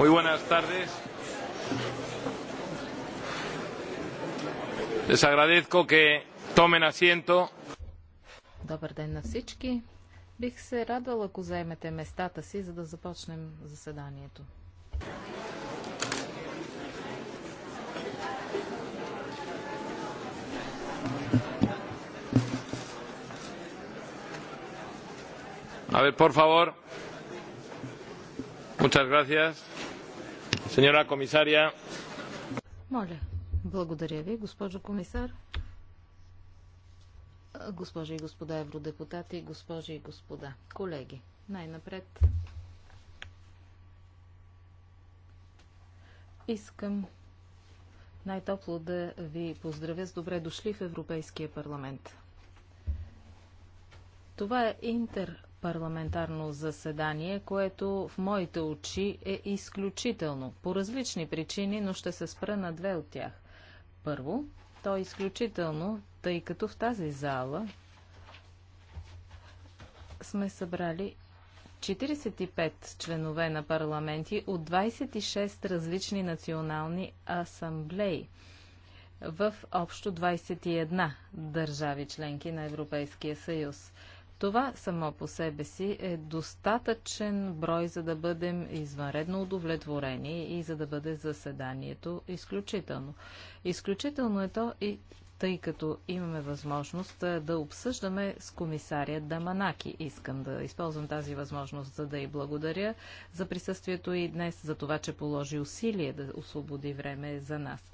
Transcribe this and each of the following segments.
Muy buenas tardes. Les agradezco que tomen asiento. Добър ден на всички. Бих се радвала, ако заемете местата си, за да започнем заседанието. A ver, por favor. Muchas gracias. Сеньора комисария. Моля. Благодаря ви, госпожо комисар. Госпожи и господа евродепутати, госпожи и господа, колеги, най-напред искам най-топло да ви поздравя с добре дошли в Европейския парламент. Това е интер парламентарно заседание, което в моите очи е изключително. По различни причини, но ще се спра на две от тях. Първо, то е изключително, тъй като в тази зала сме събрали 45 членове на парламенти от 26 различни национални асамблеи в общо 21 държави членки на Европейския съюз. Това само по себе си е достатъчен брой, за да бъдем извънредно удовлетворени и за да бъде заседанието изключително. Изключително е то и тъй като имаме възможност да обсъждаме с комисаря Даманаки. Искам да използвам тази възможност, за да й благодаря за присъствието и днес, за това, че положи усилие да освободи време за нас.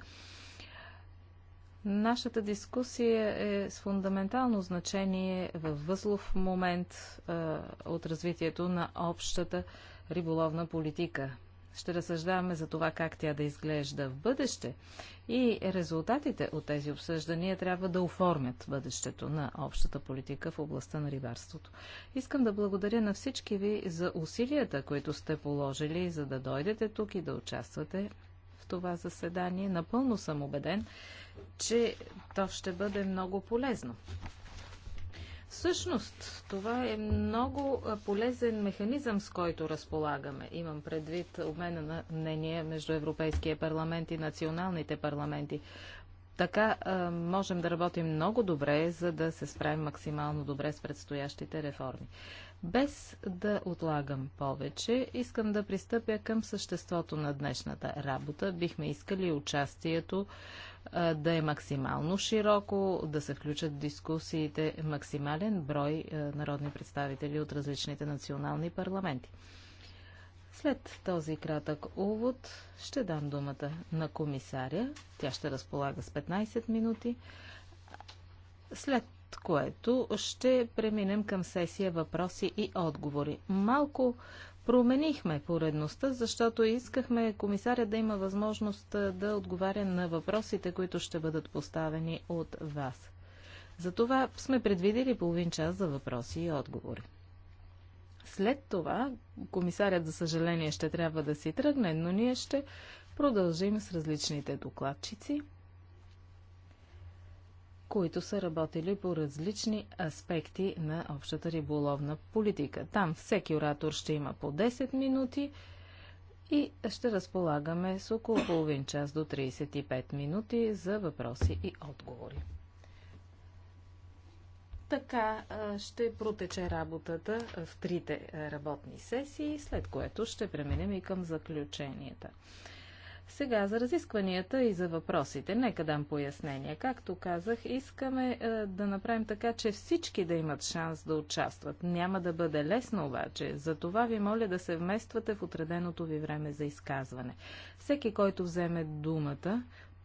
Нашата дискусия е с фундаментално значение във възлов момент а, от развитието на общата риболовна политика. Ще разсъждаваме за това как тя да изглежда в бъдеще и резултатите от тези обсъждания трябва да оформят бъдещето на общата политика в областта на рибарството. Искам да благодаря на всички ви за усилията, които сте положили, за да дойдете тук и да участвате това заседание. Напълно съм убеден, че то ще бъде много полезно. Всъщност, това е много полезен механизъм, с който разполагаме. Имам предвид обмена на мнение между Европейския парламент и националните парламенти. Така а, можем да работим много добре, за да се справим максимално добре с предстоящите реформи. Без да отлагам повече, искам да пристъпя към съществото на днешната работа. Бихме искали участието да е максимално широко, да се включат в дискусиите максимален брой народни представители от различните национални парламенти. След този кратък увод ще дам думата на комисаря. Тя ще разполага с 15 минути. След което ще преминем към сесия въпроси и отговори. Малко променихме поредността, защото искахме комисаря да има възможност да отговаря на въпросите, които ще бъдат поставени от вас. Затова сме предвидели половин час за въпроси и отговори. След това комисарят, за съжаление, ще трябва да си тръгне, но ние ще продължим с различните докладчици – които са работили по различни аспекти на общата риболовна политика. Там всеки оратор ще има по 10 минути и ще разполагаме с около половин час до 35 минути за въпроси и отговори. Така ще протече работата в трите работни сесии, след което ще преминем и към заключенията. Сега за разискванията и за въпросите. Нека дам пояснение. Както казах, искаме е, да направим така, че всички да имат шанс да участват. Няма да бъде лесно обаче. За това ви моля да се вмествате в отреденото ви време за изказване. Всеки, който вземе думата,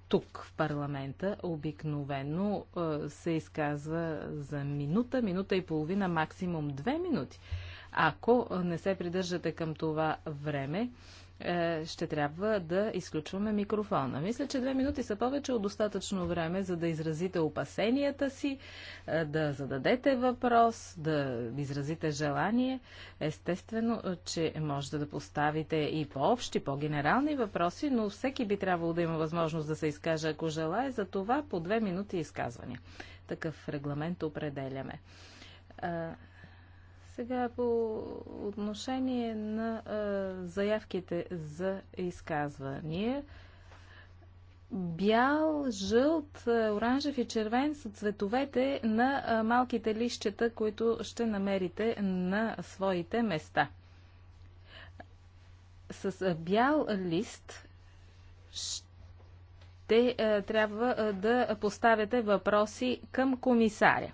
тук в парламента обикновено е, се изказва за минута, минута и половина, максимум две минути. Ако не се придържате към това време, е, ще трябва да изключваме микрофона. Мисля, че две минути са повече от достатъчно време, за да изразите опасенията си, е, да зададете въпрос, да изразите желание. Естествено, е, че можете да поставите и по-общи, по-генерални въпроси, но всеки би трябвало да има възможност да се изкаже, ако желая. За това по две минути изказвания. Такъв регламент определяме. Сега по отношение на а, заявките за изказвания. Бял, жълт, оранжев и червен са цветовете на а, малките лищета, които ще намерите на своите места. С а, бял лист ще а, трябва а, да поставяте въпроси към комисаря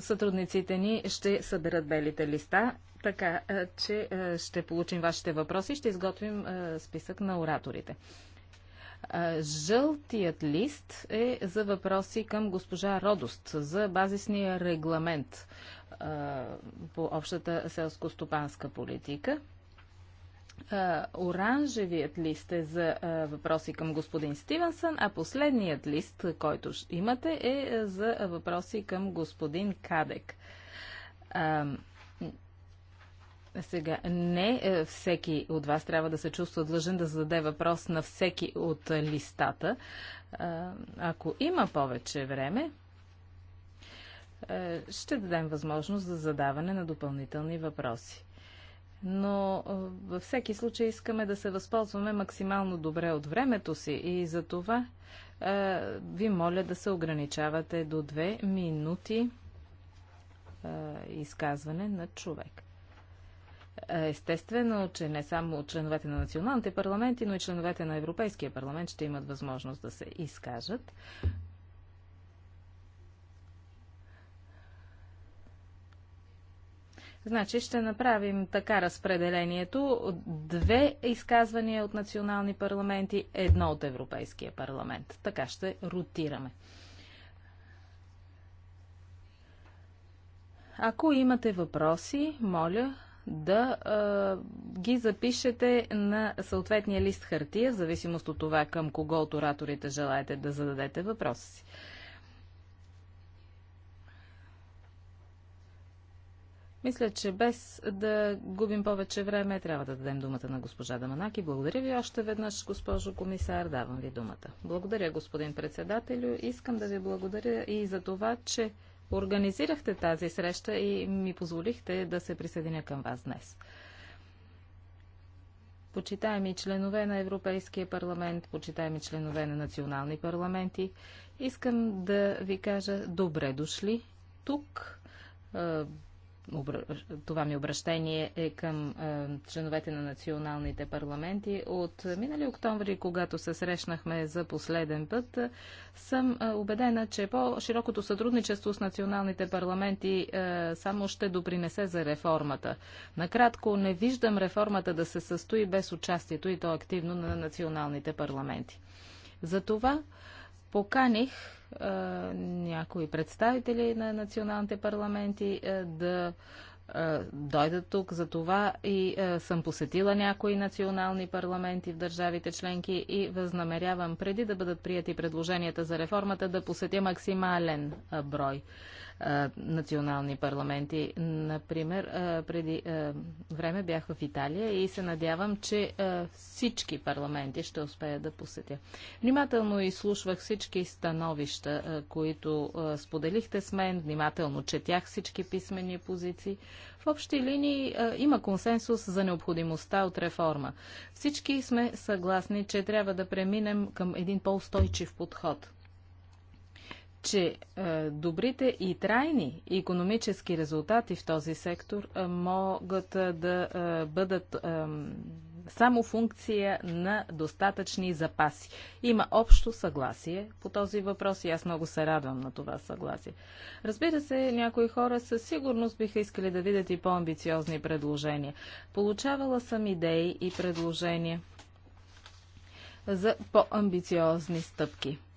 сътрудниците ни ще съберат белите листа, така че ще получим вашите въпроси и ще изготвим списък на ораторите. Жълтият лист е за въпроси към госпожа Родост за базисния регламент по общата селско-стопанска политика оранжевият лист е за въпроси към господин Стивенсън, а последният лист, който имате, е, е за въпроси към господин Кадек. Сега, не е, всеки от вас трябва да се чувства длъжен да зададе въпрос на всеки от листата. Ако има повече време, ще дадем възможност за задаване на допълнителни въпроси но във всеки случай искаме да се възползваме максимално добре от времето си и за това е, ви моля да се ограничавате до две минути е, изказване на човек. Естествено, че не само членовете на националните парламенти, но и членовете на Европейския парламент ще имат възможност да се изкажат. Значи ще направим така разпределението. Две изказвания от национални парламенти, едно от Европейския парламент. Така ще ротираме. Ако имате въпроси, моля да а, ги запишете на съответния лист хартия, в зависимост от това към кого от ораторите желаете да зададете въпроса си. Мисля, че без да губим повече време, трябва да дадем думата на госпожа Даманаки. Благодаря ви още веднъж, госпожо комисар. Давам ви думата. Благодаря, господин председателю. Искам да ви благодаря и за това, че организирахте тази среща и ми позволихте да се присъединя към вас днес. Почитаеми членове на Европейския парламент, почитаеми членове на национални парламенти, искам да ви кажа добре дошли тук това ми обращение е към е, членовете на националните парламенти. От минали октомври, когато се срещнахме за последен път, е, съм е, убедена, че по-широкото сътрудничество с националните парламенти само ще допринесе за реформата. Накратко, не виждам реформата да се състои без участието и то активно на националните парламенти. Затова поканих някои представители на националните парламенти да дойдат тук. За това и съм посетила някои национални парламенти в държавите членки и възнамерявам преди да бъдат прияти предложенията за реформата да посетя максимален брой национални парламенти. Например, преди време бях в Италия и се надявам, че всички парламенти ще успея да посетя. Внимателно изслушвах всички становища, които споделихте с мен, внимателно четях всички писмени позиции. В общи линии има консенсус за необходимостта от реформа. Всички сме съгласни, че трябва да преминем към един по-устойчив подход – че е, добрите и трайни економически резултати в този сектор е, могат е, да е, бъдат е, само функция на достатъчни запаси. Има общо съгласие по този въпрос и аз много се радвам на това съгласие. Разбира се, някои хора със сигурност биха искали да видят и по-амбициозни предложения. Получавала съм идеи и предложения за по-амбициозни стъпки –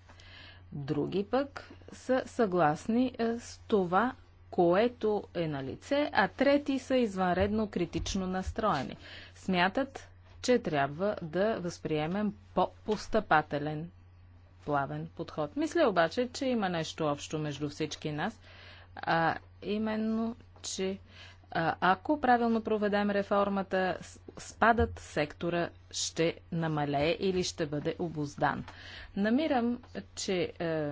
Други пък са съгласни е, с това, което е на лице, а трети са извънредно критично настроени. Смятат, че трябва да възприемем по-постъпателен плавен подход. Мисля обаче, че има нещо общо между всички нас, а именно, че ако правилно проведем реформата, спадът, сектора ще намалее или ще бъде обоздан. Намирам, че е,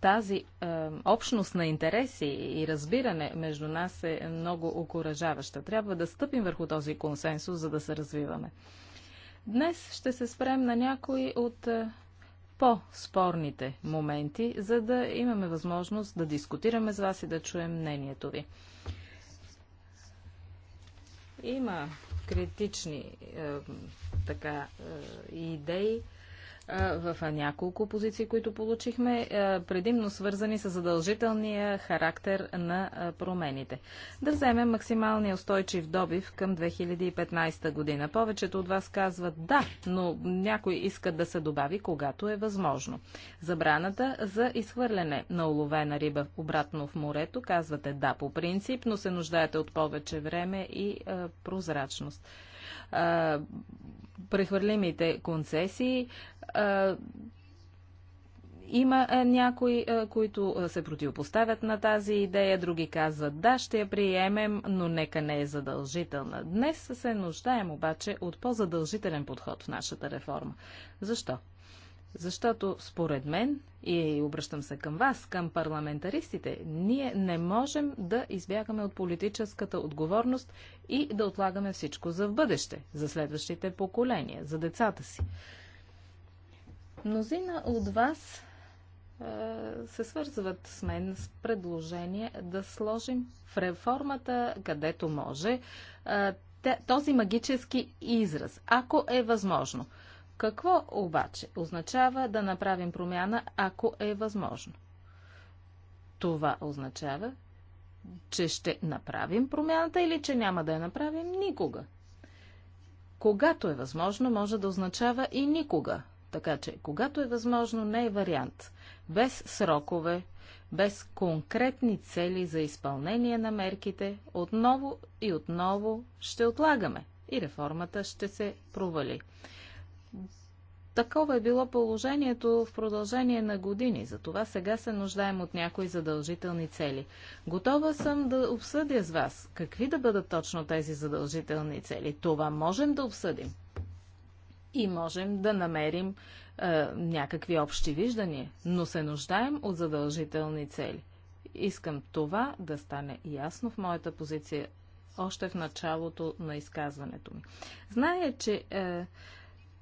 тази е, общност на интереси и разбиране между нас е много окоръжаваща. Трябва да стъпим върху този консенсус, за да се развиваме. Днес ще се спрем на някои от е, по-спорните моменти, за да имаме възможност да дискутираме с вас и да чуем мнението ви. Има критични е, така, е, идеи в няколко позиции, които получихме, предимно свързани с задължителния характер на промените. Да вземем максималния устойчив добив към 2015 година. Повечето от вас казват да, но някой искат да се добави, когато е възможно. Забраната за изхвърляне на уловена риба обратно в морето, казвате да по принцип, но се нуждаете от повече време и прозрачност. прехвърлимите концесии, има някои, които се противопоставят на тази идея, други казват да, ще я приемем, но нека не е задължителна. Днес се нуждаем обаче от по-задължителен подход в нашата реформа. Защо? Защото според мен, и обръщам се към вас, към парламентаристите, ние не можем да избягаме от политическата отговорност и да отлагаме всичко за в бъдеще, за следващите поколения, за децата си. Мнозина от вас се свързват с мен с предложение да сложим в реформата, където може, този магически израз, ако е възможно. Какво обаче означава да направим промяна, ако е възможно? Това означава, че ще направим промяната или че няма да я направим никога. Когато е възможно, може да означава и никога. Така че, когато е възможно, не е вариант. Без срокове, без конкретни цели за изпълнение на мерките, отново и отново ще отлагаме и реформата ще се провали. Такова е било положението в продължение на години, затова сега се нуждаем от някои задължителни цели. Готова съм да обсъдя с вас какви да бъдат точно тези задължителни цели. Това можем да обсъдим и можем да намерим е, някакви общи виждания, но се нуждаем от задължителни цели. Искам това да стане ясно в моята позиция още в началото на изказването ми. Зная, че е,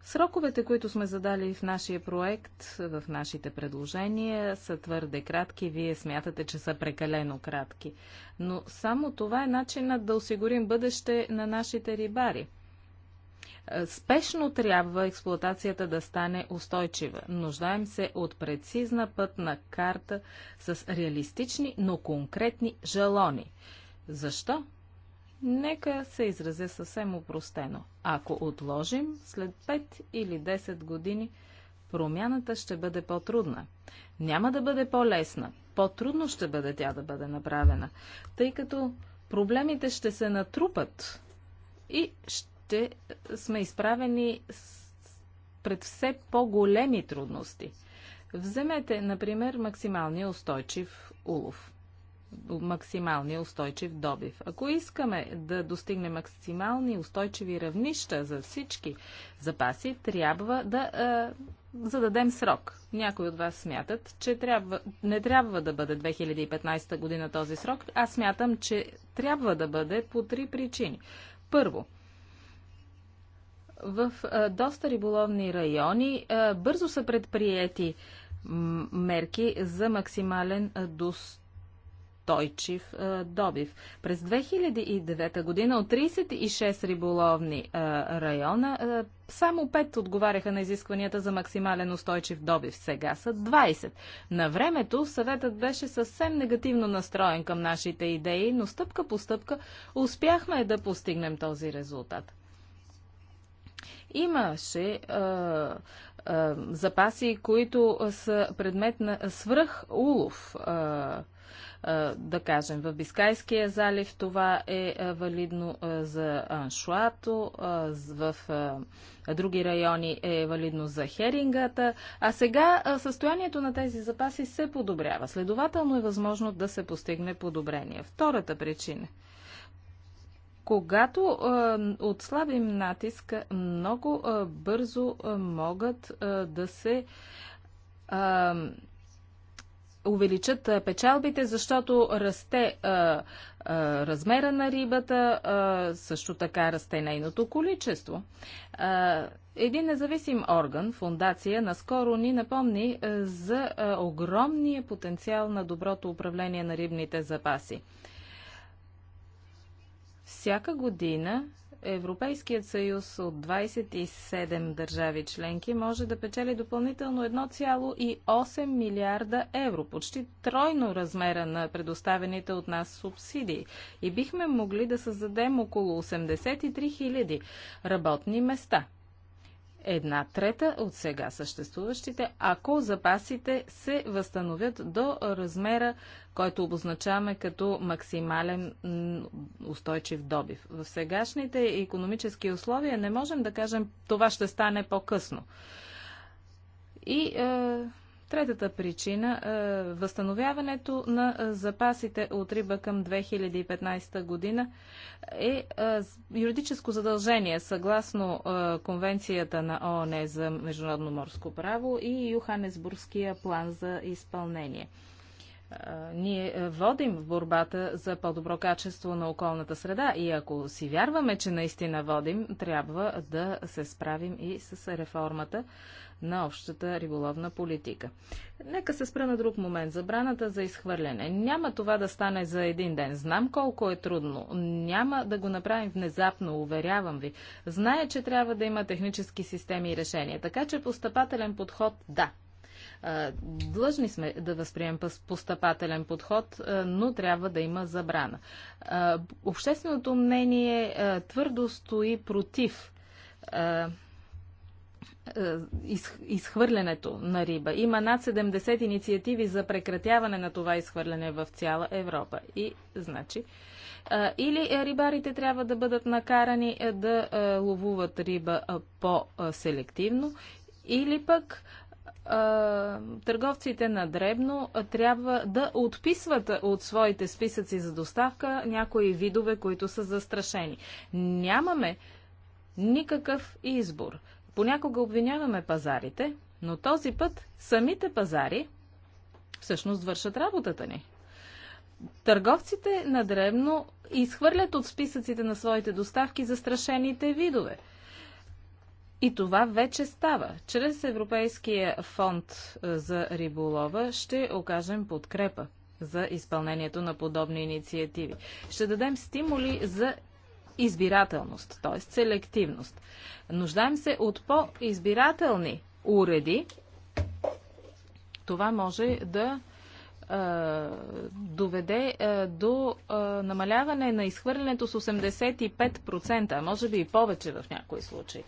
Сроковете, които сме задали в нашия проект, в нашите предложения, са твърде кратки. Вие смятате, че са прекалено кратки. Но само това е начинът да осигурим бъдеще на нашите рибари. Спешно трябва експлуатацията да стане устойчива. Нуждаем се от прецизна пътна карта с реалистични, но конкретни жалони. Защо? Нека се изразя съвсем упростено. Ако отложим, след 5 или 10 години промяната ще бъде по-трудна. Няма да бъде по-лесна. По-трудно ще бъде тя да бъде направена, тъй като проблемите ще се натрупат и ще че сме изправени пред все по-големи трудности. Вземете, например, максималния устойчив улов максималния устойчив добив. Ако искаме да достигнем максимални устойчиви равнища за всички запаси, трябва да е, зададем срок. Някои от вас смятат, че трябва, не трябва да бъде 2015 година този срок. Аз смятам, че трябва да бъде по три причини. Първо, в доста риболовни райони бързо са предприяти мерки за максимален достъп добив. През 2009 година от 36 риболовни района само 5 отговаряха на изискванията за максимален устойчив добив. Сега са 20. На времето съветът беше съвсем негативно настроен към нашите идеи, но стъпка по стъпка успяхме да постигнем този резултат. Имаше а, а, запаси, които са предмет на свръх улов. А, да кажем, в Бискайския залив това е валидно за аншуато, в други райони е валидно за херингата, а сега състоянието на тези запаси се подобрява. Следователно е възможно да се постигне подобрение. Втората причина – когато а, отслабим натиска, много а, бързо а, могат а, да се а, увеличат печалбите, защото расте а, а, размера на рибата, а, също така расте нейното количество. А, един независим орган, фундация, наскоро ни напомни за а, огромния потенциал на доброто управление на рибните запаси. А, всяка година Европейският съюз от 27 държави членки може да печели допълнително 1,8 милиарда евро, почти тройно размера на предоставените от нас субсидии. И бихме могли да създадем около 83 хиляди работни места – една трета от сега съществуващите, ако запасите се възстановят до размера, който обозначаваме като максимален устойчив добив. В сегашните економически условия не можем да кажем това ще стане по-късно. И е, Третата причина е, – възстановяването на е, запасите от риба към 2015 година е, е юридическо задължение съгласно Конвенцията на ООН за международно морско право и Юханесбургския план за изпълнение. Ние водим в борбата за по-добро качество на околната среда и ако си вярваме, че наистина водим, трябва да се справим и с реформата на общата риболовна политика. Нека се спра на друг момент. Забраната за изхвърляне. Няма това да стане за един ден. Знам колко е трудно. Няма да го направим внезапно, уверявам ви. Зная, че трябва да има технически системи и решения. Така че постъпателен подход, да, Длъжни сме да възприем постъпателен подход, но трябва да има забрана. Общественото мнение твърдо стои против е, изхвърлянето на риба. Има над 70 инициативи за прекратяване на това изхвърляне в цяла Европа. И значи, е, или е, рибарите трябва да бъдат накарани да ловуват риба по-селективно, или пък търговците на дребно трябва да отписват от своите списъци за доставка някои видове, които са застрашени. Нямаме никакъв избор. Понякога обвиняваме пазарите, но този път самите пазари всъщност вършат работата ни. Търговците на дребно изхвърлят от списъците на своите доставки застрашените видове. И това вече става. Чрез Европейския фонд е, за риболова ще окажем подкрепа за изпълнението на подобни инициативи. Ще дадем стимули за избирателност, т.е. селективност. Нуждаем се от по-избирателни уреди. Това може да доведе до намаляване на изхвърлянето с 85%, а може би и повече в някои случаи.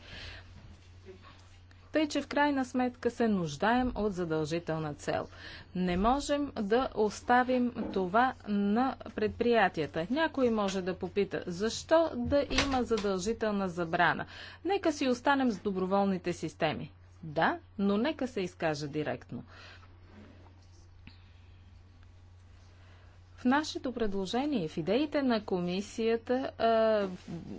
Тъй, че в крайна сметка се нуждаем от задължителна цел. Не можем да оставим това на предприятията. Някой може да попита, защо да има задължителна забрана? Нека си останем с доброволните системи. Да, но нека се изкажа директно. В нашето предложение, в идеите на комисията,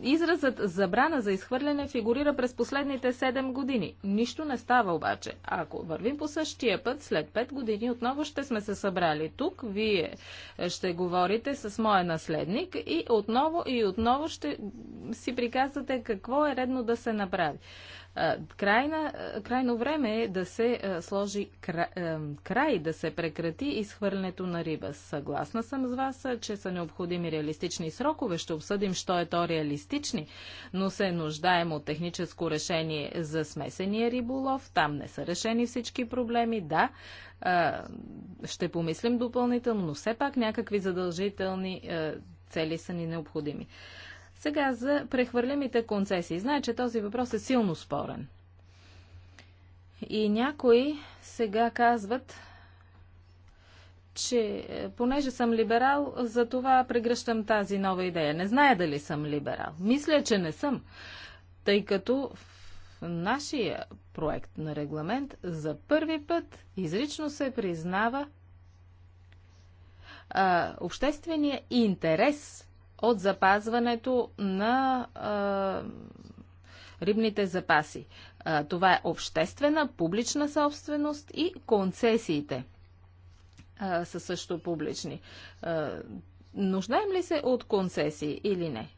изразът забрана за изхвърляне фигурира през последните 7 години. Нищо не става обаче. Ако вървим по същия път, след 5 години отново ще сме се събрали тук, вие ще говорите с моя наследник и отново и отново ще си приказвате какво е редно да се направи. Крайна, крайно време е да се сложи край, край, да се прекрати изхвърлянето на риба. Съгласна съм с вас, че са необходими реалистични срокове. Ще обсъдим, що е то реалистични, но се нуждаем от техническо решение за смесения риболов. Там не са решени всички проблеми. Да, ще помислим допълнително, но все пак някакви задължителни цели са ни необходими. Сега за прехвърлимите концесии. Знае, че този въпрос е силно спорен. И някои сега казват, че е, понеже съм либерал, за това прегръщам тази нова идея. Не зная дали съм либерал. Мисля, че не съм, тъй като в нашия проект на регламент за първи път изрично се признава а, обществения интерес от запазването на а, рибните запаси. А, това е обществена, публична собственост и концесиите а, са също публични. А, нуждаем ли се от концесии или не?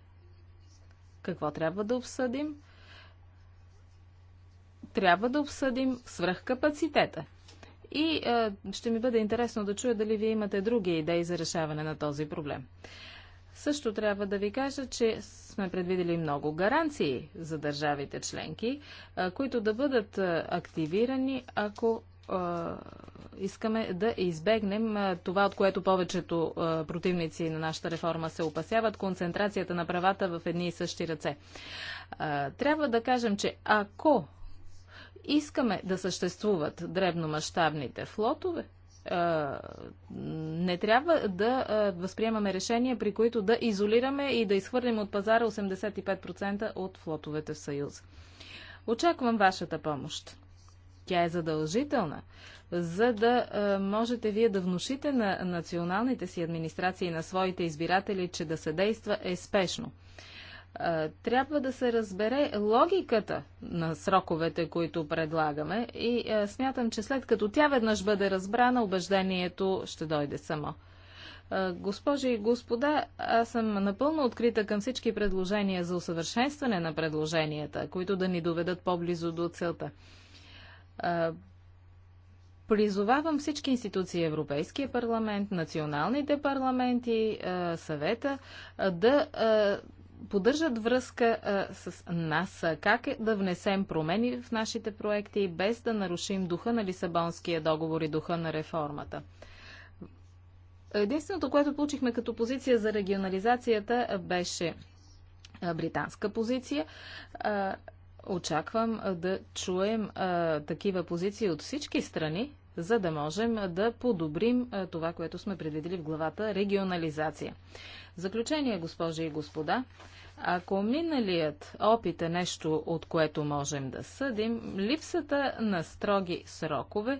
Какво трябва да обсъдим? Трябва да обсъдим свръхкапацитета. И а, ще ми бъде интересно да чуя дали вие имате други идеи за решаване на този проблем. Също трябва да ви кажа, че сме предвидели много гаранции за държавите членки, които да бъдат активирани, ако искаме да избегнем това, от което повечето противници на нашата реформа се опасяват концентрацията на правата в едни и същи ръце. Трябва да кажем, че ако искаме да съществуват дребномащабните флотове, е, не трябва да е, възприемаме решения, при които да изолираме и да изхвърлим от пазара 85% от флотовете в Съюз. Очаквам вашата помощ. Тя е задължителна, за да е, можете вие да внушите на националните си администрации и на своите избиратели, че да се действа е спешно трябва да се разбере логиката на сроковете, които предлагаме и смятам, че след като тя веднъж бъде разбрана, убеждението ще дойде само. Госпожи и господа, аз съм напълно открита към всички предложения за усъвършенстване на предложенията, които да ни доведат по-близо до целта. Призовавам всички институции, Европейския парламент, националните парламенти, съвета да поддържат връзка а, с нас. Как е да внесем промени в нашите проекти, без да нарушим духа на Лисабонския договор и духа на реформата? Единственото, което получихме като позиция за регионализацията, беше британска позиция. Очаквам да чуем такива позиции от всички страни, за да можем да подобрим това, което сме предвидели в главата регионализация. Заключение, госпожи и господа, ако миналият опит е нещо, от което можем да съдим, липсата на строги срокове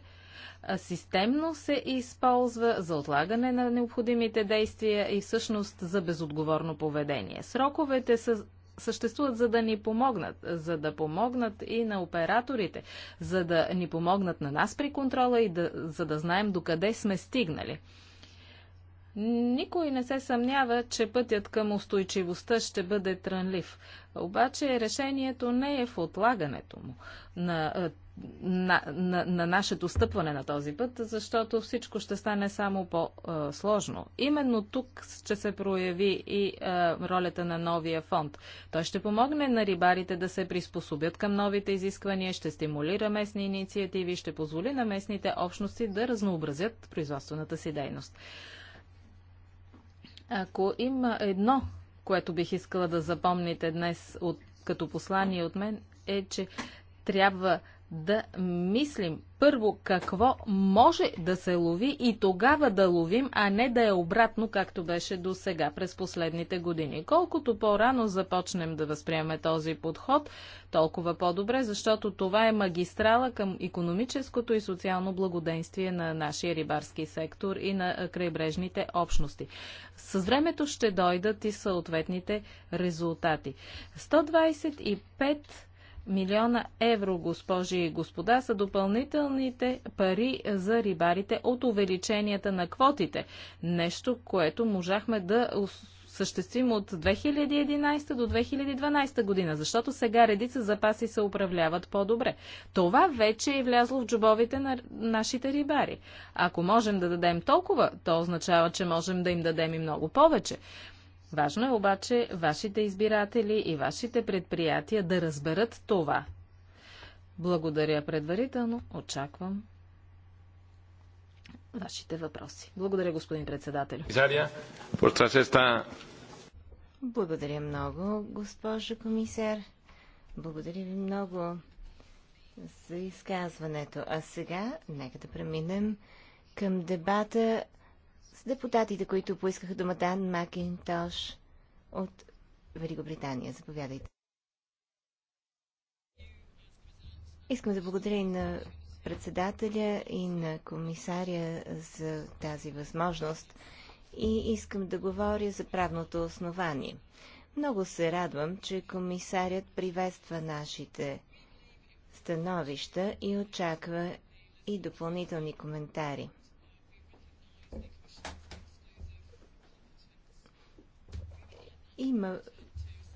системно се използва за отлагане на необходимите действия и всъщност за безотговорно поведение. Сроковете са съществуват за да ни помогнат, за да помогнат и на операторите, за да ни помогнат на нас при контрола и да, за да знаем докъде сме стигнали. Никой не се съмнява, че пътят към устойчивостта ще бъде трънлив. Обаче решението не е в отлагането му на, на, на, на нашето стъпване на този път, защото всичко ще стане само по-сложно. Именно тук ще се прояви и а, ролята на новия фонд. Той ще помогне на рибарите да се приспособят към новите изисквания, ще стимулира местни инициативи, ще позволи на местните общности да разнообразят производствената си дейност. Ако има едно, което бих искала да запомните днес от, като послание от мен, е, че трябва да мислим първо какво може да се лови и тогава да ловим, а не да е обратно, както беше до сега през последните години. Колкото по-рано започнем да възприемем този подход, толкова по-добре, защото това е магистрала към економическото и социално благоденствие на нашия рибарски сектор и на крайбрежните общности. С времето ще дойдат и съответните резултати. 125 милиона евро, госпожи и господа, са допълнителните пари за рибарите от увеличенията на квотите. Нещо, което можахме да съществим от 2011 до 2012 година, защото сега редица запаси се управляват по-добре. Това вече е влязло в джобовите на нашите рибари. Ако можем да дадем толкова, то означава, че можем да им дадем и много повече. Важно е обаче вашите избиратели и вашите предприятия да разберат това. Благодаря предварително. Очаквам вашите въпроси. Благодаря, господин председател. Е Благодаря много, госпожо комисар. Благодаря ви много за изказването. А сега нека да преминем към дебата депутатите, които поискаха думата Ан Макинтош от Великобритания. Заповядайте. Искам да благодаря и на председателя и на комисаря за тази възможност и искам да говоря за правното основание. Много се радвам, че комисарят приветства нашите становища и очаква и допълнителни коментари. Има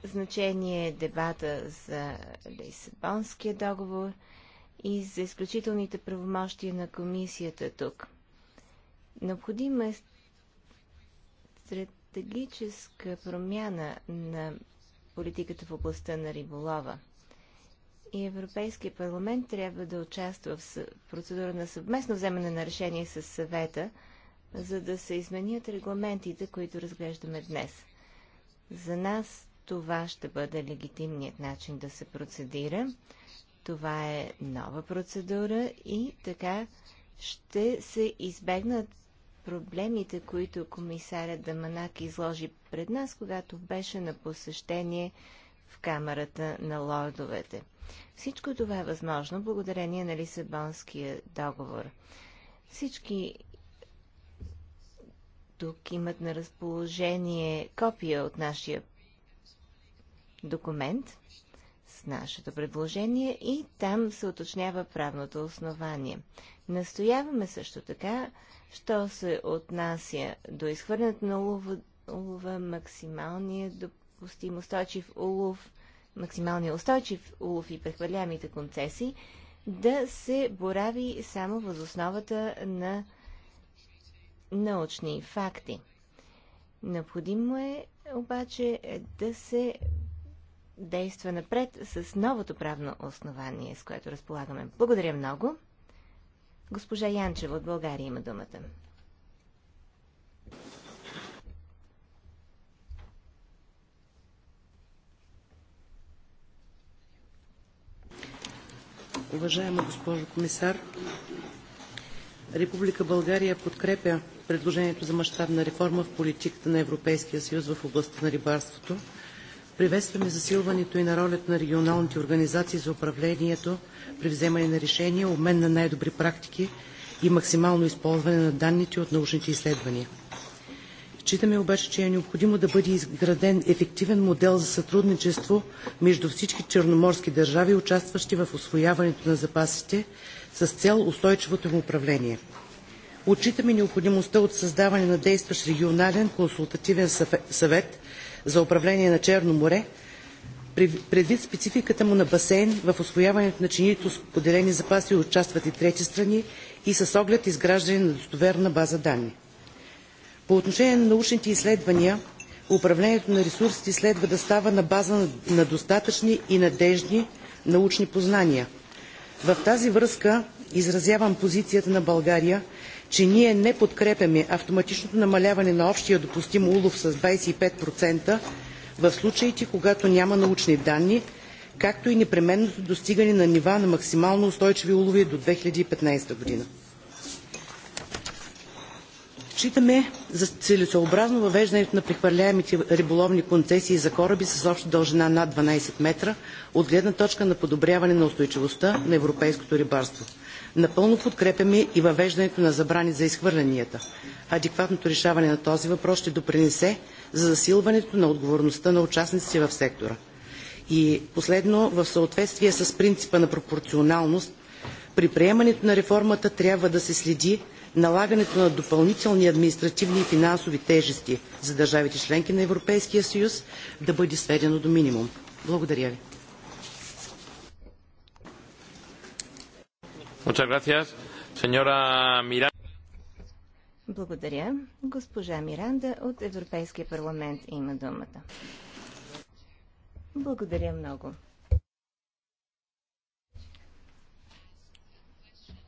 значение дебата за Лисабонския договор и за изключителните правомощия на комисията тук. Необходима е стратегическа промяна на политиката в областта на риболова. И Европейския парламент трябва да участва в процедура на съвместно вземане на решение с съвета, за да се изменят регламентите, които разглеждаме днес – за нас това ще бъде легитимният начин да се процедира. Това е нова процедура и така ще се избегнат проблемите, които комисарят Даманак изложи пред нас, когато беше на посещение в Камерата на лордовете. Всичко това е възможно благодарение на Лисабонския договор. Всички тук имат на разположение копия от нашия документ с нашето предложение и там се уточнява правното основание. Настояваме също така, що се отнася до изхвърлянето на улова, улова максималния допустим устойчив улов, максималния устойчив улов и прехвърлямите концесии, да се борави само възосновата на научни факти. Необходимо е обаче е да се действа напред с новото правно основание, с което разполагаме. Благодаря много. Госпожа Янчева от България има думата. Уважаема госпожо комисар, Република България подкрепя предложението за мащабна реформа в политиката на Европейския съюз в областта на рибарството. Приветстваме засилването и на ролята на регионалните организации за управлението при вземане на решения, обмен на най-добри практики и максимално използване на данните от научните изследвания. Считаме обаче, че е необходимо да бъде изграден ефективен модел за сътрудничество между всички черноморски държави, участващи в освояването на запасите, с цел устойчивото им управление. Отчитаме необходимостта от създаване на действащ регионален консултативен съвет за управление на Черно море, предвид спецификата му на басейн, в освояването на чинито споделени запаси участват и трети страни и с оглед изграждане на достоверна база данни. По отношение на научните изследвания, управлението на ресурсите следва да става на база на достатъчни и надежни научни познания, в тази връзка изразявам позицията на България, че ние не подкрепяме автоматичното намаляване на общия допустим улов с 25% в случаите, когато няма научни данни, както и непременното достигане на нива на максимално устойчиви улови до 2015 година. Считаме за целесообразно въвеждането на прехвърляемите риболовни концесии за кораби с обща дължина над 12 метра от гледна точка на подобряване на устойчивостта на европейското рибарство. Напълно подкрепяме и въвеждането на забрани за изхвърлянията. Адекватното решаване на този въпрос ще допринесе за засилването на отговорността на участниците в сектора. И последно, в съответствие с принципа на пропорционалност, при приемането на реформата трябва да се следи налагането на допълнителни административни и финансови тежести за държавите членки на Европейския съюз да бъде сведено до минимум. Благодаря ви. Благодаря. Госпожа Миранда от Европейския парламент има думата. Благодаря много.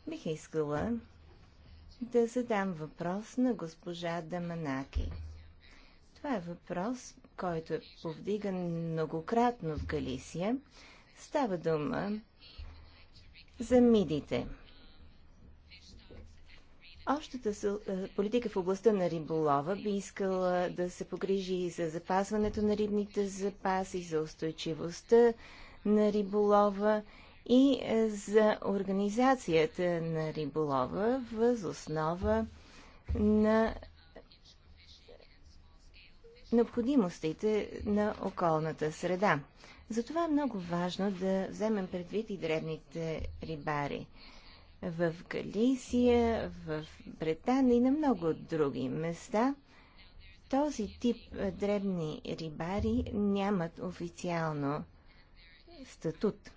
Бих искала да задам въпрос на госпожа Даманаки. Това е въпрос, който е повдиган многократно в Галисия. Става дума за мидите. Общата е, политика в областта на риболова би искала да се погрижи и за запазването на рибните запаси, за устойчивостта на риболова и е, за организацията на риболова въз основа на необходимостите на околната среда. Затова е много важно да вземем предвид и древните рибари в Галисия, в Британия и на много други места. Този тип е, дребни рибари нямат официално статут.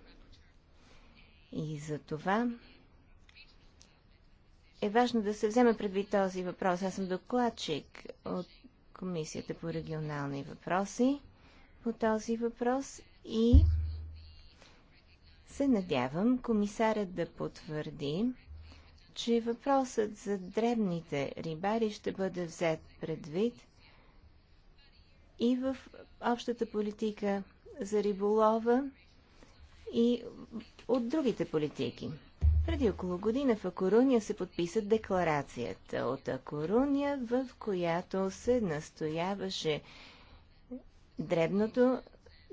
И за това е важно да се вземе предвид този въпрос. Аз съм докладчик от Комисията по регионални въпроси по този въпрос и се надявам комисарят да потвърди, че въпросът за дребните рибари ще бъде взет предвид и в общата политика за риболова, и от другите политики. Преди около година в Акоруния се подписа декларацията от Акоруния, в която се настояваше дребното,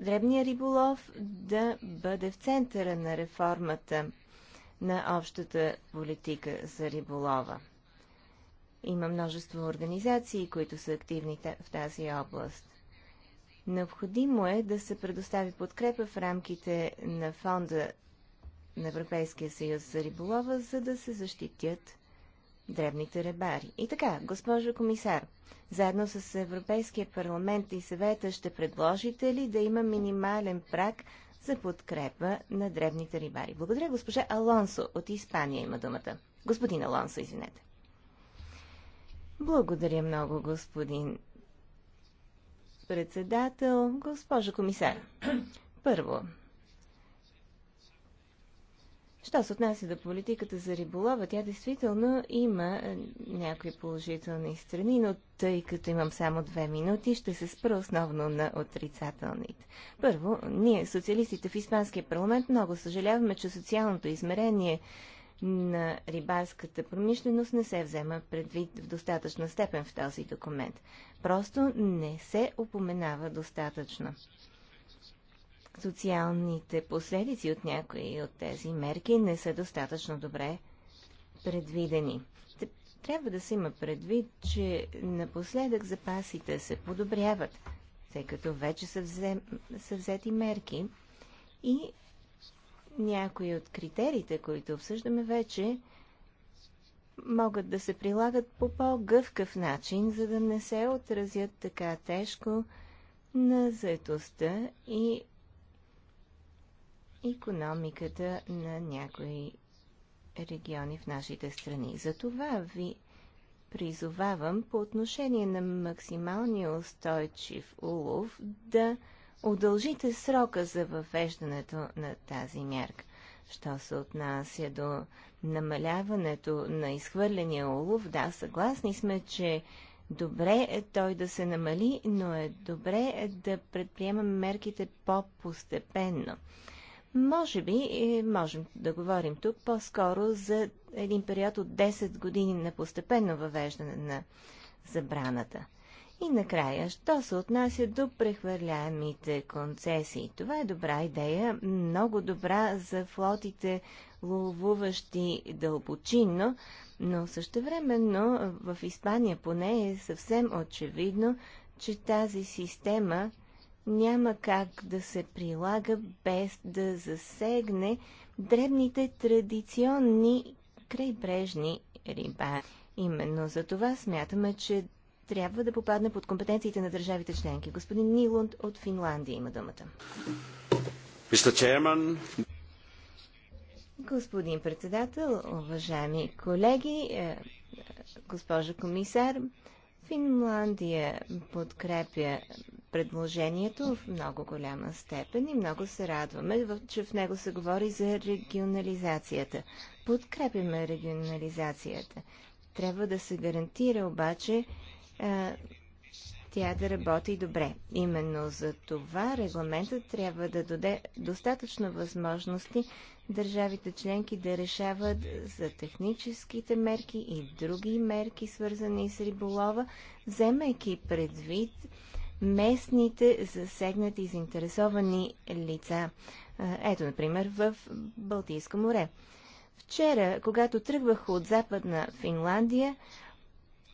дребния риболов да бъде в центъра на реформата на общата политика за риболова. Има множество организации, които са активни в тази област. Необходимо е да се предостави подкрепа в рамките на фонда на Европейския съюз за риболова, за да се защитят древните рибари. И така, госпожо комисар, заедно с Европейския парламент и съвета ще предложите ли да има минимален прак за подкрепа на древните рибари? Благодаря, госпожа Алонсо от Испания има думата. Господин Алонсо, извинете. Благодаря много, господин председател, госпожо комисар. Първо, що се отнася до политиката за риболова, тя действително има е, някои положителни страни, но тъй като имам само две минути, ще се спра основно на отрицателните. Първо, ние, социалистите в Испанския парламент, много съжаляваме, че социалното измерение на рибарската промишленост не се взема предвид в достатъчна степен в този документ. Просто не се упоменава достатъчно. Социалните последици от някои от тези мерки не са достатъчно добре предвидени. Трябва да се има предвид, че напоследък запасите се подобряват, тъй като вече са, взем... са взети мерки и някои от критериите, които обсъждаме вече, могат да се прилагат по по-гъвкав начин, за да не се отразят така тежко на заетостта и економиката на някои региони в нашите страни. Затова ви призовавам по отношение на максималния устойчив улов да удължите срока за въвеждането на тази мярка. Що се отнася до намаляването на изхвърления улов, да, съгласни сме, че добре е той да се намали, но е добре е да предприемам мерките по-постепенно. Може би е, можем да говорим тук по-скоро за един период от 10 години на постепенно въвеждане на забраната. И накрая, що се отнася до прехвърляемите концесии? Това е добра идея, много добра за флотите, ловуващи дълбочинно, но същевременно в Испания поне е съвсем очевидно, че тази система няма как да се прилага без да засегне дребните традиционни крайбрежни риба. Именно за това смятаме, че трябва да попадне под компетенциите на държавите членки. Господин Нилунд от Финландия има думата. Господин председател, уважаеми колеги, е, госпожа комисар, Финландия подкрепя предложението в много голяма степен и много се радваме, че в него се говори за регионализацията. Подкрепяме регионализацията. Трябва да се гарантира обаче тя да работи добре. Именно за това регламентът трябва да даде достатъчно възможности държавите членки да решават за техническите мерки и други мерки, свързани с риболова, вземайки предвид местните засегнати и заинтересовани лица. Ето, например, в Балтийско море. Вчера, когато тръгвах от Западна Финландия,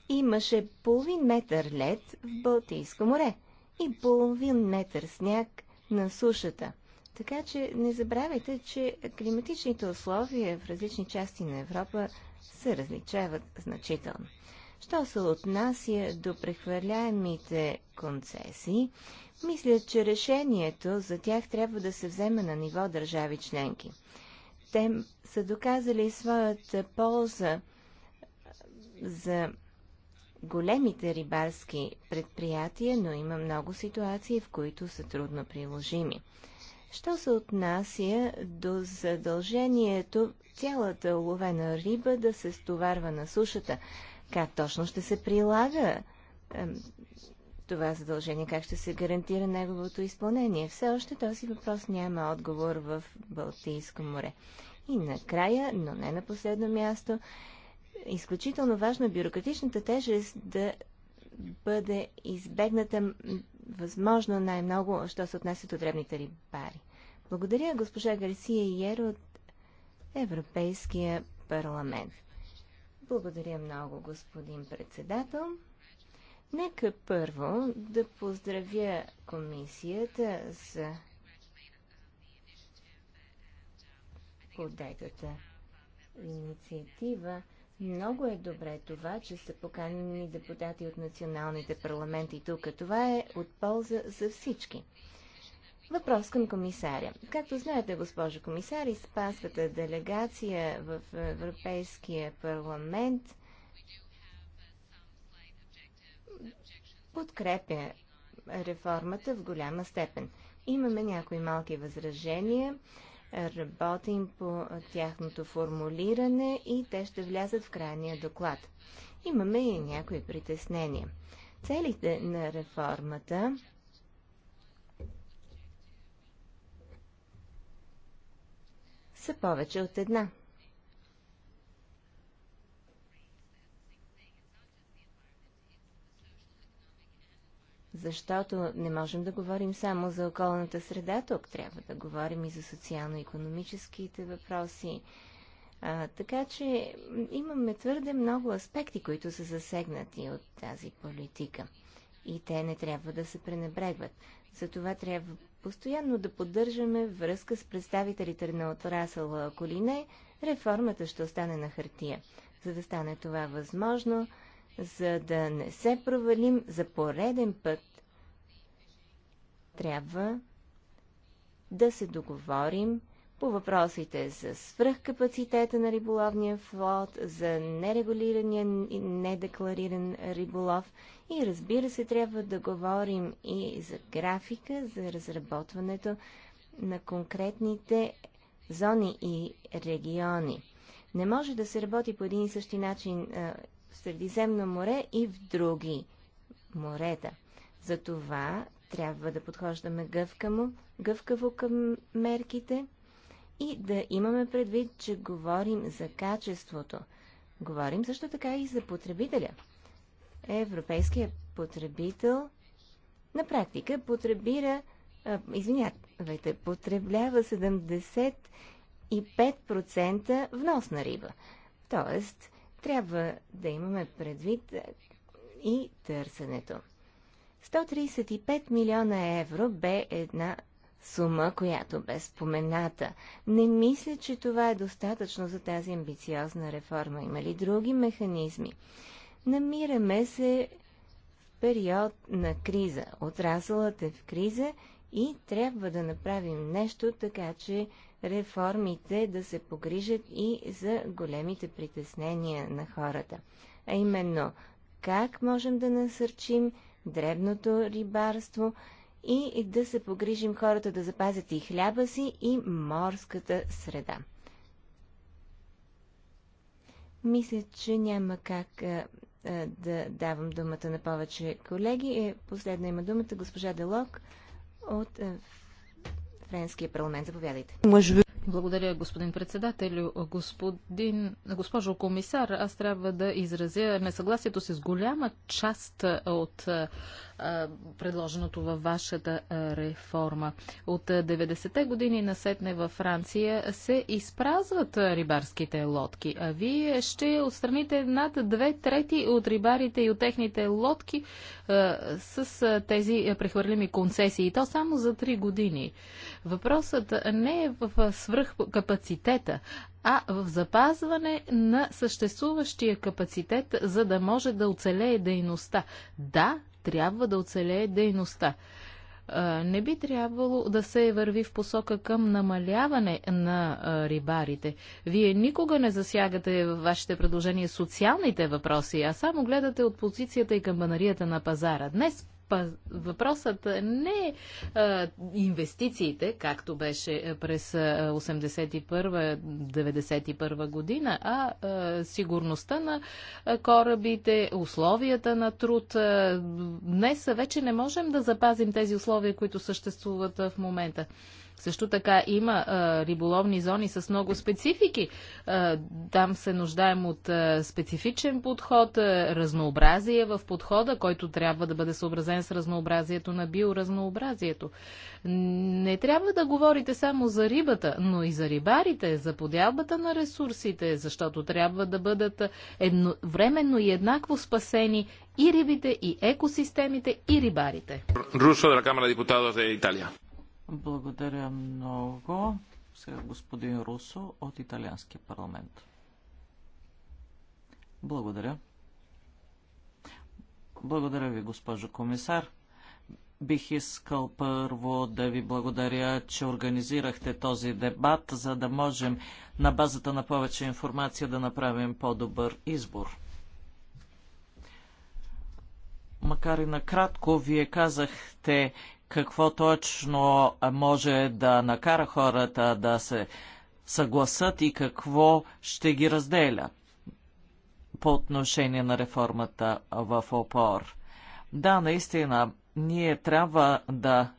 имаше половин метър лед в Балтийско море и половин метър сняг на сушата. Така че не забравяйте, че климатичните условия в различни части на Европа се различават значително. Що се отнася до прехвърляемите концесии, мисля, че решението за тях трябва да се вземе на ниво държави членки. Те са доказали своята полза за големите рибарски предприятия, но има много ситуации, в които са трудно приложими. Що се отнася до задължението цялата ловена риба да се стоварва на сушата? Как точно ще се прилага е, това задължение? Как ще се гарантира неговото изпълнение? Все още този въпрос няма отговор в Балтийско море. И накрая, но не на последно място, изключително важно е бюрократичната тежест да бъде избегната възможно най-много, що се отнася до древните рибари. Благодаря госпожа Гарсия Иеро от Европейския парламент. Благодаря много, господин председател. Нека първо да поздравя комисията за подетата инициатива. Много е добре това, че са поканени депутати от националните парламенти тук. Това е от полза за всички. Въпрос към комисаря. Както знаете, госпожо комисар, изпасвате делегация в Европейския парламент. Подкрепя реформата в голяма степен. Имаме някои малки възражения Работим по тяхното формулиране и те ще влязат в крайния доклад. Имаме и някои притеснения. Целите на реформата са повече от една – Защото не можем да говорим само за околната среда тук, трябва да говорим и за социално-економическите въпроси. А, така че имаме твърде много аспекти, които са засегнати от тази политика. И те не трябва да се пренебрегват. Затова трябва постоянно да поддържаме връзка с представителите на отрасъла. Ако ли не, реформата ще остане на хартия. За да стане това възможно, за да не се провалим за пореден път, трябва да се договорим по въпросите за свръхкапацитета на риболовния флот, за нерегулирания и недеклариран риболов и разбира се трябва да говорим и за графика, за разработването на конкретните зони и региони. Не може да се работи по един и същи начин Средиземно море и в други морета. Затова трябва да подхождаме гъвкаво, гъвкаво към мерките и да имаме предвид, че говорим за качеството. Говорим също така и за потребителя. Европейският потребител на практика потребира, извинявайте, потреблява 75% вносна риба. Тоест, трябва да имаме предвид и търсенето. 135 милиона евро бе една сума, която бе спомената. Не мисля, че това е достатъчно за тази амбициозна реформа. Има ли други механизми? Намираме се в период на криза. Отрасълът е в криза и трябва да направим нещо, така че реформите да се погрижат и за големите притеснения на хората. А именно, как можем да насърчим дребното рибарство и да се погрижим хората да запазят и хляба си, и морската среда. Мисля, че няма как а, да давам думата на повече колеги. Е, последна има думата госпожа Делок от е, Френския парламент. Заповядайте. Благодаря, господин председател, Господин, госпожо комисар, аз трябва да изразя несъгласието си с голяма част от предложеното във вашата реформа. От 90-те години насетне във Франция се изпразват рибарските лодки, а вие ще отстраните над две трети от рибарите и от техните лодки а, с тези прехвърлими концесии. И то само за три години. Въпросът не е в свръхкапацитета, а в запазване на съществуващия капацитет, за да може да оцелее дейността. Да, трябва да оцелее дейността не би трябвало да се върви в посока към намаляване на рибарите. Вие никога не засягате във вашите предложения социалните въпроси, а само гледате от позицията и камбанарията на пазара. Днес Въпросът не е инвестициите, както беше през 81-91 година, а сигурността на корабите, условията на труд. Днес вече не можем да запазим тези условия, които съществуват в момента. Също така има а, риболовни зони с много специфики. А, там се нуждаем от а, специфичен подход, а, разнообразие в подхода, който трябва да бъде съобразен с разнообразието на биоразнообразието. Не трябва да говорите само за рибата, но и за рибарите, за подялбата на ресурсите, защото трябва да бъдат едновременно и еднакво спасени и рибите, и екосистемите, и рибарите. Русо Камера депутата за Италия. Благодаря много. Сега господин Русо от Италианския парламент. Благодаря. Благодаря ви, госпожо комисар. Бих искал първо да ви благодаря, че организирахте този дебат, за да можем на базата на повече информация да направим по-добър избор. Макар и накратко, вие казахте какво точно може да накара хората да се съгласат и какво ще ги разделя по отношение на реформата в ОПОР. Да, наистина, ние трябва да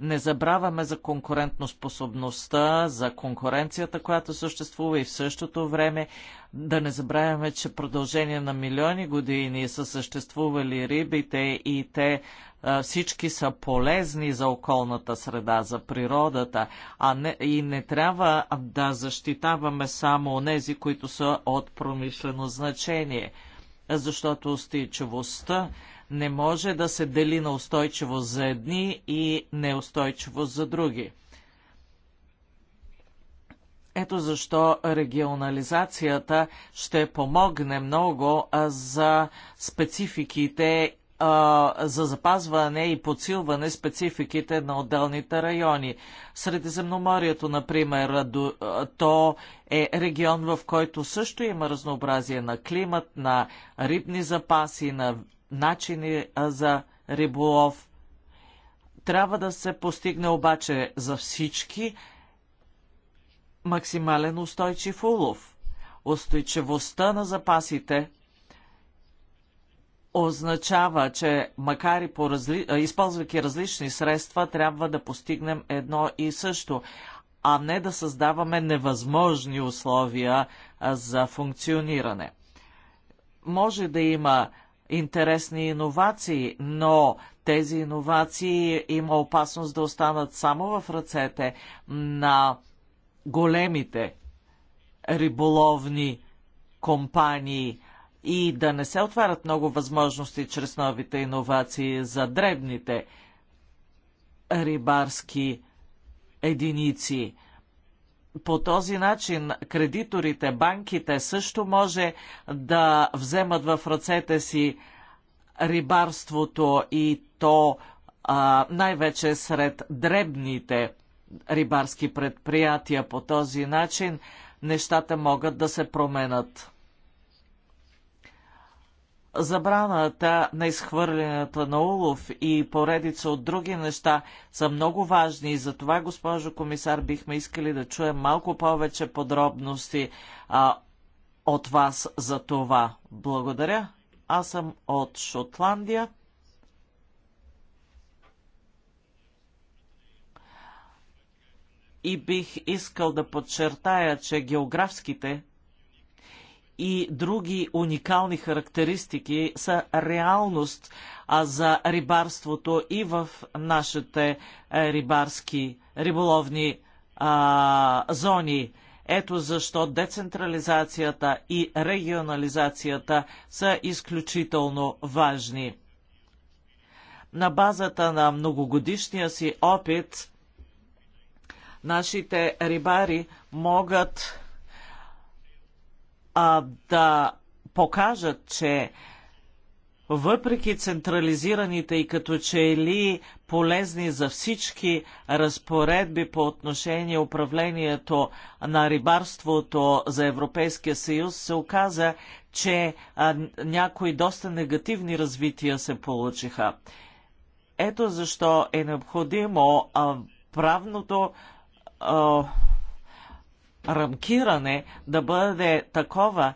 не забравяме за конкурентноспособността, за конкуренцията, която съществува и в същото време да не забравяме, че продължение на милиони години са съществували рибите и те а, всички са полезни за околната среда, за природата, а не, и не трябва да защитаваме само онези, които са от промишлено значение, защото устойчивостта не може да се дели на устойчивост за едни и неустойчивост за други. Ето защо регионализацията ще помогне много за спецификите за запазване и подсилване спецификите на отделните райони. Средиземноморието, например, то е регион, в който също има разнообразие на климат, на рибни запаси, на начини за риболов. Трябва да се постигне обаче за всички максимален устойчив улов. Устойчивостта на запасите означава, че макар и по разли... използвайки различни средства, трябва да постигнем едно и също, а не да създаваме невъзможни условия за функциониране. Може да има интересни иновации, но тези иновации има опасност да останат само в ръцете на големите риболовни компании и да не се отварят много възможности чрез новите иновации за дребните рибарски единици. По този начин кредиторите, банките също може да вземат в ръцете си рибарството и то най-вече сред дребните рибарски предприятия. По този начин нещата могат да се променят. Забраната на изхвърлянето на улов и поредица от други неща са много важни и за това, госпожо комисар, бихме искали да чуем малко повече подробности а, от вас за това. Благодаря. Аз съм от Шотландия. И бих искал да подчертая, че географските и други уникални характеристики са реалност за рибарството и в нашите е, рибарски риболовни а, зони. Ето защо децентрализацията и регионализацията са изключително важни. На базата на многогодишния си опит, нашите рибари могат а, да покажат, че въпреки централизираните и като че е ли полезни за всички разпоредби по отношение управлението на рибарството за Европейския съюз, се оказа, че а, някои доста негативни развития се получиха. Ето защо е необходимо а, правното а, рамкиране да бъде такова,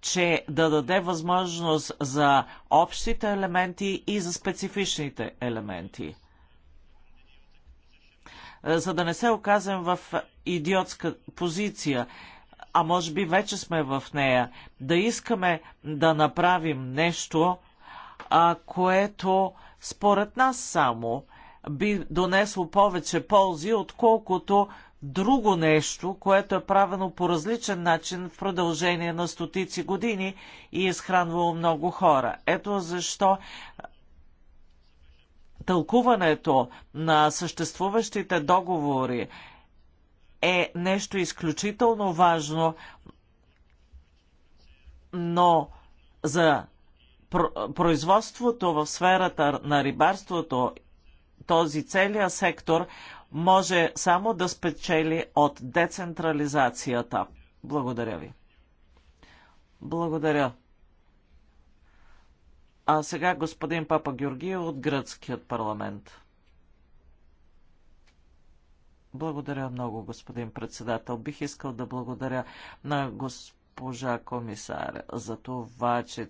че да даде възможност за общите елементи и за специфичните елементи. Е, за да не се оказем в идиотска позиция, а може би вече сме в нея, да искаме да направим нещо, а, което според нас само би донесло повече ползи, отколкото друго нещо, което е правено по различен начин в продължение на стотици години и е изхранвало много хора. Ето защо тълкуването на съществуващите договори е нещо изключително важно, но за производството в сферата на рибарството, този целият сектор може само да спечели от децентрализацията. Благодаря ви. Благодаря. А сега господин Папа Георгия от гръцкият парламент. Благодаря много, господин председател. Бих искал да благодаря на господин госпожа комисар за това, че,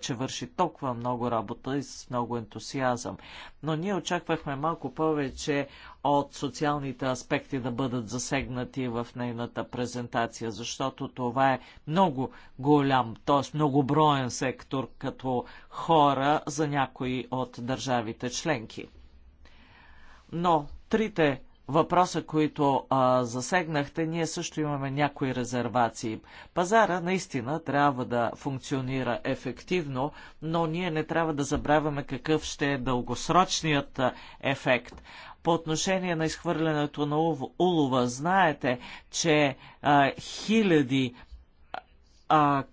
че върши толкова много работа и с много ентусиазъм. Но ние очаквахме малко повече от социалните аспекти да бъдат засегнати в нейната презентация, защото това е много голям, т.е. многоброен сектор като хора за някои от държавите членки. Но трите въпроса, които а, засегнахте, ние също имаме някои резервации. Пазара наистина трябва да функционира ефективно, но ние не трябва да забравяме какъв ще е дългосрочният ефект. По отношение на изхвърлянето на улова, знаете, че а, хиляди а,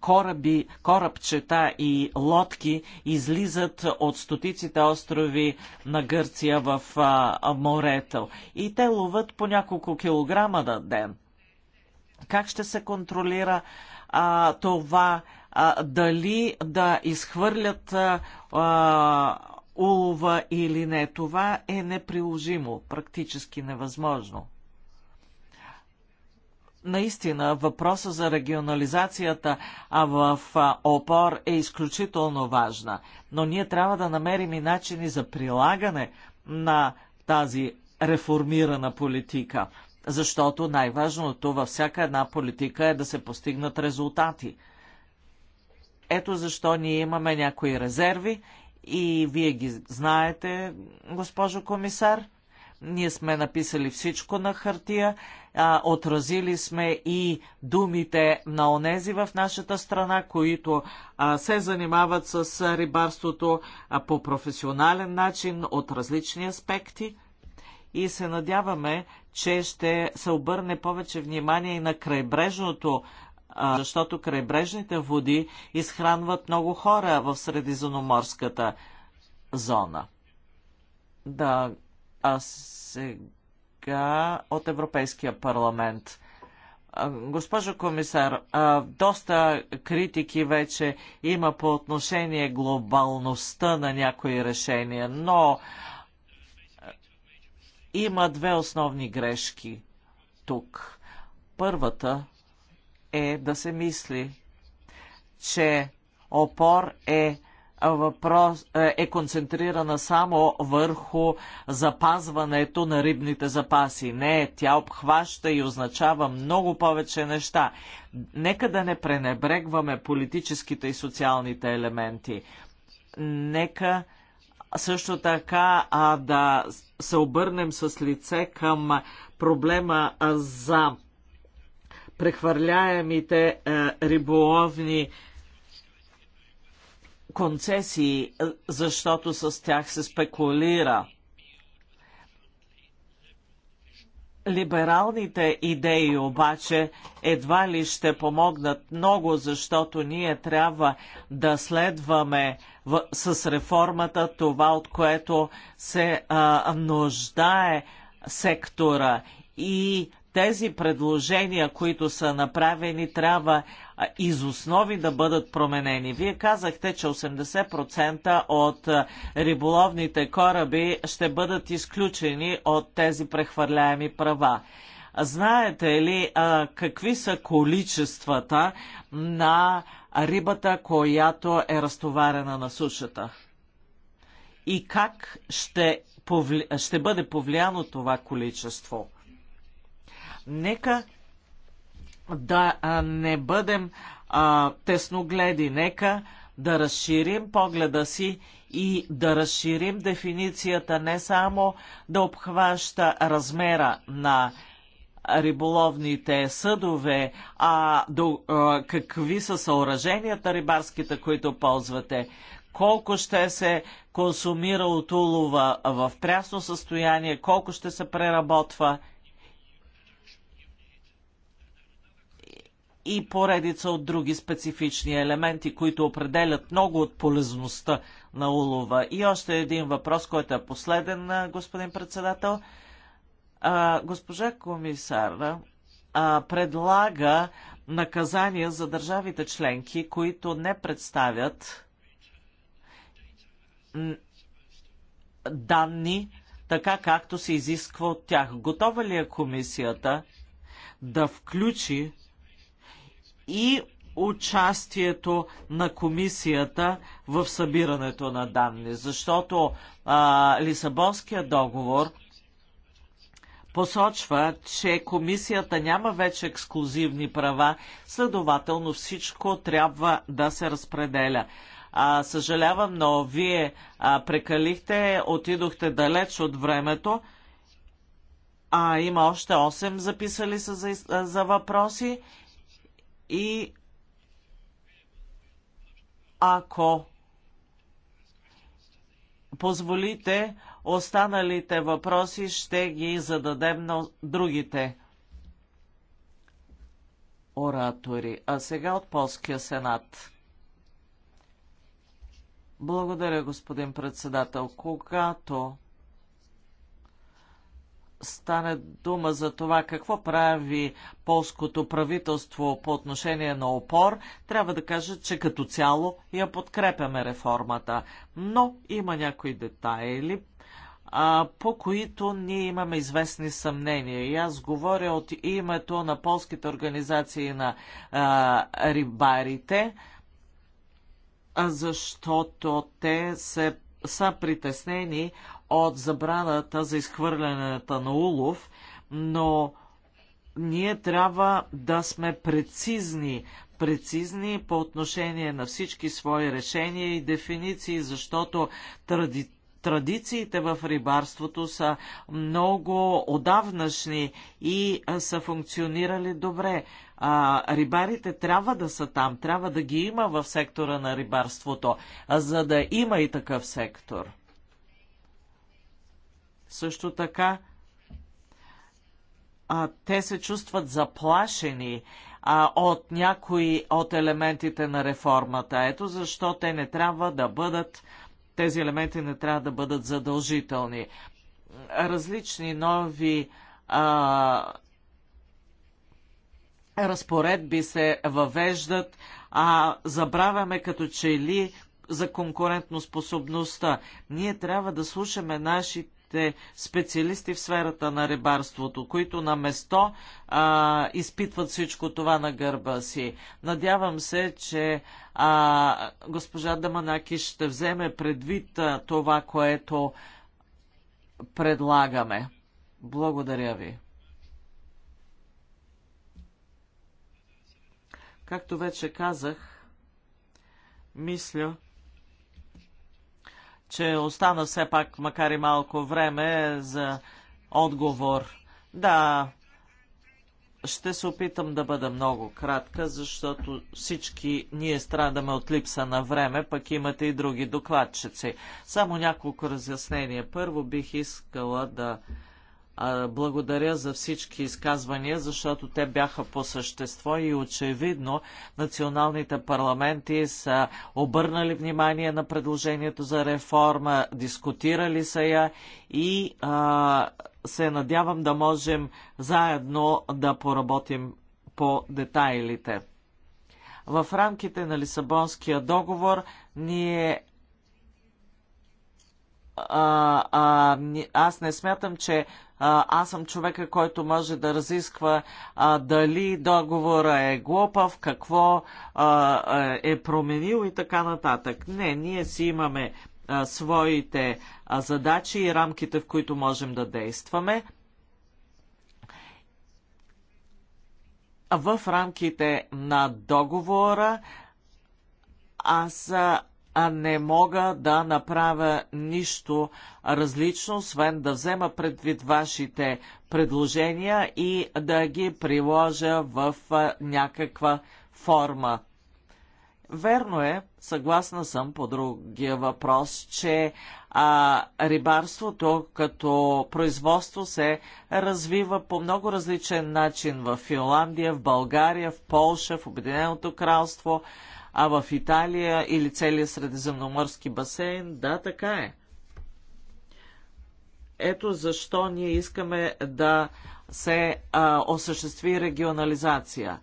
кораби, корабчета и лодки излизат от стотиците острови на Гърция в а, морето. И те ловат по няколко килограма на ден. Как ще се контролира а, това? А, дали да изхвърлят а, улова или не? Това е неприложимо, практически невъзможно наистина въпроса за регионализацията а в опор е изключително важна. Но ние трябва да намерим и начини за прилагане на тази реформирана политика, защото най-важното във всяка една политика е да се постигнат резултати. Ето защо ние имаме някои резерви и вие ги знаете, госпожо комисар. Ние сме написали всичко на хартия а, отразили сме и думите на онези в нашата страна, които а, се занимават с рибарството а, по професионален начин от различни аспекти и се надяваме, че ще се обърне повече внимание и на крайбрежното защото крайбрежните води изхранват много хора в средиземноморската зона. Да, аз сега сега от Европейския парламент. Госпожо комисар, доста критики вече има по отношение глобалността на някои решения, но има две основни грешки тук. Първата е да се мисли, че опор е въпрос е, е концентрирана само върху запазването на рибните запаси. Не, тя обхваща и означава много повече неща. Нека да не пренебрегваме политическите и социалните елементи. Нека също така а, да се обърнем с лице към проблема за прехвърляемите е, риболовни концесии, е, защото с тях се спекулира. Либералните идеи обаче едва ли ще помогнат много, защото ние трябва да следваме в, с реформата това, от което се а, нуждае сектора и тези предложения, които са направени, трябва из основи да бъдат променени. Вие казахте, че 80% от риболовните кораби ще бъдат изключени от тези прехвърляеми права. Знаете ли а, какви са количествата на рибата, която е разтоварена на сушата? И как ще, повли... ще бъде повлияно това количество? Нека да не бъдем а, тесногледи, нека да разширим погледа си и да разширим дефиницията не само да обхваща размера на риболовните съдове, а до, а, какви са съоръженията рибарските, които ползвате, колко ще се консумира от улова в прясно състояние, колко ще се преработва – и поредица от други специфични елементи, които определят много от полезността на улова. И още един въпрос, който е последен, господин председател. А, госпожа комисара а, предлага наказания за държавите членки, които не представят данни, така както се изисква от тях. Готова ли е комисията да включи и участието на комисията в събирането на данни, защото а, Лисабонския договор посочва, че комисията няма вече ексклюзивни права, следователно всичко трябва да се разпределя. А, съжалявам, но вие а, прекалихте, отидохте далеч от времето. А има още 8 записали се за, за въпроси и ако позволите, останалите въпроси ще ги зададем на другите оратори. А сега от Полския сенат. Благодаря, господин председател. Когато стане дума за това какво прави полското правителство по отношение на опор, трябва да кажа, че като цяло я подкрепяме реформата. Но има някои детайли, а, по които ние имаме известни съмнения. И аз говоря от името на полските организации на а, рибарите, защото те се, са притеснени от забраната за изхвърлянето на улов, но ние трябва да сме прецизни, прецизни по отношение на всички свои решения и дефиниции, защото тради... традициите в рибарството са много отдавнашни и са функционирали добре. А, рибарите трябва да са там, трябва да ги има в сектора на рибарството, за да има и такъв сектор. Също така, а, те се чувстват заплашени а, от някои от елементите на реформата. Ето защо те не трябва да бъдат, тези елементи не трябва да бъдат задължителни. Различни нови а, разпоредби се въвеждат, а забравяме като че ли за конкурентноспособността. Ние трябва да слушаме нашите нашите специалисти в сферата на рибарството, които на место а, изпитват всичко това на гърба си. Надявам се, че а, госпожа Даманаки ще вземе предвид а, това, което предлагаме. Благодаря ви. Както вече казах, мисля, че остана все пак, макар и малко време, за отговор. Да, ще се опитам да бъда много кратка, защото всички ние страдаме от липса на време, пък имате и други докладчици. Само няколко разяснения. Първо бих искала да благодаря за всички изказвания, защото те бяха по същество и очевидно националните парламенти са обърнали внимание на предложението за реформа, дискутирали са я и а, се надявам да можем заедно да поработим по детайлите. В рамките на Лисабонския договор ние а, а, аз не смятам, че аз съм човека, който може да разисква а, дали договора е глупав, какво а, е променил и така нататък. Не, ние си имаме а, своите а, задачи и рамките, в които можем да действаме. В рамките на договора аз а, а не мога да направя нищо различно, освен да взема предвид вашите предложения и да ги приложа в някаква форма. Верно е, съгласна съм по другия въпрос, че а, рибарството като производство се развива по много различен начин в Финландия, в България, в Полша, в Обединеното кралство а в Италия или целия средиземноморски басейн. Да, така е. Ето защо ние искаме да се а, осъществи регионализация.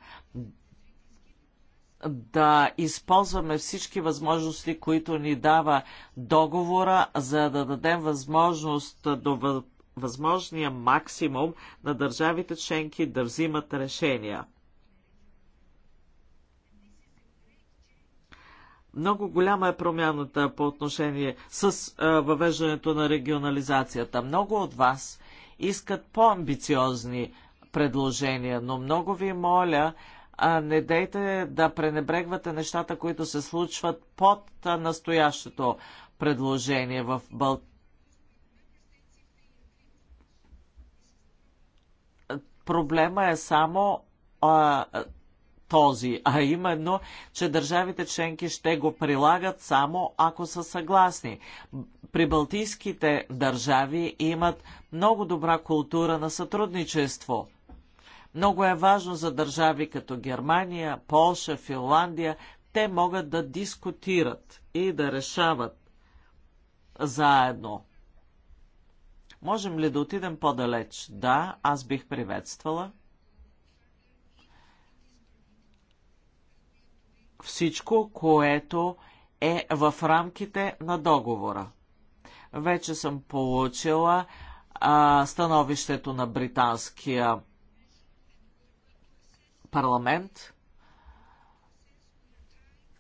Да използваме всички възможности, които ни дава договора, за да дадем възможност до възможния максимум на държавите членки да взимат решения. Много голяма е промяната по отношение с въвеждането на регионализацията. Много от вас искат по-амбициозни предложения, но много ви моля, а не дейте да пренебрегвате нещата, които се случват под настоящото предложение в Бал... Проблема е само а, този, а именно, че държавите членки ще го прилагат само ако са съгласни. Прибалтийските държави имат много добра култура на сътрудничество. Много е важно за държави като Германия, Полша, Финландия, те могат да дискутират и да решават заедно. Можем ли да отидем по-далеч? Да, аз бих приветствала. всичко, което е в рамките на договора. Вече съм получила а, становището на британския парламент.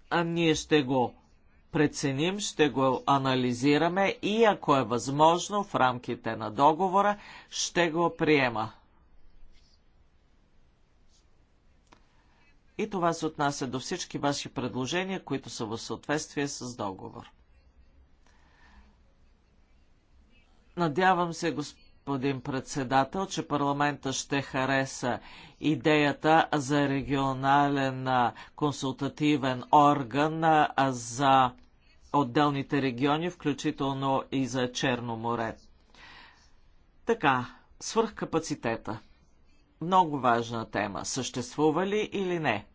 А ние ще го преценим, ще го анализираме и ако е възможно в рамките на договора, ще го приема. И това се отнася до всички ваши предложения, които са в съответствие с договор. Надявам се, господин председател, че парламента ще хареса идеята за регионален консултативен орган за отделните региони, включително и за Черно море. Така, свърхкапацитета много важна тема. Съществува ли или не?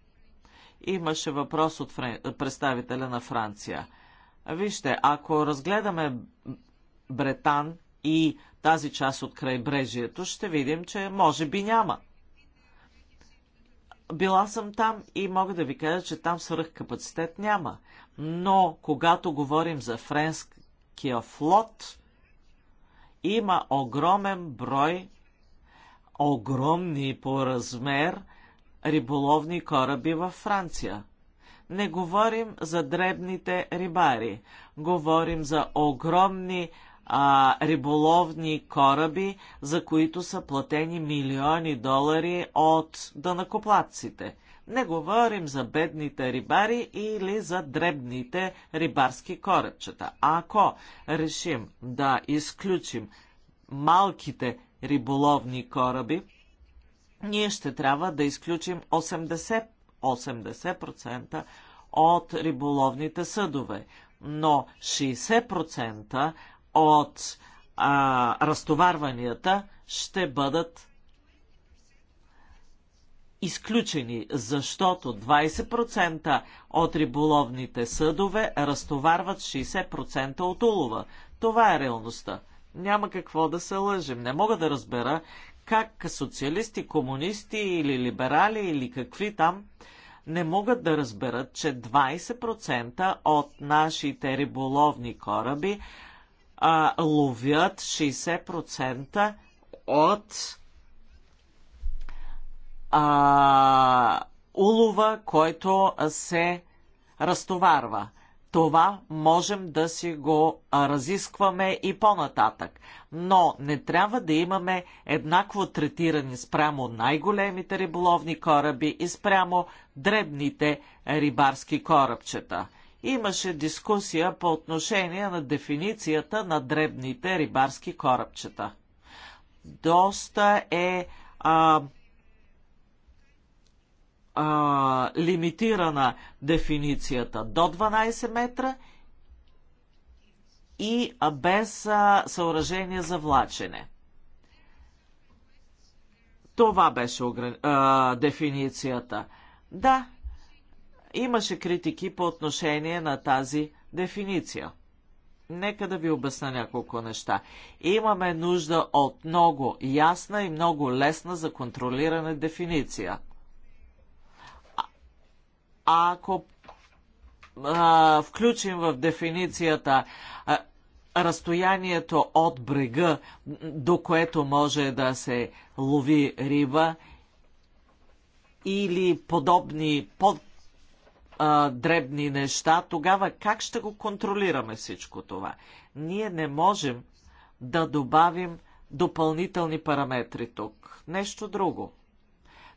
Имаше въпрос от френ... представителя на Франция. Вижте, ако разгледаме Бретан и тази част от крайбрежието, ще видим, че може би няма. Била съм там и мога да ви кажа, че там свръхкапацитет няма. Но когато говорим за френския флот, има огромен брой огромни по размер риболовни кораби във Франция. Не говорим за дребните рибари, говорим за огромни а, риболовни кораби, за които са платени милиони долари от дънакоплатците. Не говорим за бедните рибари или за дребните рибарски корабчета. ако решим да изключим малките риболовни кораби, ние ще трябва да изключим 80%, 80% от риболовните съдове, но 60% от а, разтоварванията ще бъдат изключени, защото 20% от риболовните съдове разтоварват 60% от улова. Това е реалността. Няма какво да се лъжим. Не мога да разбера как социалисти, комунисти или либерали или какви там не могат да разберат, че 20% от нашите риболовни кораби а, ловят 60% от а, улова, който се разтоварва това можем да си го разискваме и по-нататък. Но не трябва да имаме еднакво третиране спрямо най-големите риболовни кораби и спрямо дребните рибарски корабчета. Имаше дискусия по отношение на дефиницията на дребните рибарски корабчета. Доста е а, а, лимитирана дефиницията до 12 метра и без а, съоръжение за влачене. Това беше а, дефиницията. Да, имаше критики по отношение на тази дефиниция. Нека да ви обясна няколко неща. Имаме нужда от много ясна и много лесна за контролиране дефиниция – ако а, включим в дефиницията а, разстоянието от брега, до което може да се лови риба, или подобни по-дребни неща, тогава как ще го контролираме всичко това? Ние не можем да добавим допълнителни параметри тук. Нещо друго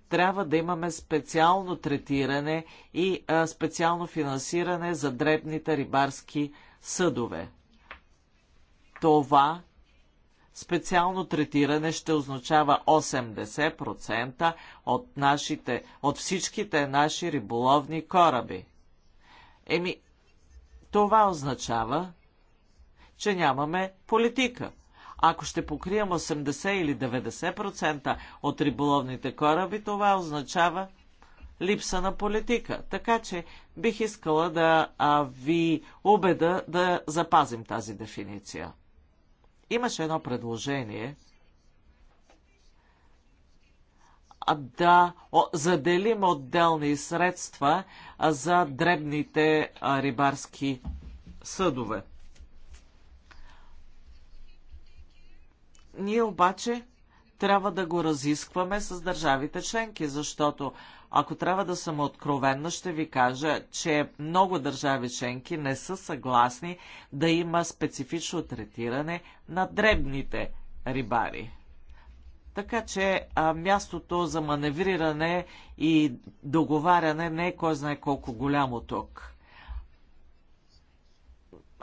трябва да имаме специално третиране и а, специално финансиране за дребните рибарски съдове. Това специално третиране ще означава 80% от, нашите, от всичките наши риболовни кораби. Еми, това означава, че нямаме политика – ако ще покрием 80 или 90% от риболовните кораби, това означава липса на политика. Така че бих искала да а, ви убеда да запазим тази дефиниция. Имаше едно предложение да заделим отделни средства за дребните рибарски съдове. Ние обаче трябва да го разискваме с държавите членки, защото ако трябва да съм откровенна, ще ви кажа, че много държави членки не са съгласни да има специфично третиране на дребните рибари. Така че а, мястото за маневриране и договаряне не е кой знае колко голямо тук.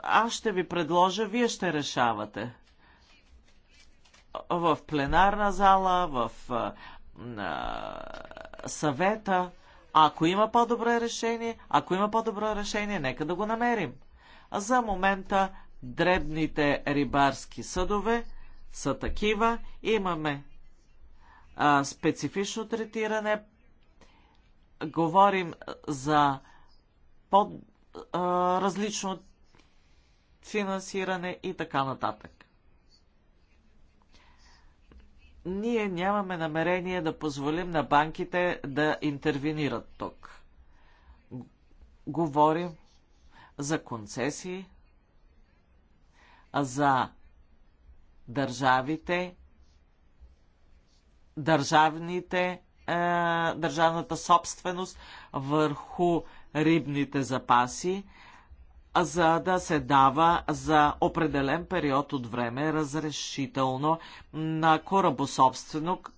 Аз ще ви предложа, вие ще решавате в пленарна зала, в съвета. Ако има по-добро решение, ако има по-добро решение, нека да го намерим. За момента дребните рибарски съдове са такива. Имаме а, специфично третиране. Говорим за по-различно финансиране и така нататък ние нямаме намерение да позволим на банките да интервенират тук. Говорим за концесии, за държавите, държавните, е, държавната собственост върху рибните запаси за да се дава за определен период от време разрешително на корабособственик,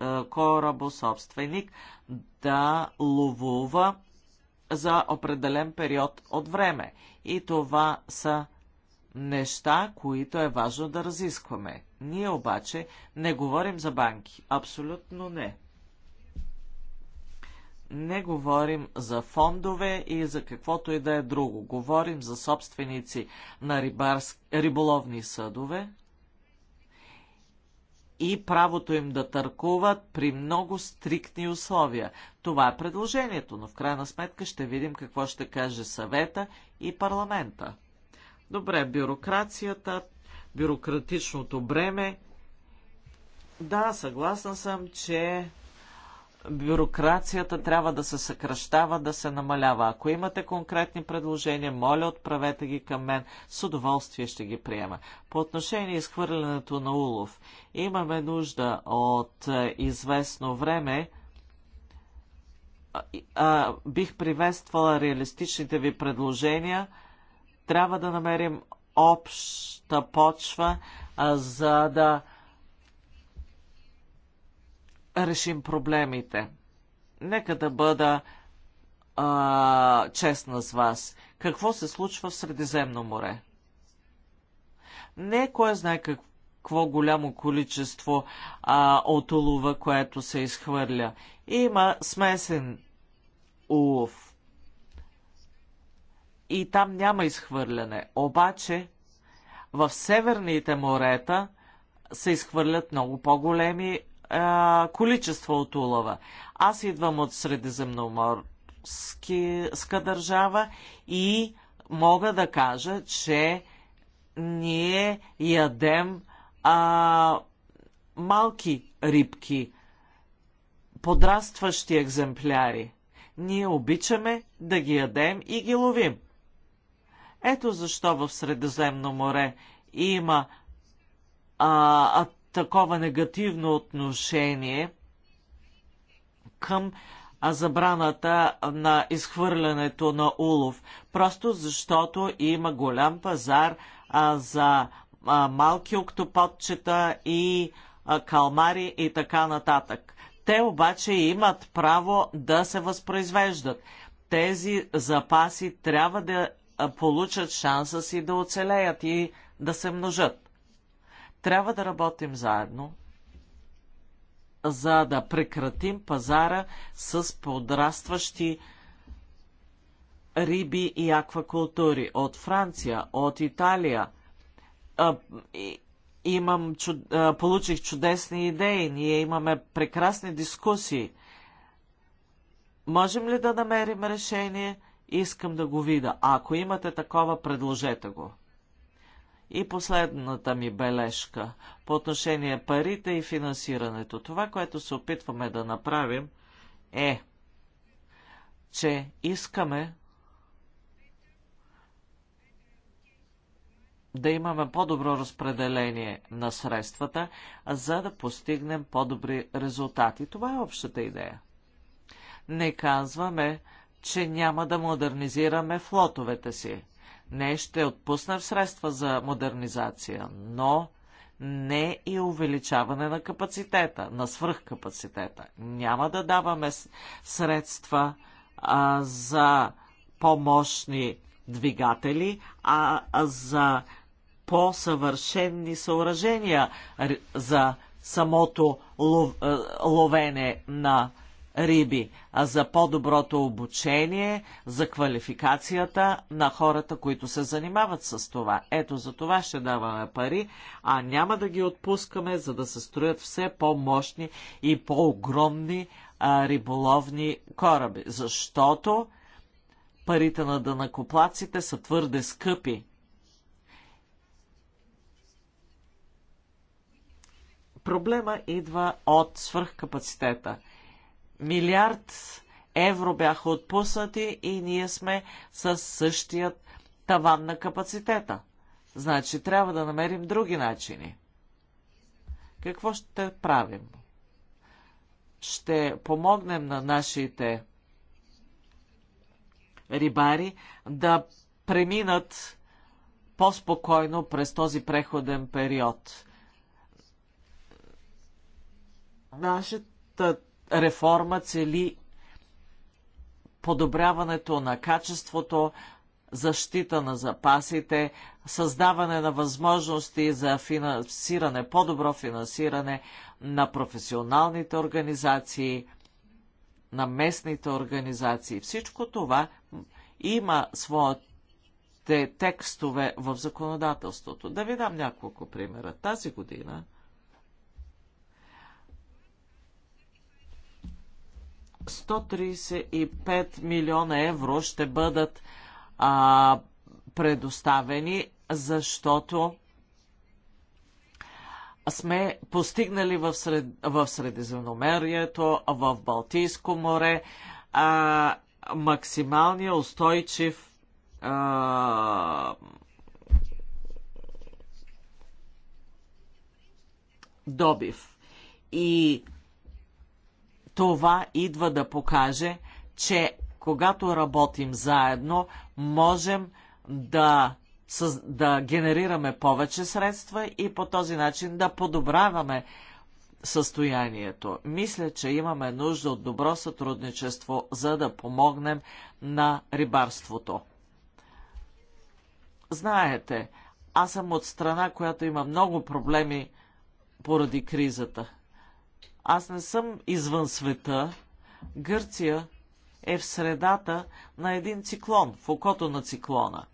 е, корабособственик да ловува за определен период от време. И това са неща, които е важно да разискваме. Ние обаче не говорим за банки. Абсолютно не не говорим за фондове и за каквото и да е друго. Говорим за собственици на рибарс... риболовни съдове и правото им да търкуват при много стриктни условия. Това е предложението, но в крайна сметка ще видим какво ще каже съвета и парламента. Добре, бюрокрацията, бюрократичното бреме. Да, съгласна съм, че бюрокрацията трябва да се съкръщава, да се намалява. Ако имате конкретни предложения, моля, отправете ги към мен. С удоволствие ще ги приема. По отношение изхвърлянето на улов, имаме нужда от е, известно време. А, бих приветствала реалистичните ви предложения. Трябва да намерим обща почва, а, за да решим проблемите. Нека да бъда а, честна с вас. Какво се случва в Средиземно море? Не кой знае какво голямо количество а, от улова, което се изхвърля. Има смесен улов. И там няма изхвърляне. Обаче в северните морета се изхвърлят много по-големи а, количество от улова. Аз идвам от средиземноморска държава и мога да кажа, че ние ядем а, малки рибки, подрастващи екземпляри. Ние обичаме да ги ядем и ги ловим. Ето защо в Средиземно море има а, такова негативно отношение към забраната на изхвърлянето на улов, просто защото има голям пазар а, за а, малки октоподчета и а, калмари и така нататък. Те обаче имат право да се възпроизвеждат. Тези запаси трябва да получат шанса си да оцелеят и да се множат. Трябва да работим заедно, за да прекратим пазара с подрастващи риби и аквакултури от Франция, от Италия. А, имам, чуд, а, получих чудесни идеи, ние имаме прекрасни дискусии. Можем ли да намерим решение? Искам да го видя. ако имате такова, предложете го. И последната ми бележка по отношение парите и финансирането. Това, което се опитваме да направим е, че искаме да имаме по-добро разпределение на средствата, за да постигнем по-добри резултати. Това е общата идея. Не казваме, че няма да модернизираме флотовете си. Не ще отпуснем средства за модернизация, но не и увеличаване на капацитета, на свръхкапацитета. Няма да даваме средства а, за по-мощни двигатели, а, а за по-съвършенни съоръжения за самото лов, ловене на риби, а за по-доброто обучение, за квалификацията на хората, които се занимават с това. Ето за това ще даваме пари, а няма да ги отпускаме, за да се строят все по-мощни и по-огромни риболовни кораби, защото парите на дънакоплаците са твърде скъпи. Проблема идва от свръхкапацитета – милиард евро бяха отпуснати и ние сме с същият таван на капацитета. Значи трябва да намерим други начини. Какво ще правим? Ще помогнем на нашите рибари да преминат по-спокойно през този преходен период. Нашата реформа цели подобряването на качеството, защита на запасите, създаване на възможности за финансиране, по-добро финансиране на професионалните организации, на местните организации. Всичко това има своите текстове в законодателството. Да ви дам няколко примера. Тази година 135 милиона евро ще бъдат а, предоставени, защото сме постигнали в, сред, в Средиземномерието, в Балтийско море а, максималния устойчив а, добив. И това идва да покаже, че когато работим заедно, можем да, да генерираме повече средства и по този начин да подобряваме състоянието. Мисля, че имаме нужда от добро сътрудничество, за да помогнем на рибарството. Знаете, аз съм от страна, която има много проблеми поради кризата. Аз не съм извън света. Гърция е в средата на един циклон, в окото на циклона.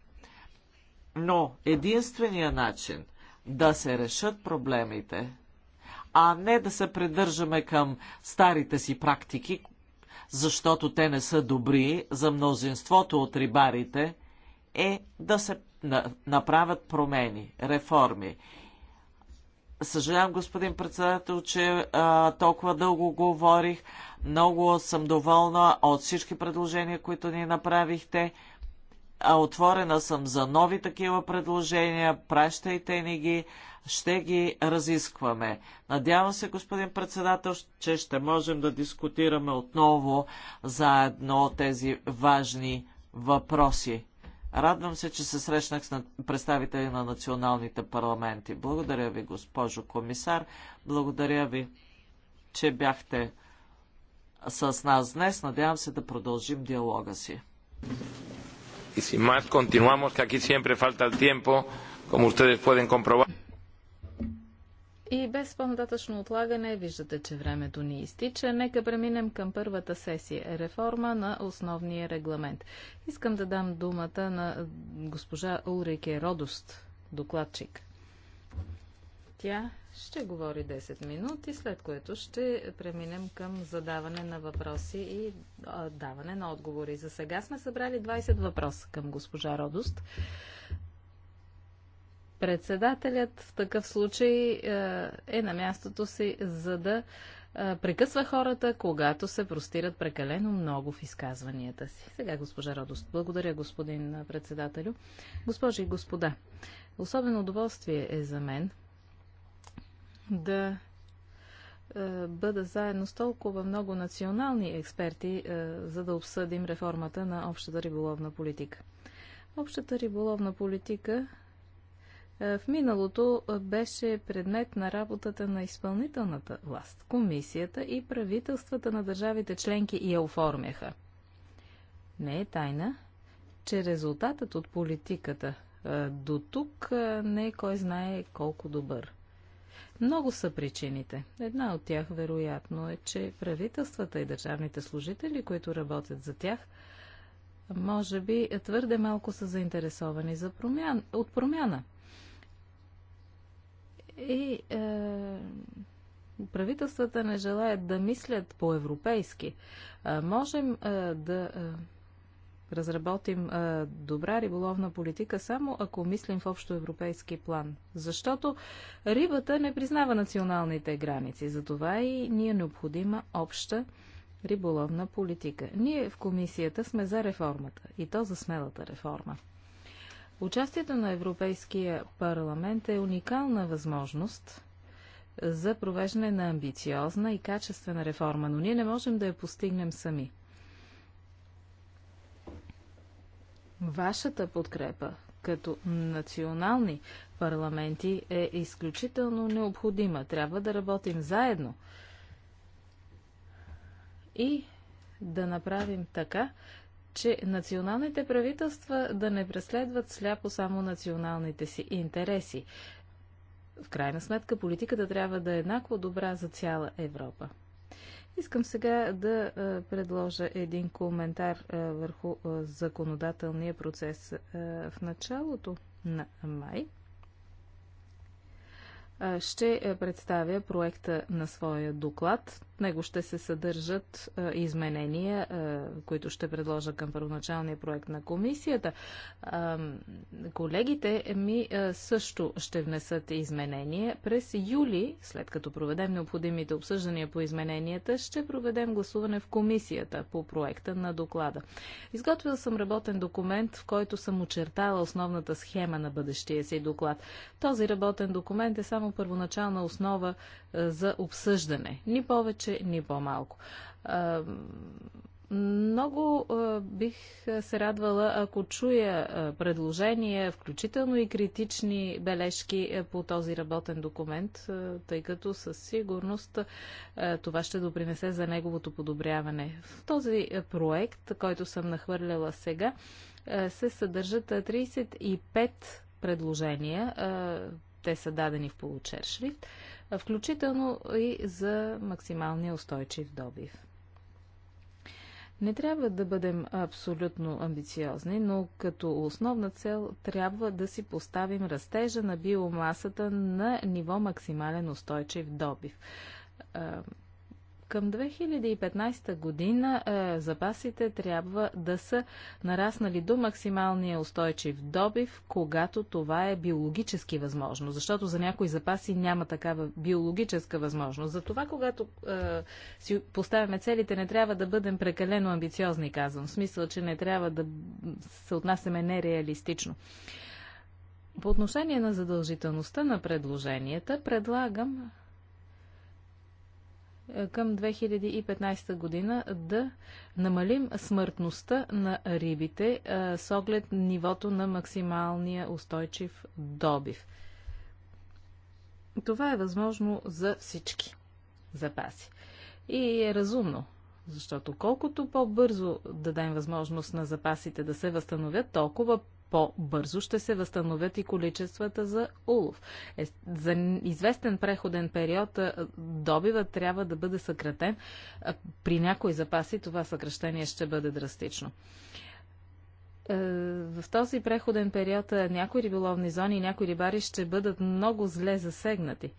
Но единствения начин да се решат проблемите, а не да се придържаме към старите си практики, защото те не са добри за мнозинството от рибарите, е да се направят промени, реформи. Съжалявам, господин председател, че а, толкова дълго говорих. Много съм доволна от всички предложения, които ни направихте. А, отворена съм за нови такива предложения. Пращайте ни ги. Ще ги разискваме. Надявам се, господин председател, че ще можем да дискутираме отново заедно тези важни въпроси. Радвам се, че се срещнах с представители на националните парламенти. Благодаря ви, госпожо комисар. Благодаря ви, че бяхте с нас днес. Надявам се да продължим диалога си. Y sin más, continuamos, que aquí siempre falta el tiempo, como ustedes pueden comprobar. И без по-нататъчно отлагане, виждате, че времето ни изтича. Нека преминем към първата сесия – реформа на основния регламент. Искам да дам думата на госпожа Улрике Родост, докладчик. Тя ще говори 10 минути, след което ще преминем към задаване на въпроси и даване на отговори. За сега сме събрали 20 въпроса към госпожа Родост. Председателят в такъв случай е, е на мястото си, за да е, прекъсва хората, когато се простират прекалено много в изказванията си. Сега, госпожа Радост, благодаря, господин председателю. Госпожи и господа, особено удоволствие е за мен да е, бъда заедно с толкова много национални експерти, за да обсъдим реформата на общата риболовна политика. Общата риболовна политика е, в миналото е, беше предмет на работата на изпълнителната власт. Комисията и правителствата на държавите членки я оформяха. Не е тайна, че резултатът от политиката е, до тук не е кой знае колко добър. Много са причините. Една от тях, вероятно, е, че правителствата и държавните служители, които работят за тях, може би твърде малко са заинтересовани за промяна, от промяна. И е, правителствата не желаят да мислят по-европейски. Е, можем е, да е, разработим е, добра риболовна политика само ако мислим в общо европейски план. Защото рибата не признава националните граници. Затова и ни е необходима обща риболовна политика. Ние в комисията сме за реформата. И то за смелата реформа. Участието на Европейския парламент е уникална възможност за провеждане на амбициозна и качествена реформа, но ние не можем да я постигнем сами. Вашата подкрепа като национални парламенти е изключително необходима. Трябва да работим заедно и да направим така, че националните правителства да не преследват сляпо само националните си интереси. В крайна сметка политиката трябва да е еднакво добра за цяла Европа. Искам сега да предложа един коментар върху законодателния процес в началото на май ще е, представя проекта на своя доклад. В него ще се съдържат изменения, които ще предложа към първоначалния проект на комисията. Колегите ми също ще внесат изменения. През юли, след като проведем необходимите обсъждания по измененията, ще проведем гласуване в комисията по проекта на доклада. Изготвил съм работен документ, в който съм очертала основната схема на бъдещия си доклад. Този работен документ е само само първоначална основа е, за обсъждане. Ни повече, ни по-малко. Е, много е, бих се радвала, ако чуя предложения, включително и критични бележки по този работен документ, тъй като със сигурност това ще допринесе за неговото подобряване. В този проект, който съм нахвърляла сега, се съдържат 35 предложения, те са дадени в получер включително и за максималния устойчив добив. Не трябва да бъдем абсолютно амбициозни, но като основна цел трябва да си поставим растежа на биомасата на ниво максимален устойчив добив към 2015 година е, запасите трябва да са нараснали до максималния устойчив добив, когато това е биологически възможно, защото за някои запаси няма такава биологическа възможност. За това, когато е, си поставяме целите, не трябва да бъдем прекалено амбициозни, казвам. В смисъл, че не трябва да се отнасяме нереалистично. По отношение на задължителността на предложенията, предлагам е, към 2015 година да намалим смъртността на рибите е, с оглед нивото на максималния устойчив добив. Това е възможно за всички запаси. И е разумно, защото колкото по-бързо дадем възможност на запасите да се възстановят, толкова по-бързо ще се възстановят и количествата за улов. Е, за известен преходен период добивът трябва да бъде съкратен. При някои запаси това съкръщение ще бъде драстично е, в този преходен период някои риболовни зони и някои рибари ще бъдат много зле засегнати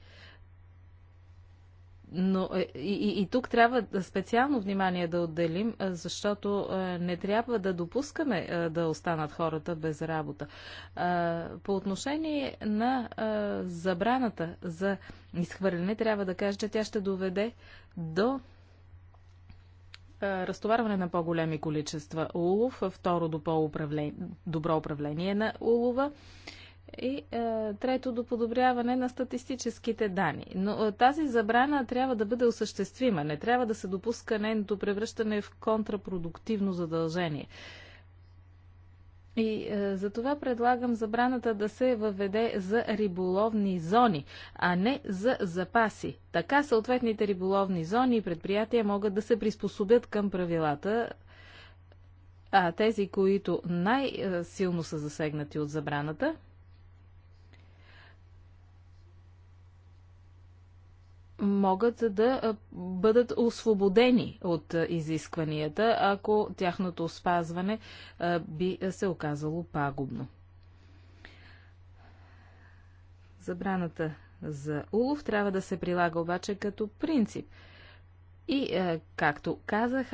но е, и, и, и тук трябва специално внимание да отделим, е, защото е, не трябва да допускаме да останат хората без работа. По отношение на забраната за изхвърляне, трябва да кажа, че тя ще доведе до разтоварване на по-големи количества улов, второ до по-добро управление на улова и е, трето, до подобряване на статистическите данни. Но е, тази забрана трябва да бъде осъществима. Не трябва да се допуска нейното превръщане в контрапродуктивно задължение. И е, за това предлагам забраната да се въведе за риболовни зони, а не за запаси. Така съответните риболовни зони и предприятия могат да се приспособят към правилата, а тези, които най-силно е, са засегнати от забраната, могат да бъдат освободени от изискванията, ако тяхното спазване би се оказало пагубно. Забраната за улов трябва да се прилага обаче като принцип. И, както казах,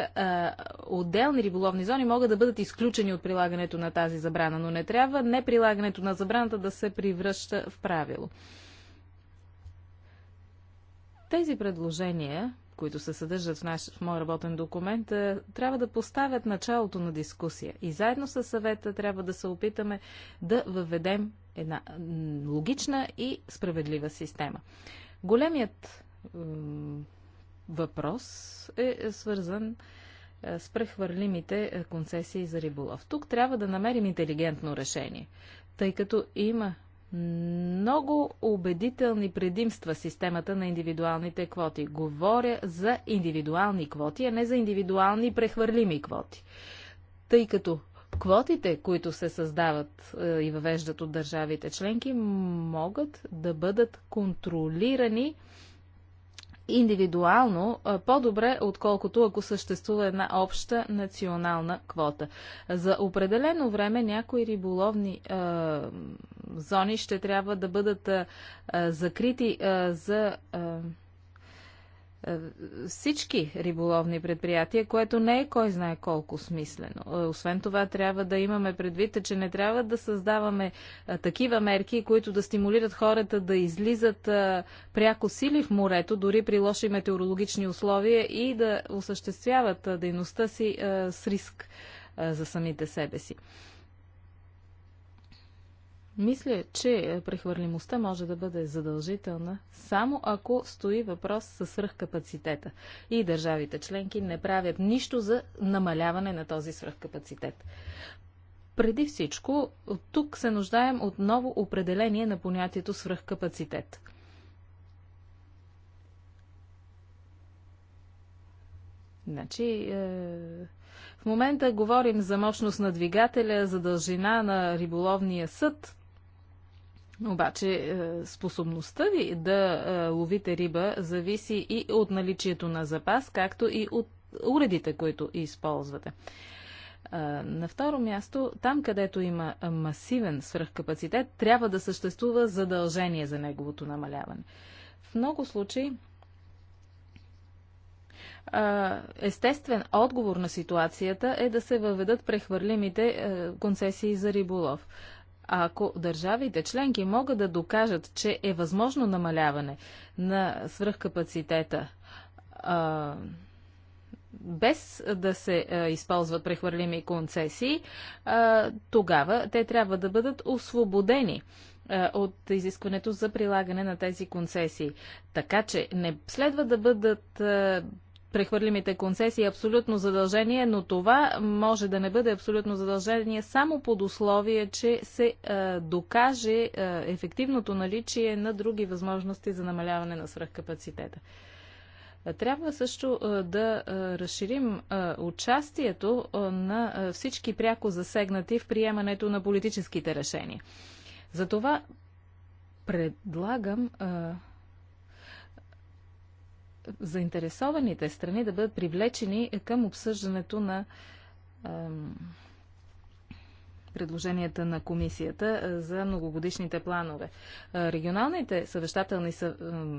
отделни риболовни зони могат да бъдат изключени от прилагането на тази забрана, но не трябва не прилагането на забраната да се превръща в правило. Тези предложения, които се съдържат в, наш, в мой работен документ, е, трябва да поставят началото на дискусия. И заедно с съвета трябва да се опитаме да въведем една логична и справедлива система. Големият въпрос е, е свързан е, с прехвърлимите концесии за риболов. Тук трябва да намерим интелигентно решение, тъй като има много убедителни предимства системата на индивидуалните квоти. Говоря за индивидуални квоти, а не за индивидуални прехвърлими квоти. Тъй като квотите, които се създават е, и въвеждат от държавите членки, могат да бъдат контролирани индивидуално по-добре, отколкото ако съществува една обща национална квота. За определено време някои риболовни е, зони ще трябва да бъдат е, закрити е, за. Е, е, всички риболовни предприятия, което не е кой знае колко смислено. Е, освен това, трябва да имаме предвид, че не трябва да създаваме е, такива мерки, които да стимулират хората да излизат пряко сили в морето, дори при лоши метеорологични условия и да осъществяват дейността си с риск за самите себе си. Мисля, че е, прехвърлимостта може да бъде задължителна само ако стои въпрос с свръхкапацитета. И държавите членки не правят нищо за намаляване на този свръхкапацитет. Преди всичко, тук се нуждаем от ново определение на понятието свръхкапацитет. Значи, е... В момента говорим за мощност на двигателя, за дължина на риболовния съд. Обаче е, способността ви да е, ловите риба зависи и от наличието на запас, както и от уредите, които използвате. Е, на второ място, там където има масивен свръхкапацитет, трябва да съществува задължение за неговото намаляване. В много случаи естествен отговор на ситуацията е да се въведат прехвърлимите концесии за риболов. Ако държавите членки могат да докажат, че е възможно намаляване на свръхкапацитета, а, без да се а, използват прехвърлими концесии, а, тогава те трябва да бъдат освободени от изискването за прилагане на тези концесии. Така че не следва да бъдат прехвърлимите концесии е абсолютно задължение, но това може да не бъде абсолютно задължение само под условие, че се а, е, докаже а, е, ефективното наличие на други възможности за намаляване на свръхкапацитета. Е, трябва също да разширим участието на всички пряко засегнати в приемането на политическите решения. Затова предлагам заинтересованите страни да бъдат привлечени към обсъждането на предложенията на комисията за многогодишните планове. Регионалните съвещателни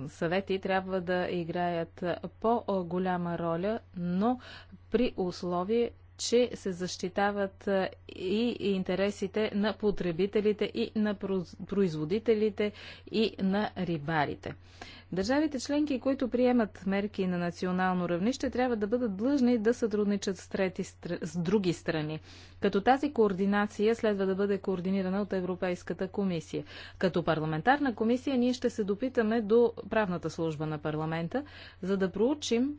съвети трябва да играят по-голяма роля, но при условие, че се защитават и интересите на потребителите, и на производителите, и на рибарите. Държавите членки, които приемат мерки на национално равнище, трябва да бъдат длъжни да сътрудничат с, трети, с други страни. Като тази координация следва да бъде координирана от Европейската комисия. Като парламентарна комисия ние ще се допитаме до правната служба на парламента, за да проучим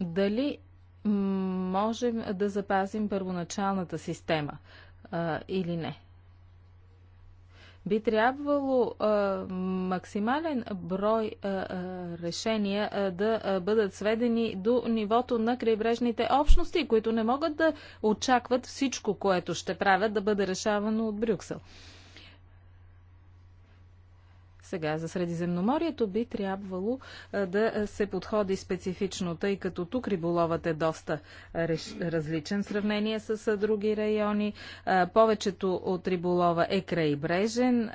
дали можем да запазим първоначалната система а, или не. Би трябвало а, максимален брой а, а, решения а, да бъдат сведени до нивото на крайбрежните общности, които не могат да очакват всичко, което ще правят да бъде решавано от Брюксел. Сега за Средиземноморието би трябвало да се подходи специфично, тъй като тук риболовът е доста различен в сравнение с други райони. Повечето от риболова е крайбрежен.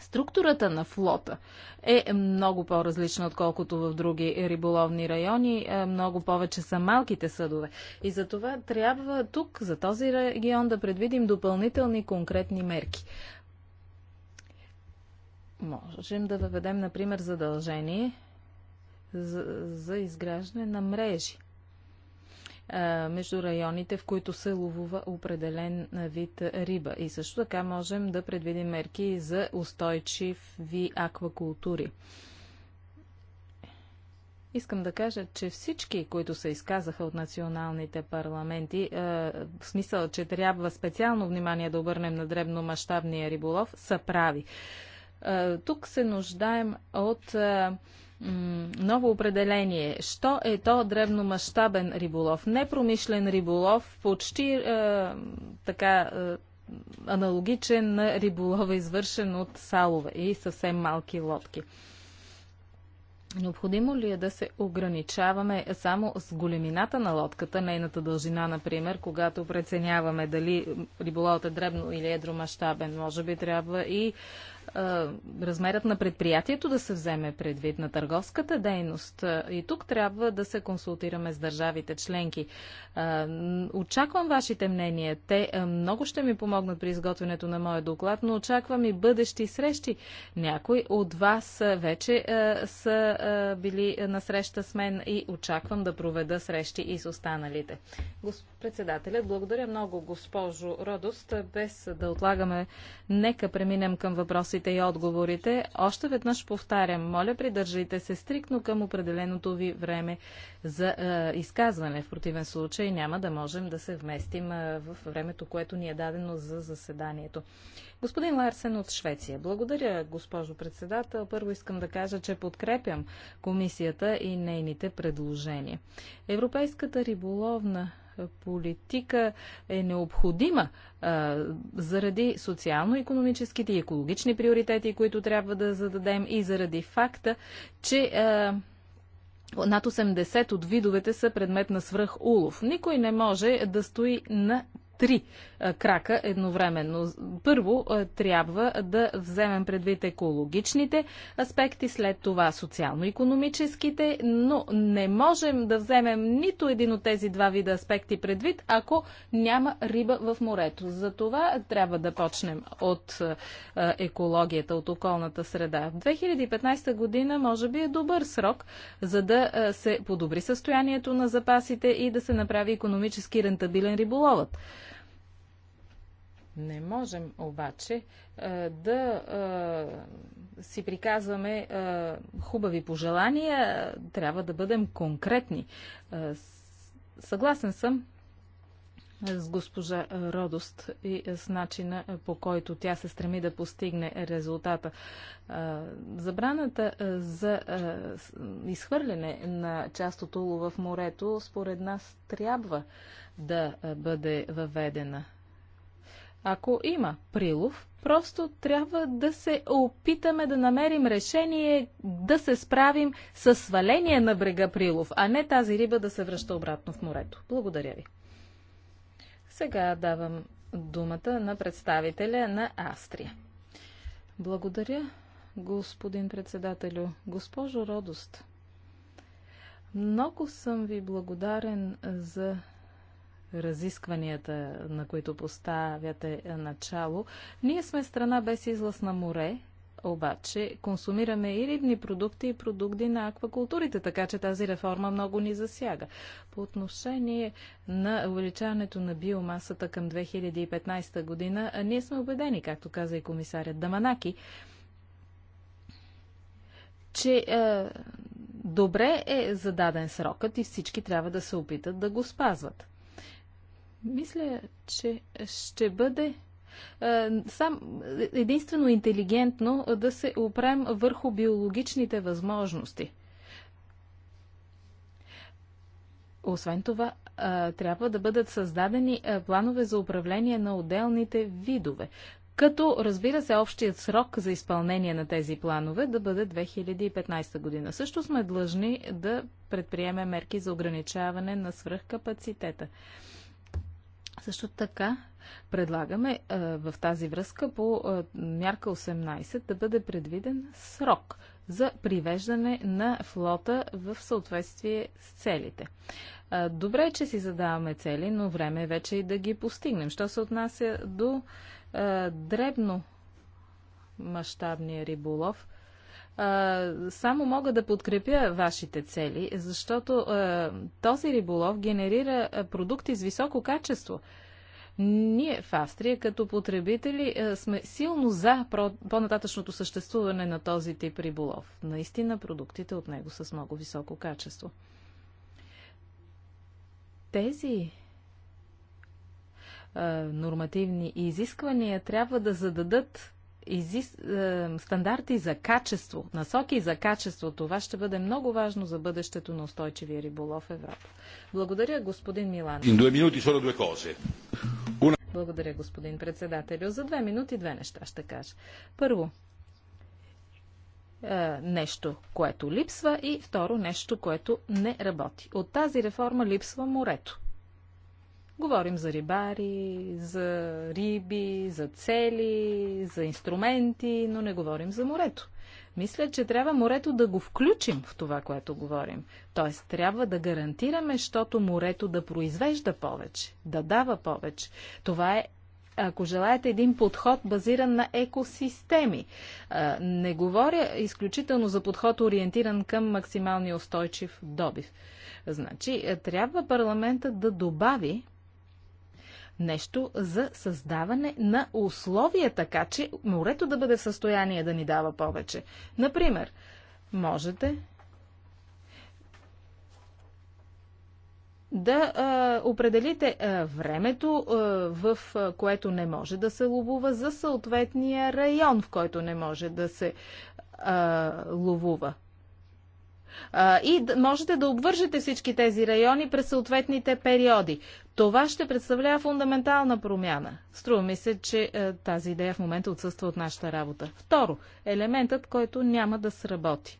Структурата на флота е много по-различна, отколкото в други риболовни райони. Много повече са малките съдове. И за това трябва тук, за този регион, да предвидим допълнителни конкретни мерки. Можем да въведем, например, задължение за, за изграждане на мрежи между районите, в които се ловува определен вид риба. И също така можем да предвидим мерки за устойчиви аквакултури. Искам да кажа, че всички, които се изказаха от националните парламенти, в смисъл, че трябва специално внимание да обърнем на дребномащабния риболов, са прави. Тук се нуждаем от ново определение. Що е то древномащабен риболов? Непромишлен риболов, почти така аналогичен на риболова, извършен от салове и съвсем малки лодки. Необходимо ли е да се ограничаваме само с големината на лодката, нейната дължина, например, когато преценяваме дали риболовът е дребно или едромащабен? Може би трябва и размерът на предприятието да се вземе предвид на търговската дейност. И тук трябва да се консултираме с държавите членки. очаквам вашите мнения. Те много ще ми помогнат при изготвянето на моя доклад, но очаквам и бъдещи срещи. Някои от вас вече са били на среща с мен и очаквам да проведа срещи и с останалите. Председателят, благодаря много, госпожо Родост. Без да отлагаме, нека преминем към въпросите въпросите и отговорите. Още веднъж повтарям, моля придържайте се стрикно към определеното ви време за е, изказване. В противен случай няма да можем да се вместим е, в времето, което ни е дадено за заседанието. Господин Ларсен от Швеция. Благодаря, госпожо председател. Първо искам да кажа, че подкрепям комисията и нейните предложения. Европейската риболовна политика е необходима а, заради социално-економическите и екологични приоритети, които трябва да зададем и заради факта, че а, над 80 от видовете са предмет на свръхулов. Никой не може да стои на три е, крака едновременно. Първо е, трябва да вземем предвид екологичните аспекти, след това социално-економическите, но не можем да вземем нито един от тези два вида аспекти предвид, ако няма риба в морето. За това трябва да почнем от е, екологията, от околната среда. В 2015 година може би е добър срок, за да се подобри състоянието на запасите и да се направи економически рентабилен риболовът. Не можем обаче е, да е, си приказваме е, хубави пожелания, трябва да бъдем конкретни. Съгласен съм с госпожа Родост и с начина по който тя се стреми да постигне резултата. Забраната за изхвърляне на част от улова в морето според нас трябва да бъде въведена. Ако има прилов, просто трябва да се опитаме да намерим решение да се справим с сваление на брега прилов, а не тази риба да се връща обратно в морето. Благодаря ви. Сега давам думата на представителя на Астрия. Благодаря, господин председателю. Госпожо Родост, много съм ви благодарен за разискванията, на които поставяте начало. Ние сме страна без излъз на море, обаче консумираме и рибни продукти и продукти на аквакултурите, така че тази реформа много ни засяга. По отношение на увеличаването на биомасата към 2015 година, ние сме убедени, както каза и комисарят Даманаки, че е, добре е зададен срокът и всички трябва да се опитат да го спазват. Мисля, че ще бъде е, сам единствено интелигентно да се опрем върху биологичните възможности. Освен това, е, трябва да бъдат създадени е, планове за управление на отделните видове, като разбира се общият срок за изпълнение на тези планове да бъде 2015 година. Също сме длъжни да предприеме мерки за ограничаване на свръхкапацитета. Също така предлагаме а, е, в тази връзка по а, е, мярка 18 да бъде предвиден срок за привеждане на флота в съответствие с целите. А, е, добре е, че си задаваме цели, но време е вече и да ги постигнем. Що се отнася до дребно мащабния риболов, само мога да подкрепя вашите цели, защото този риболов генерира продукти с високо качество. Ние в Австрия като потребители сме силно за по-нататъчното съществуване на този тип риболов. Наистина продуктите от него са с много високо качество. Тези нормативни изисквания трябва да зададат изи... стандарти за качество, насоки за качество. Това ще бъде много важно за бъдещето на устойчивия риболов в Европа. Благодаря, господин Милан. Благодаря, господин председателю. За две минути две неща ще кажа. Първо, е, нещо, което липсва и второ нещо, което не работи. От тази реформа липсва морето. Говорим за рибари, за риби, за цели, за инструменти, но не говорим за морето. Мисля, че трябва морето да го включим в това, което говорим. Тоест, трябва да гарантираме, защото морето да произвежда повече, да дава повече. Това е ако желаете един подход базиран на екосистеми. Не говоря изключително за подход ориентиран към максималния устойчив добив. Значи, е, трябва парламента да добави нещо за създаване на условия, така че морето да бъде в състояние да ни дава повече. Например, можете да а, определите а, времето, а, в а, което не може да се ловува за съответния район, в който не може да се а, ловува. И можете да обвържете всички тези райони през съответните периоди. Това ще представлява фундаментална промяна. Струва ми се, че е, тази идея в момента отсъства от нашата работа. Второ, елементът, който няма да сработи.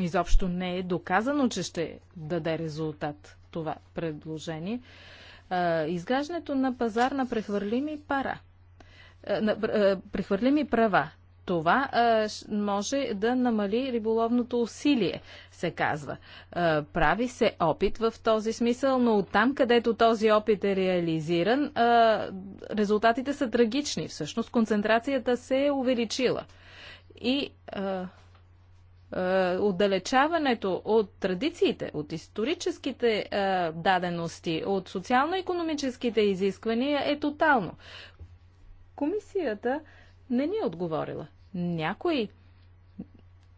Изобщо не е доказано, че ще даде резултат това предложение. Изграждането на пазар на прехвърлими пара е, – е, прехвърлими права. Това а, може да намали риболовното усилие, се казва. А, прави се опит в този смисъл, но там, където този опит е реализиран, а, резултатите са трагични. Всъщност концентрацията се е увеличила. И а, отдалечаването от традициите, от историческите дадености, от социално-економическите изисквания е тотално. Комисията не ни е отговорила. Някой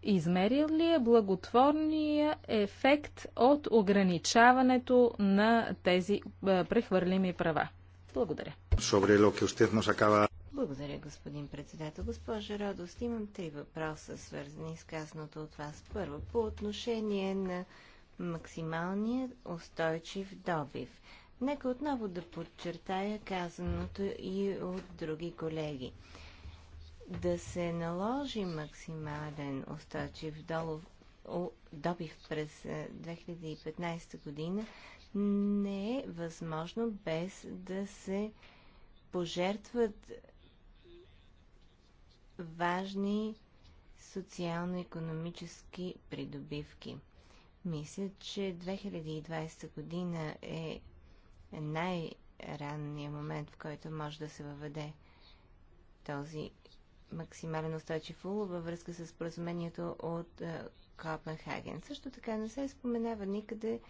измерил ли е благотворния ефект от ограничаването на тези прехвърлими права? Благодаря. Благодаря, господин председател. Госпожа Радост, имам три въпроса, свързани с казаното от вас. Първо, по отношение на максималния устойчив добив. Нека отново да подчертая казаното и от други колеги да се наложи максимален устойчив долов, добив през 2015 е, година не е възможно без да се пожертват важни социално-економически придобивки. Мисля, че 2020 година е най-ранният момент, в който може да се въведе този максимален устойчив улов във връзка с поразумението от е, Копенхаген. Също така не се споменава никъде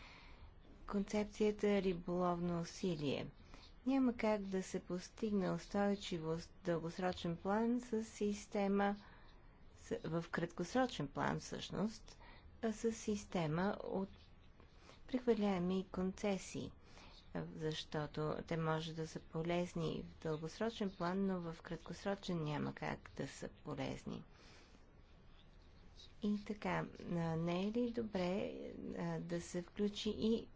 концепцията риболовно усилие. Няма как да се постигне устойчивост в дългосрочен план с система, в краткосрочен план всъщност, с система от прехвърляеми концесии защото те може да са полезни в дългосрочен план, но в краткосрочен няма как да са полезни. И така, не е ли добре да се включи и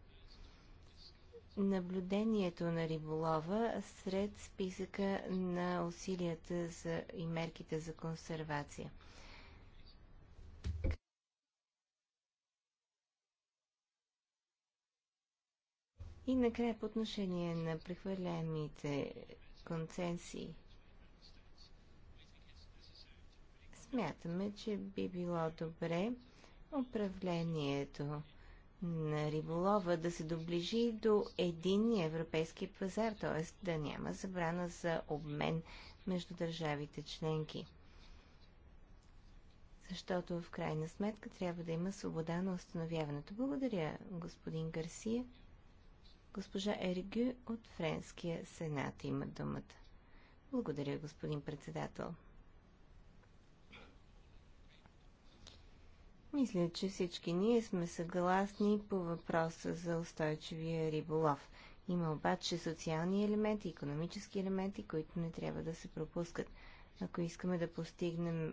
наблюдението на риболова сред списъка на усилията за и мерките за консервация? И накрая по отношение на прехвърляемите концесии. Смятаме, че би било добре управлението на риболова да се доближи до един европейски пазар, т.е. да няма забрана за обмен между държавите членки. Защото в крайна сметка трябва да има свобода на установяването. Благодаря, господин Гарсия. Госпожа Ерге от Френския сенат има думата. Благодаря, господин председател. Мисля, че всички ние сме съгласни по въпроса за устойчивия риболов. Има обаче социални елементи, економически елементи, които не трябва да се пропускат. Ако искаме да постигнем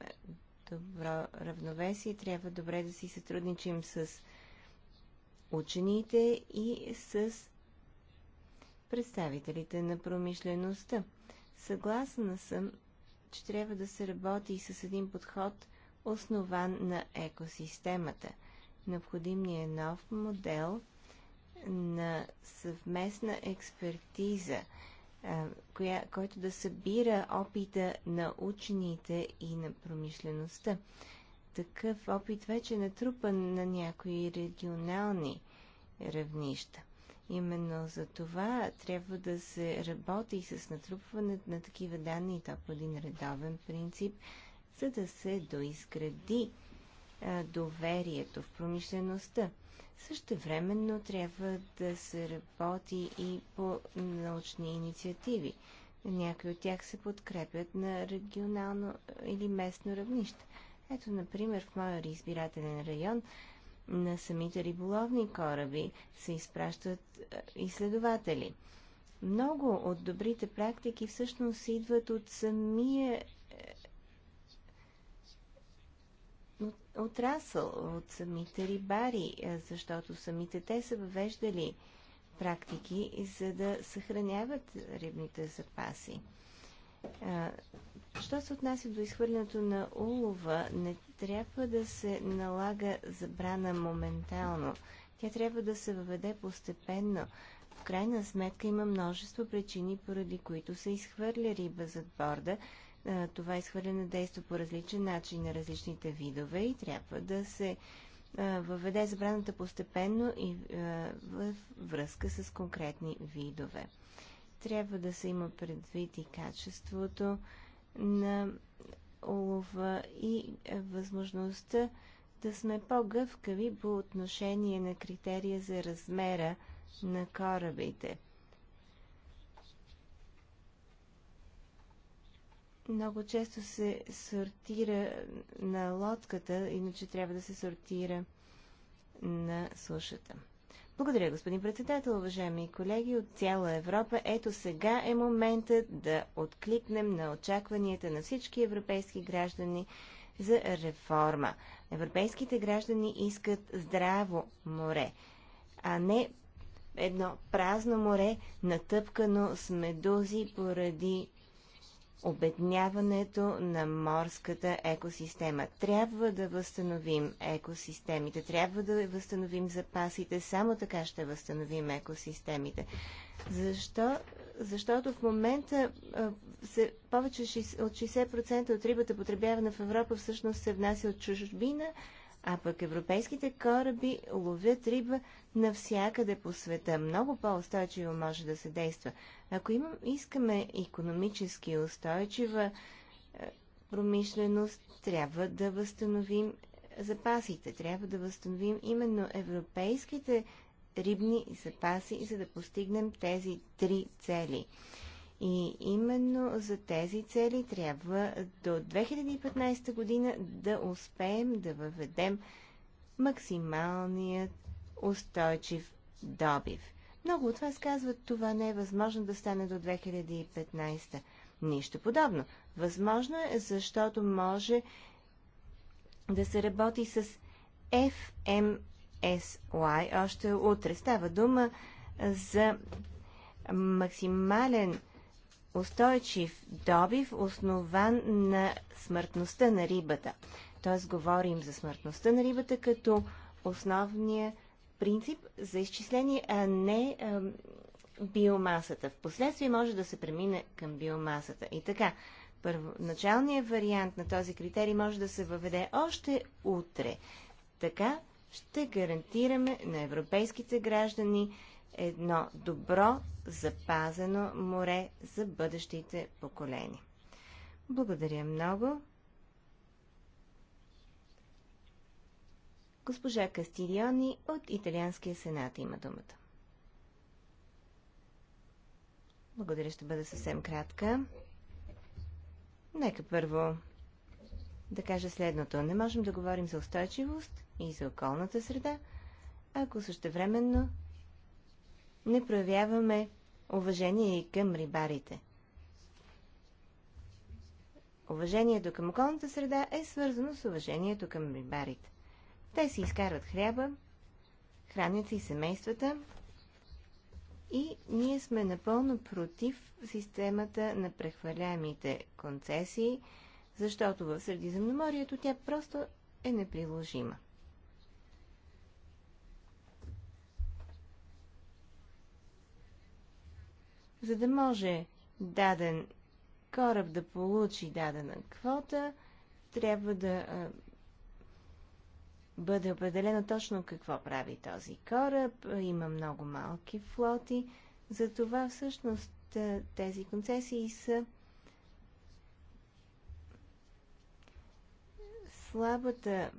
добро равновесие, трябва добре да си сътрудничим с учените и с представителите на промишлеността. Съгласна съм, че трябва да се работи и с един подход, основан на екосистемата. Необходим ни е нов модел на съвместна експертиза, коя, който да събира опита на учените и на промишлеността. Такъв опит вече е натрупан на някои регионални равнища. Именно за това трябва да се работи и с натрупването на такива данни, и то по един редовен принцип, за да се доизгради а, доверието в промишлеността. Също времено трябва да се работи и по научни инициативи. Някои от тях се подкрепят на регионално или местно равнище. Ето, например, в моя избирателен район на самите риболовни кораби се изпращат е, изследователи. Много от добрите практики всъщност идват от самия е, отрасъл, от самите рибари, е, защото самите те са въвеждали практики, за да съхраняват рибните запаси. Що се отнася до изхвърлянето на улова, не трябва да се налага забрана моментално. Тя трябва да се въведе постепенно. В крайна сметка има множество причини, поради които се изхвърля риба зад борда. Това изхвърляне действа по различен начин на различните видове и трябва да се въведе забраната постепенно и в връзка с конкретни видове. Трябва да се има предвид и качеството на улова и е, възможността да сме по-гъвкави по отношение на критерия за размера на корабите. Много често се сортира на лодката, иначе трябва да се сортира на сушата. Благодаря, господин председател, уважаеми колеги от цяла Европа. Ето сега е моментът да откликнем на очакванията на всички европейски граждани за реформа. Европейските граждани искат здраво море, а не едно празно море, натъпкано с медузи поради обедняването на морската екосистема. Трябва да възстановим екосистемите, трябва да възстановим запасите, само така ще възстановим екосистемите. Защо? Защото в момента се, повече от 60% от рибата потребявана в Европа всъщност се внася от чужбина, а пък европейските кораби ловят риба навсякъде по света. Много по-устойчиво може да се действа. Ако имам, искаме економически устойчива е, промишленост, трябва да възстановим запасите. Трябва да възстановим именно европейските рибни запаси, за да постигнем тези три цели. И именно за тези цели трябва до 2015 година да успеем да въведем максималният устойчив добив. Много от вас казват, това не е възможно да стане до 2015. Нищо подобно. Възможно е, защото може да се работи с FMSY. Още утре става дума за максимален устойчив добив, основан на смъртността на рибата. Т.е. говорим за смъртността на рибата като основния принцип за изчисление, а не а, биомасата. Впоследствие може да се премине към биомасата. И така, първоначалният вариант на този критерий може да се въведе още утре. Така ще гарантираме на европейските граждани едно добро, запазено море за бъдещите поколения. Благодаря много. Госпожа Кастилиони от Италианския сенат има думата. Благодаря, ще бъда съвсем кратка. Нека първо да кажа следното. Не можем да говорим за устойчивост и за околната среда, ако същевременно не проявяваме уважение и към рибарите. Уважението към околната среда е свързано с уважението към рибарите. Те си изкарват хляба, хранят си семействата и ние сме напълно против системата на прехвърляемите концесии, защото в Средиземноморието тя просто е неприложима. За да може даден кораб да получи дадена квота, трябва да а, бъде определено точно какво прави този кораб. Има много малки флоти. Затова всъщност тези концесии са слабата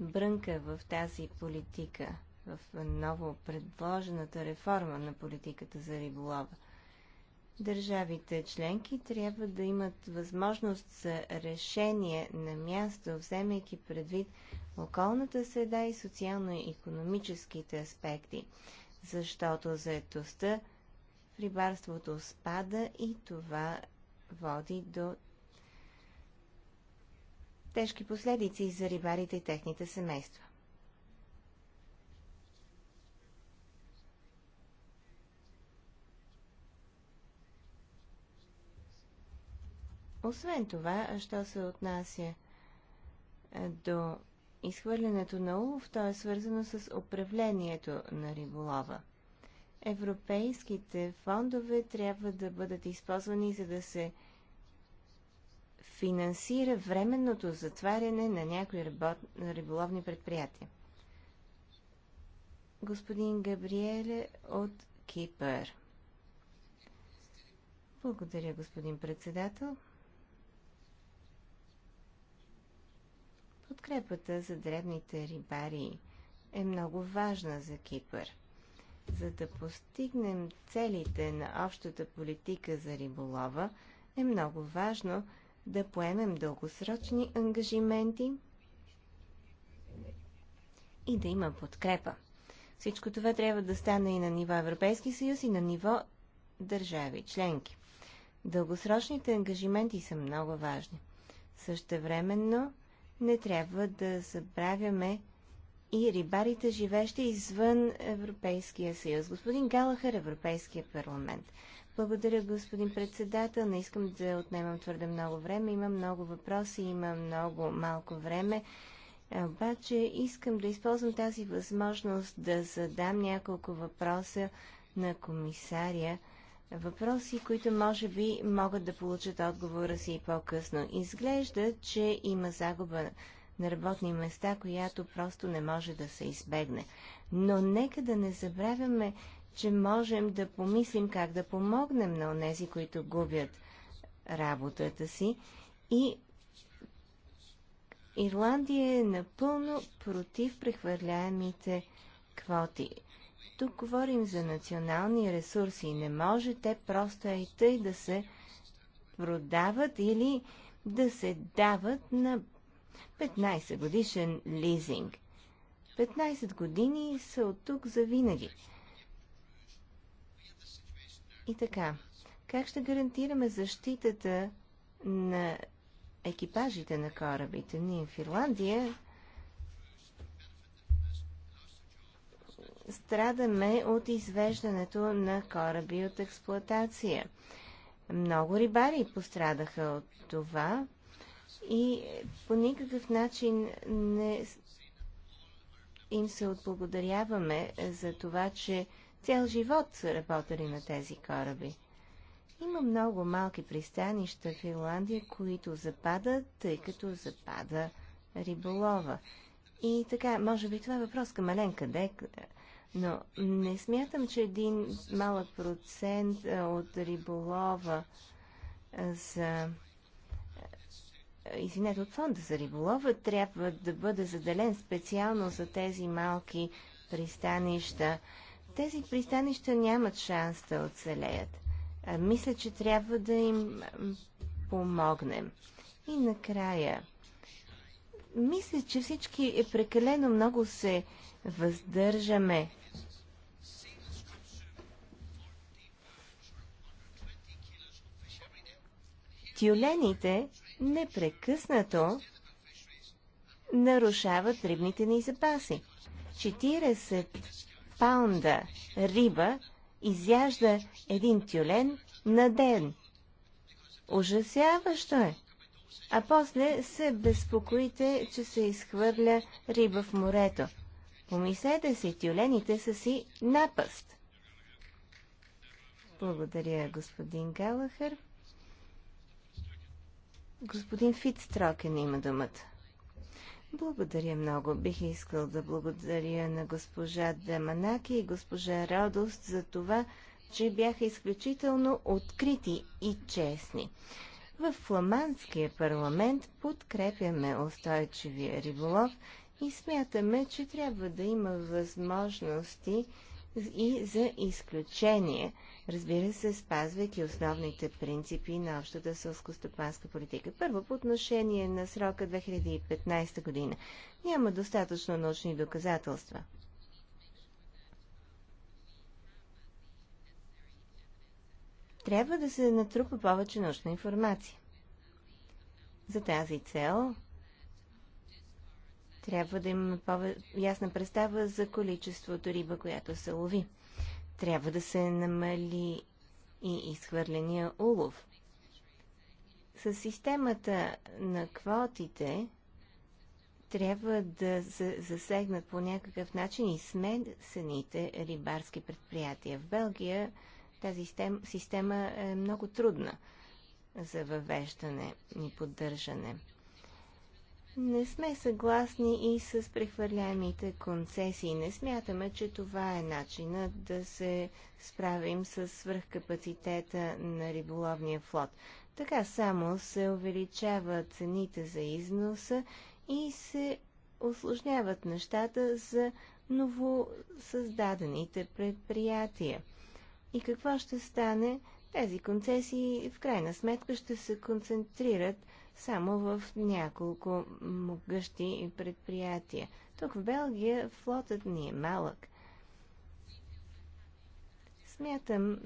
брънка в тази политика – в ново предложената реформа на политиката за риболова. Държавите членки трябва да имат възможност за решение на място, вземайки предвид околната среда и социално-економическите аспекти, защото заедостта в рибарството спада и това води до тежки последици за рибарите и техните семейства. Освен това, що се отнася е, до изхвърлянето на улов, то е свързано с управлението на риболова. Европейските фондове трябва да бъдат използвани, за да се финансира временното затваряне на някои работ... риболовни предприятия. Господин Габриеле от Кипър. Благодаря, господин председател. подкрепата за дребните рибари е много важна за Кипър. За да постигнем целите на общата политика за риболова, е много важно да поемем дългосрочни ангажименти и да има подкрепа. Всичко това трябва да стане и на ниво Европейски съюз, и на ниво държави, членки. Дългосрочните ангажименти са много важни. Същевременно не трябва да забравяме и рибарите, живещи извън Европейския съюз. Господин Галахър, Европейския парламент. Благодаря, господин председател. Не искам да отнемам твърде много време. Има много въпроси, има много малко време. Е, обаче искам да използвам тази възможност да задам няколко въпроса на комисаря въпроси, които може би могат да получат отговора си и по-късно. Изглежда, че има загуба на работни места, която просто не може да се избегне. Но нека да не забравяме, че можем да помислим как да помогнем на онези, които губят работата си. И Ирландия е напълно против прехвърляемите квоти. Тук говорим за национални ресурси и не може те просто и тъй да се продават или да се дават на 15 годишен лизинг. 15 години са от тук за винаги. И така, как ще гарантираме защитата на екипажите на корабите? Ние в Ирландия страдаме от извеждането на кораби от експлоатация. Много рибари пострадаха от това и по никакъв начин не им се отблагодаряваме за това, че цял живот са работили на тези кораби. Има много малки пристанища в Ирландия, които западат, тъй като запада риболова. И така, може би това е въпрос към Аленка Дек. Но не смятам, че един малък процент от риболова за извинете, от фонда за риболова трябва да бъде заделен специално за тези малки пристанища. Тези пристанища нямат шанс да оцелеят. мисля, че трябва да им помогнем. И накрая, мисля, че всички прекалено много се въздържаме тюлените непрекъснато нарушават рибните ни запаси. 40 паунда риба изяжда един тюлен на ден. Ужасяващо е! А после се безпокоите, че се изхвърля риба в морето. Помислете си, тюлените са си напаст. Благодаря, господин Галахър. Господин Фитстрокен има думата. Благодаря много. Бих искал да благодаря на госпожа Даманаки и госпожа Радост за това, че бяха изключително открити и честни. В фламандския парламент подкрепяме устойчивия риболов и смятаме, че трябва да има възможности и за изключение, разбира се, спазвайки основните принципи на общата сълскостопанска политика. Първо, по отношение на срока 2015 година. Няма достатъчно научни доказателства. Трябва да се натрупа повече научна информация. За тази цел трябва да имаме по-ясна представа за количеството риба, която се лови. Трябва да се намали и изхвърления улов. С системата на квотите трябва да се засегнат по някакъв начин и смесените рибарски предприятия. В Белгия тази система е много трудна за въвеждане и поддържане. Не сме съгласни и с прехвърляемите концесии. Не смятаме, че това е начинът да се справим с свръхкапацитета на риболовния флот. Така само се увеличават цените за износа и се осложняват нещата за новосъздадените предприятия. И какво ще стане? Тези концесии в крайна сметка ще се концентрират – само в няколко могъщи предприятия. Тук в Белгия флотът ни е малък. Смятам,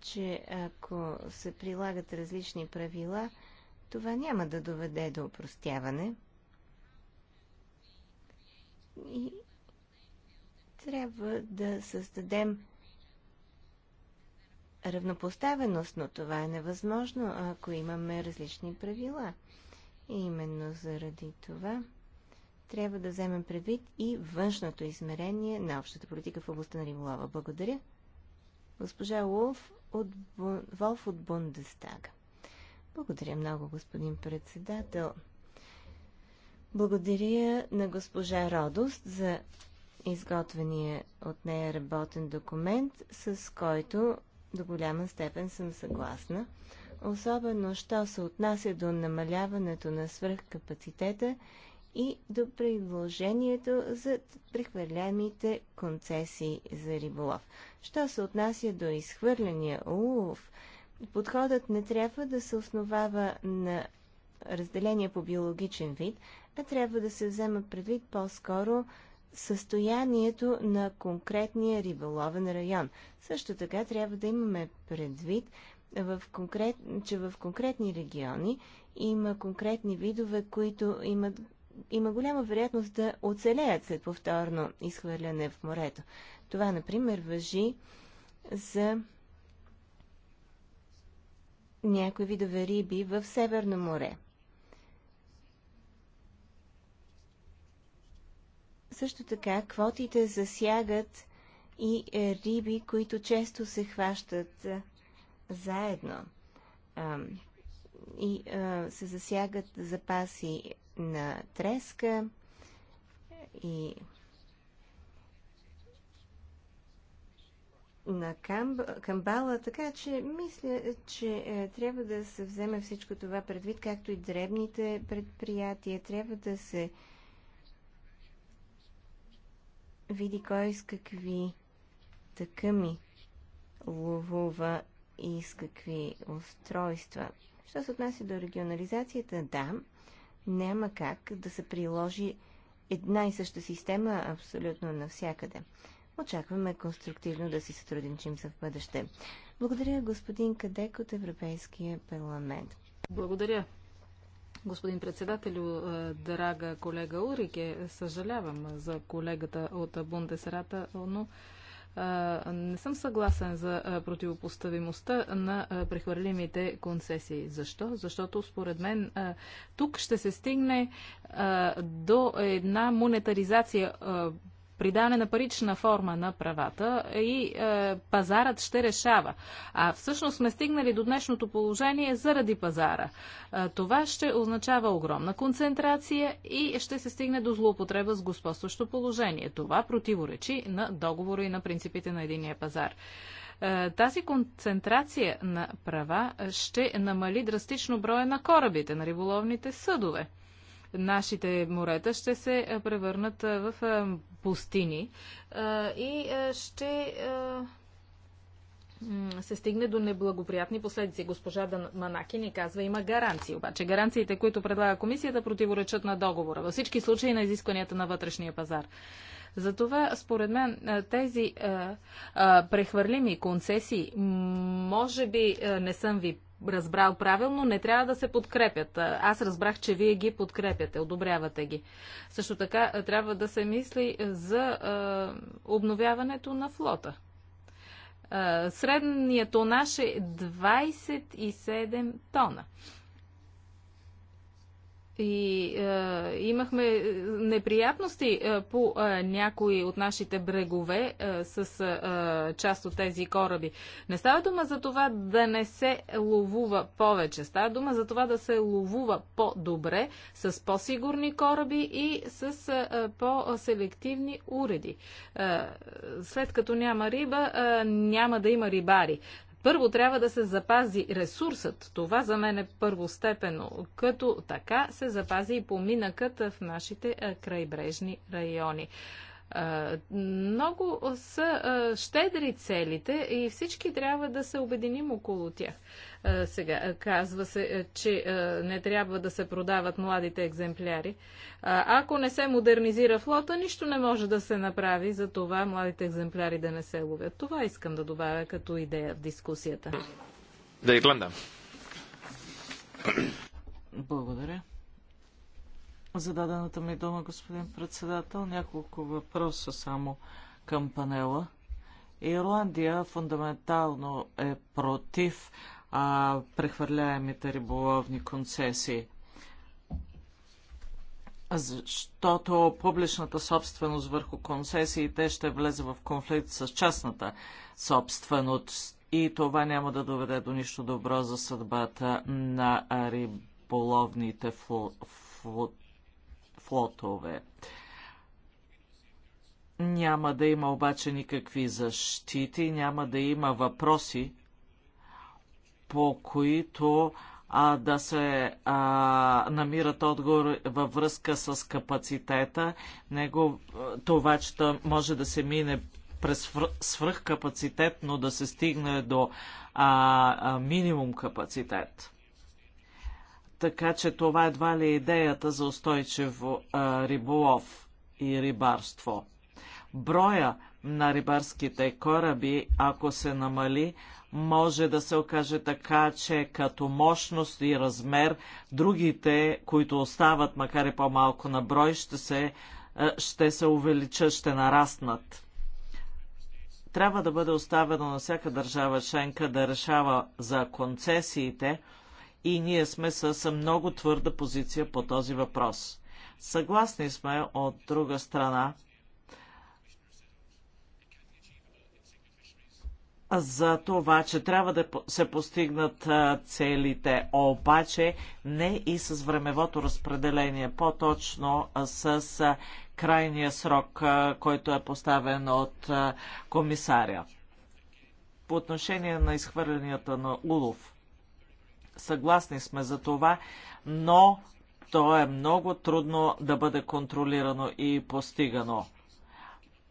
че ако се прилагат различни правила, това няма да доведе до опростяване. И трябва да създадем равнопоставеност, но това е невъзможно, ако имаме различни правила. И именно заради това трябва да вземем предвид и външното измерение на общата политика в областта на риболова. Благодаря. Госпожа Волф от, Волф от Бундестага. Благодаря много, господин председател. Благодаря на госпожа Родост за изготвения от нея работен документ, с който до голяма степен съм съгласна, особено що се отнася до намаляването на свръхкапацитета и до предложението за прехвърляемите концесии за риболов. Що се отнася до изхвърляния улов, подходът не трябва да се основава на разделение по биологичен вид, а трябва да се взема предвид по-скоро състоянието на конкретния риболовен район. Също така трябва да имаме предвид, в конкрет, че в конкретни региони има конкретни видове, които имат има голяма вероятност да оцелеят след повторно изхвърляне в морето. Това, например, въжи за някои видове риби в Северно море. Също така, квотите засягат и е, риби, които често се хващат е, заедно. И е, се засягат запаси на треска и на камб... камбала, така че мисля, че е, трябва да се вземе всичко това предвид, както и дребните предприятия. Трябва да се види кой с какви такъми ловува и с какви устройства. Що се отнася до регионализацията, да, няма как да се приложи една и съща система абсолютно навсякъде. Очакваме конструктивно да си сътрудничим за в бъдеще. Благодаря господин Кадек от Европейския парламент. Благодаря. Господин председателю, е, драга колега Урике, съжалявам за колегата от Бундесрата, но е, не съм съгласен за е, противопоставимостта на прехвърлимите концесии. Защо? Защото според мен тук ще се стигне до една монетаризация придаване на парична форма на правата и е, пазарът ще решава. А всъщност сме стигнали до днешното положение заради пазара. Е, това ще означава огромна концентрация и ще се стигне до злоупотреба с господстващо положение. Това противоречи на договора и на принципите на единия пазар. Е, тази концентрация на права ще намали драстично броя на корабите, на риболовните съдове нашите морета ще се е, превърнат е, в е, пустини и ще се стигне до неблагоприятни последици. Госпожа Манаки ни казва, има гаранции. Обаче гаранциите, които предлага комисията, противоречат на договора. Във всички случаи на изискванията на вътрешния пазар. Затова, според мен, тези а, а, прехвърлими концесии, може би а, не съм ви разбрал правилно, не трябва да се подкрепят. Аз разбрах, че вие ги подкрепяте, одобрявате ги. Също така трябва да се мисли за е, обновяването на флота. Е, средният тонаж е 27 тона. И е, имахме е, неприятности е, по е, някои от нашите брегове е, с е, част от тези кораби. Не става дума за това да не се ловува повече. Става дума за това да се ловува по-добре, с по-сигурни кораби и с е, е по-селективни уреди. Е, след като няма риба, е, няма да има рибари. Първо трябва да се запази ресурсът. Това за мен е първостепено. като така се запази и поминъкът в нашите е, крайбрежни райони. Много са щедри целите и всички трябва да се обединим около тях. Сега казва се, че не трябва да се продават младите екземпляри. Ако не се модернизира флота, нищо не може да се направи за това младите екземпляри да не се ловят. Това искам да добавя като идея в дискусията. Да Ирланда. Благодаря зададената ми дума, господин председател. Няколко въпроса само към панела. Ирландия фундаментално е против а, прехвърляемите риболовни концесии защото публичната собственост върху концесиите ще влезе в конфликт с частната собственост и това няма да доведе до нищо добро за съдбата на риболовните флот плотове. Няма да има обаче никакви защити, няма да има въпроси, по които а, да се а, намират отговор във връзка с капацитета. Него, това, че може да се мине през свръхкапацитет, но да се стигне до а, а, минимум капацитет. Така че това едва ли е идеята за устойчив а, риболов и рибарство. Броя на рибарските кораби, ако се намали, може да се окаже така, че като мощност и размер, другите, които остават, макар и по-малко на брой, ще се, ще се увеличат, ще нараснат. Трябва да бъде оставено на всяка държава членка да решава за концесиите, и ние сме с много твърда позиция по този въпрос. Съгласни сме от друга страна за това, че трябва да се постигнат целите, обаче не и с времевото разпределение, по-точно с крайния срок, който е поставен от комисаря. По отношение на изхвърлянията на улов – Съгласни сме за това, но то е много трудно да бъде контролирано и постигано.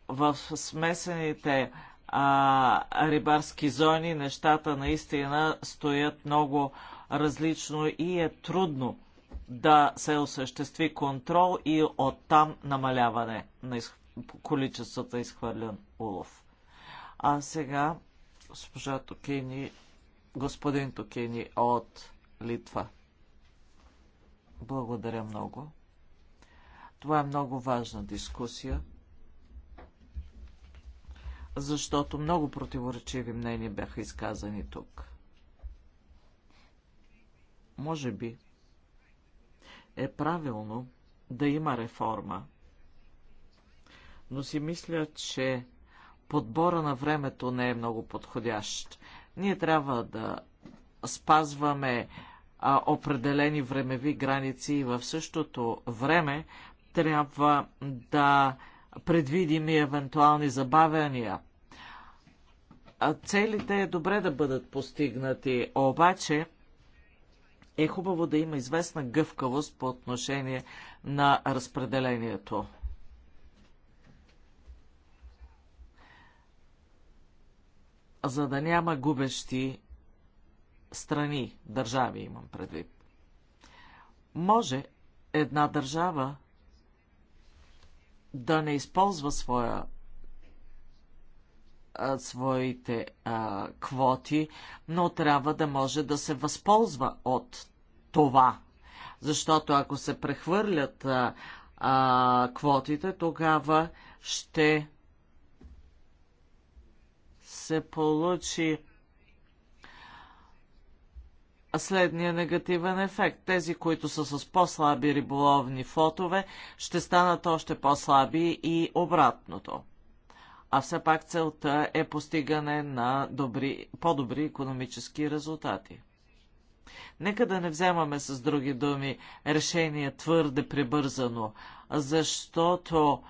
В смесените а, рибарски зони нещата наистина стоят много различно и е трудно да се осъществи контрол и оттам намаляване на изх... количеството изхвърлен улов. А сега госпожа Токини господин Токени от Литва. Благодаря много. Това е много важна дискусия, защото много противоречиви мнения бяха изказани тук. Може би е правилно да има реформа, но си мисля, че подбора на времето не е много подходящ ние трябва да спазваме а, определени времеви граници и в същото време трябва да предвидим и евентуални забавяния. Целите е добре да бъдат постигнати, обаче е хубаво да има известна гъвкавост по отношение на разпределението. за да няма губещи страни, държави имам предвид. Може една държава да не използва своя своите а, квоти, но трябва да може да се възползва от това. Защото ако се прехвърлят а, а, квотите, тогава ще се получи следния негативен ефект. Тези, които са с по-слаби риболовни флотове, ще станат още по-слаби и обратното. А все пак целта е постигане на добри, по-добри економически резултати. Нека да не вземаме с други думи решение твърде прибързано, защото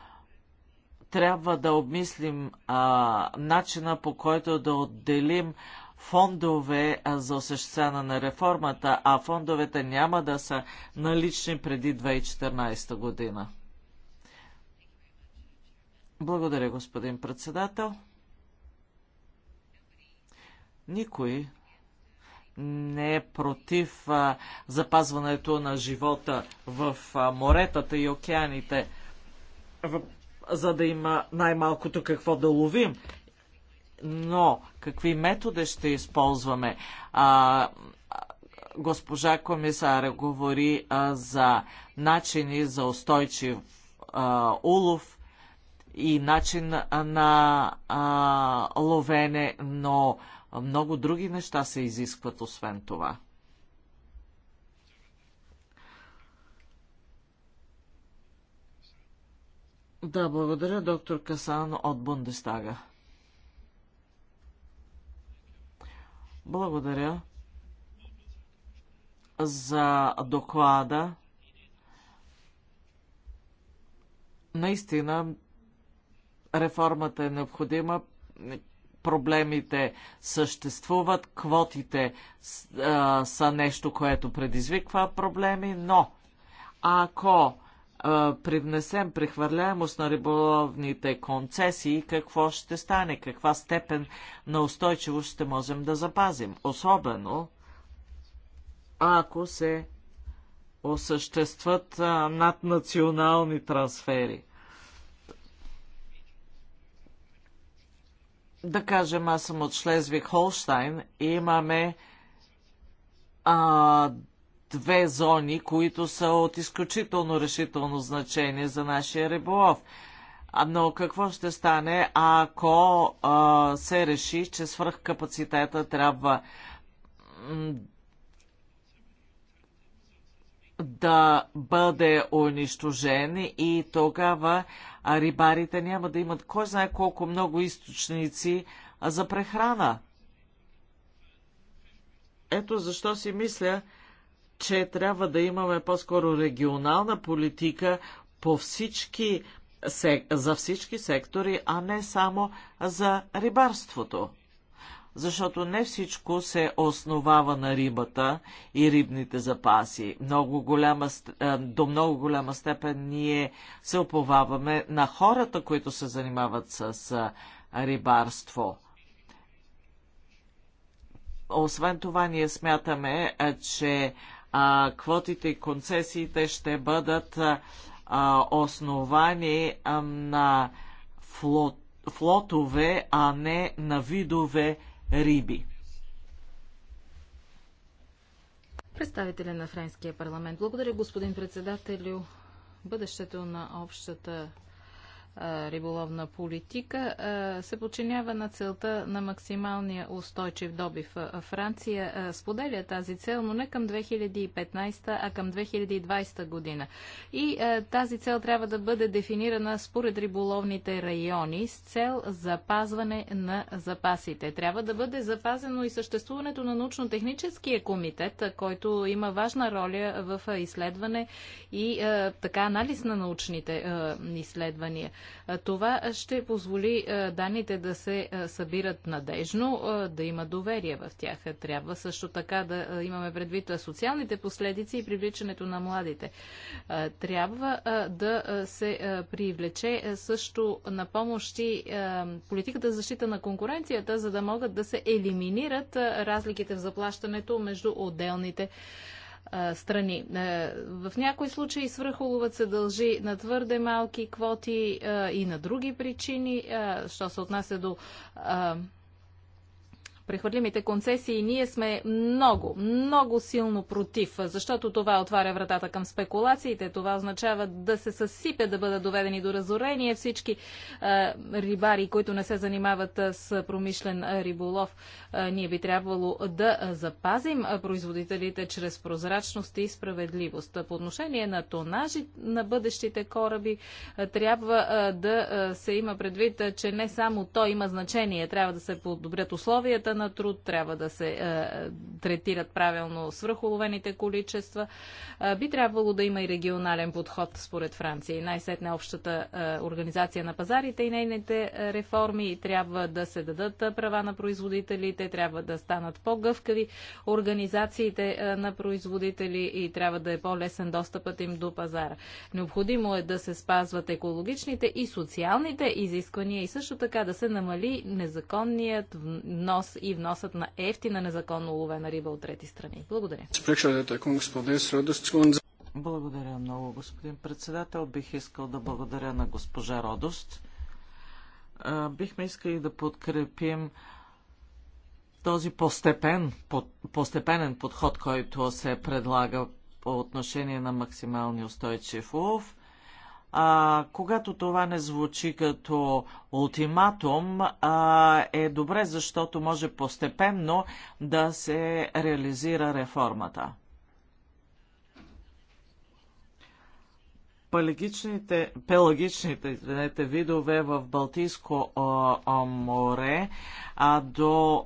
трябва да обмислим а, начина по който да отделим фондове за осъществяване на реформата, а фондовете няма да са налични преди 2014 година. Благодаря, господин председател. Никой не е против а, запазването на живота в а, моретата и океаните за да има най-малкото какво да ловим. Но какви методи ще използваме? А, госпожа комисара говори а, за начини за устойчив а, улов и начин на а, ловене, но много други неща се изискват освен това. Да, благодаря, доктор Касан от Бундестага. Благодаря за доклада. Наистина, реформата е необходима. Проблемите съществуват, квотите а, са нещо, което предизвиква проблеми, но ако привнесем прехвърляемост на риболовните концесии, какво ще стане, каква степен на устойчивост ще можем да запазим. Особено ако се осъществат наднационални трансфери. Да кажем, аз съм от Шлезвик Холштайн и имаме а, две зони, които са от изключително решително значение за нашия риболов. Но какво ще стане, ако а, се реши, че свръхкапацитета трябва да бъде унищожен и тогава рибарите няма да имат кой знае колко много източници за прехрана. Ето защо си мисля, че трябва да имаме по-скоро регионална политика по всички, за всички сектори, а не само за рибарството. Защото не всичко се основава на рибата и рибните запаси. Много голяма, е, до много голяма степен ние се оповаваме на хората, които се занимават с е, рибарство. Освен това, ние смятаме, е, че а, квотите и концесиите ще бъдат а, основани а, на флот, флотове, а не на видове риби. Представителя на Френския парламент. Благодаря, господин председателю. Бъдещето на общата риболовна политика се подчинява на целта на максималния устойчив добив. Франция споделя тази цел, но не към 2015, а към 2020 година. И тази цел трябва да бъде дефинирана според риболовните райони с цел запазване на запасите. Трябва да бъде запазено и съществуването на научно-техническия комитет, който има важна роля в изследване и така анализ на научните изследвания. Това ще позволи данните да се събират надежно, да има доверие в тях. Трябва също така да имаме предвид социалните последици и привличането на младите. Трябва да се привлече също на помощи политиката за защита на конкуренцията, за да могат да се елиминират разликите в заплащането между отделните страни. в някои случаи свръхуловът се дължи на твърде малки квоти и на други причини. що се отнася до а, прехвърлимите концесии, ние сме много, много силно против, защото това отваря вратата към спекулациите, това означава да се съсипе, да бъдат доведени до разорение всички а, е, рибари, които не се занимават е, с промишлен риболов. А, е, ние би трябвало да запазим производителите чрез прозрачност и справедливост. По отношение на тонажи на бъдещите кораби, трябва да се има предвид, че не само то има значение, трябва да се подобрят условията, на труд, трябва да се е, третират правилно свръхоловените количества. Е, би трябвало да има и регионален подход според Франция най-сетне общата е, организация на пазарите и нейните е, реформи трябва да се дадат е, права на производителите, трябва да станат по-гъвкави организациите е, на производители и трябва да е по-лесен достъпът им до пазара. Необходимо е да се спазват екологичните и социалните изисквания и също така да се намали незаконният внос и вносът на ефтина незаконно уловена риба от трети страни. Благодаря. Благодаря много, господин председател. Бих искал да благодаря на госпожа Родост. Бихме искали да подкрепим този постепен, постепенен подход, който се предлага по отношение на максимални устойчив улов – а, когато това не звучи като ултиматум, а, е добре, защото може постепенно да се реализира реформата. Пелагичните, пелагичните извинете, видове в Балтийско о, о, море а до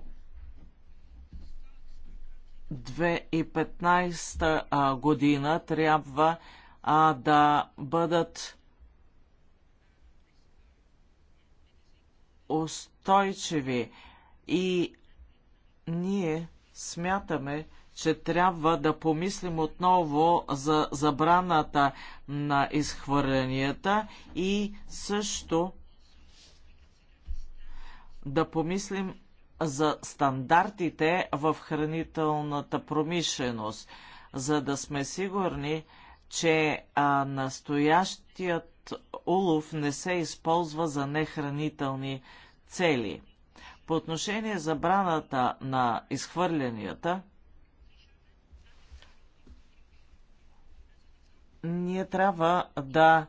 2015 година трябва а, да бъдат устойчиви. И ние смятаме, че трябва да помислим отново за забраната на изхвърлянията и също да помислим за стандартите в хранителната промишленост, за да сме сигурни, че а, настоящият улов не се използва за нехранителни цели. По отношение забраната на изхвърлянията, ние трябва да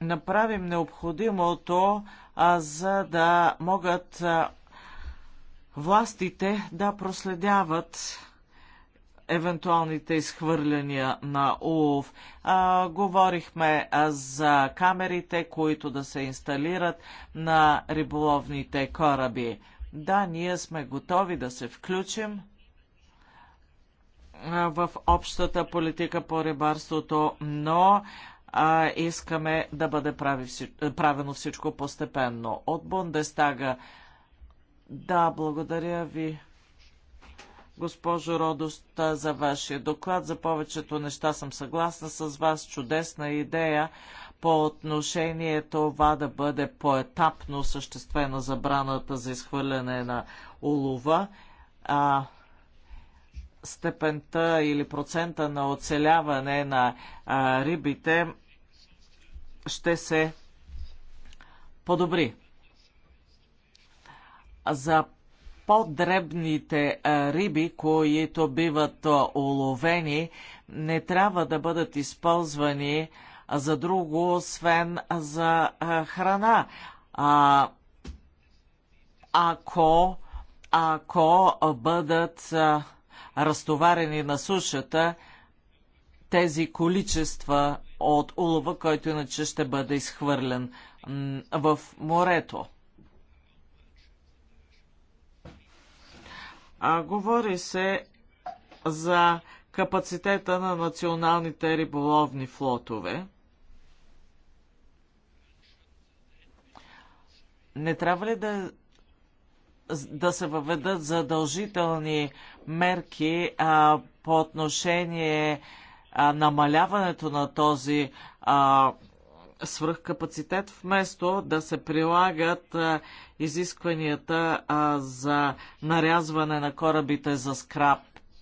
направим необходимото, а, за да могат а, властите да проследяват евентуалните изхвърляния на улов. А, говорихме а, за камерите, които да се инсталират на риболовните кораби. Да, ние сме готови да се включим в общата политика по рибарството, но а, искаме да бъде прави, правено всичко постепенно. От Бундестага. Да, благодаря ви госпожо Родост, за вашия доклад. За повечето неща съм съгласна с вас. Чудесна идея по отношение това да бъде поетапно съществена забраната за изхвърляне на улова. А, степента или процента на оцеляване на а, рибите ще се подобри. За по-дребните риби, които биват уловени, не трябва да бъдат използвани за друго, освен за храна. А, ако, ако бъдат разтоварени на сушата тези количества от улова, който иначе ще бъде изхвърлен в морето. А, говори се за капацитета на националните риболовни флотове. Не трябва ли да, да се въведат задължителни мерки а, по отношение а, намаляването на този а, свръхкапацитет, вместо да се прилагат изискванията за нарязване на корабите за скраб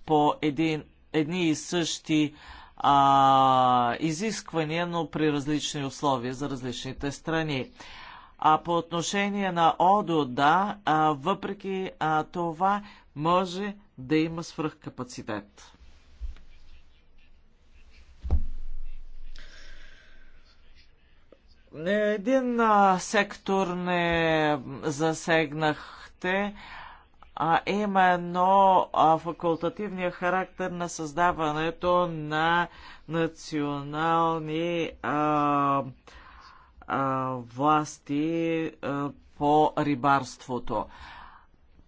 по един, едни и същи а, изисквания, но при различни условия за различните страни. А по отношение на ОДО, да, а, въпреки а, това може да има свръхкапацитет. Един а, сектор не засегнахте, а именно а, факултативния характер на създаването на национални а, а, власти а, по рибарството.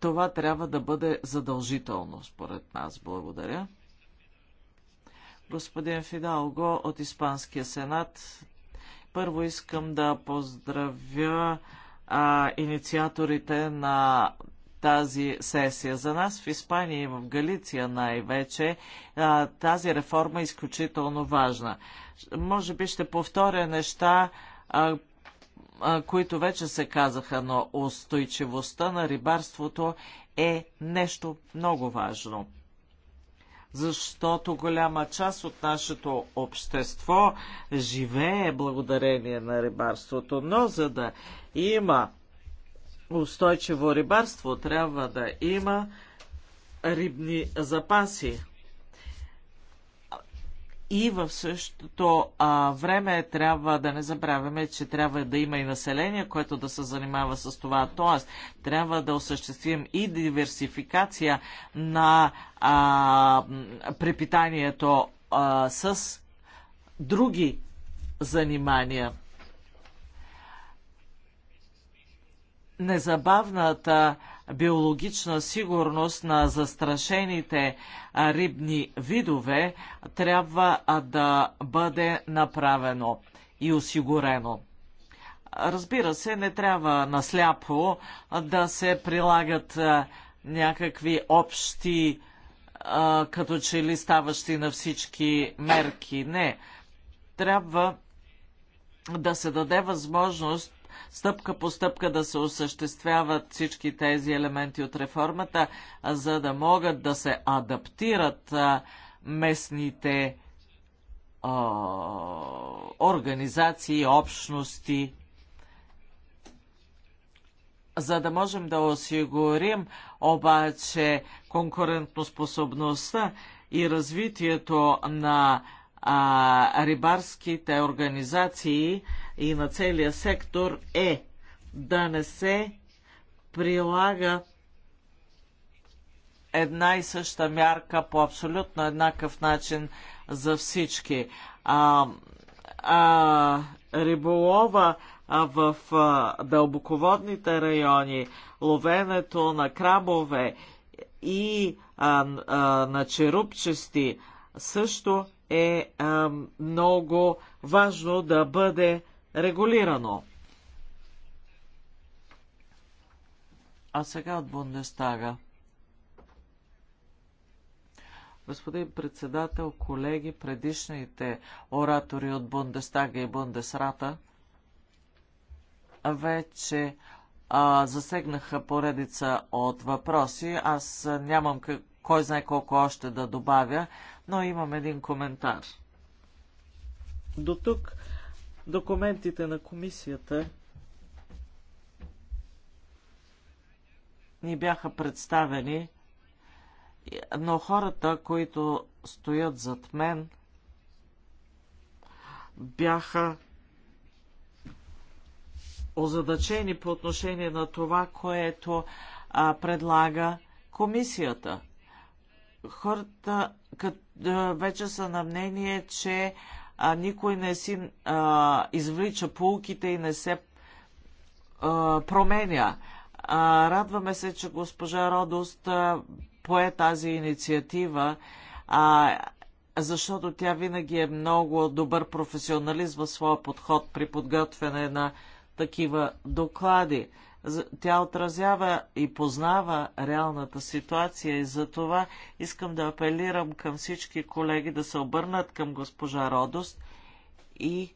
Това трябва да бъде задължително, според нас. Благодаря. Господин Фидалго от Испанския сенат, първо искам да поздравя а, инициаторите на тази сесия. За нас в Испания и в Галиция най-вече тази реформа е изключително важна. Може би ще повторя неща, а, а, които вече се казаха, но устойчивостта на рибарството е нещо много важно защото голяма част от нашето общество живее благодарение на рибарството. Но за да има устойчиво рибарство, трябва да има рибни запаси и в същото а, време трябва да не забравяме, че трябва да има и население, което да се занимава с това. Тоест, трябва да осъществим и диверсификация на а, препитанието а, с други занимания. Незабавната а, биологична сигурност на застрашените рибни видове трябва да бъде направено и осигурено. Разбира се, не трябва насляпо да се прилагат някакви общи, като че ли ставащи на всички мерки. Не. Трябва да се даде възможност стъпка по стъпка да се осъществяват всички тези елементи от реформата, за да могат да се адаптират местните организации, общности, за да можем да осигурим обаче конкурентоспособността и развитието на а, рибарските организации и на целия сектор е да не се прилага една и съща мярка по абсолютно еднакъв начин за всички. А, а, риболова а в а, дълбоководните райони, ловенето на крабове и а, а, на черупчести също е а, много важно да бъде регулирано. А сега от Бундестага. Господин председател, колеги, предишните оратори от Бундестага и Бундесрата вече а, засегнаха поредица от въпроси. Аз нямам как, кой знае колко още да добавя но имам един коментар. До тук документите на комисията ни бяха представени, но хората, които стоят зад мен, бяха озадачени по отношение на това, което а, предлага комисията – хората като, вече са на мнение, че а, никой не си а, извлича полките и не се а, променя. А, радваме се, че госпожа Родост а, пое тази инициатива, а, защото тя винаги е много добър професионалист в своя подход при подготвяне на такива доклади. Тя отразява и познава реалната ситуация и за това искам да апелирам към всички колеги да се обърнат към госпожа Родост и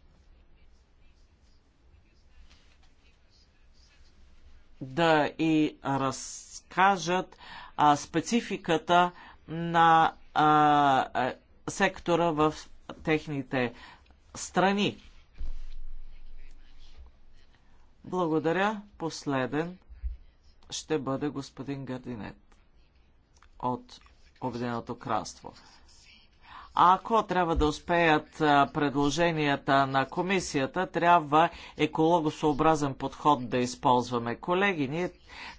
да и разкажат а, спецификата на а, сектора в техните страни. Благодаря. Последен ще бъде господин Гардинет от Обединеното кралство. Ако трябва да успеят предложенията на комисията, трябва екологосообразен подход да използваме. Колеги, ние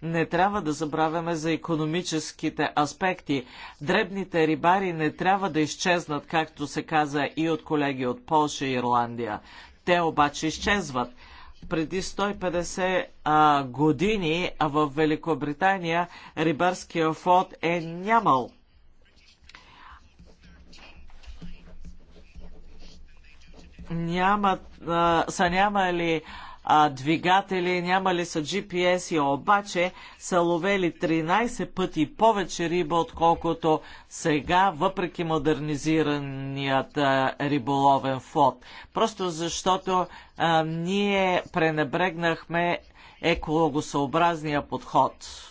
не трябва да забравяме за економическите аспекти. Дребните рибари не трябва да изчезнат, както се каза и от колеги от Польша и Ирландия. Те обаче изчезват преди 150 а, години в Великобритания рибарския флот е нямал. Няма, а, са нямали а, двигатели, няма ли са GPS и обаче са ловели 13 пъти повече риба, отколкото сега, въпреки модернизираният а, риболовен флот. Просто защото а, ние пренебрегнахме екологосъобразния подход.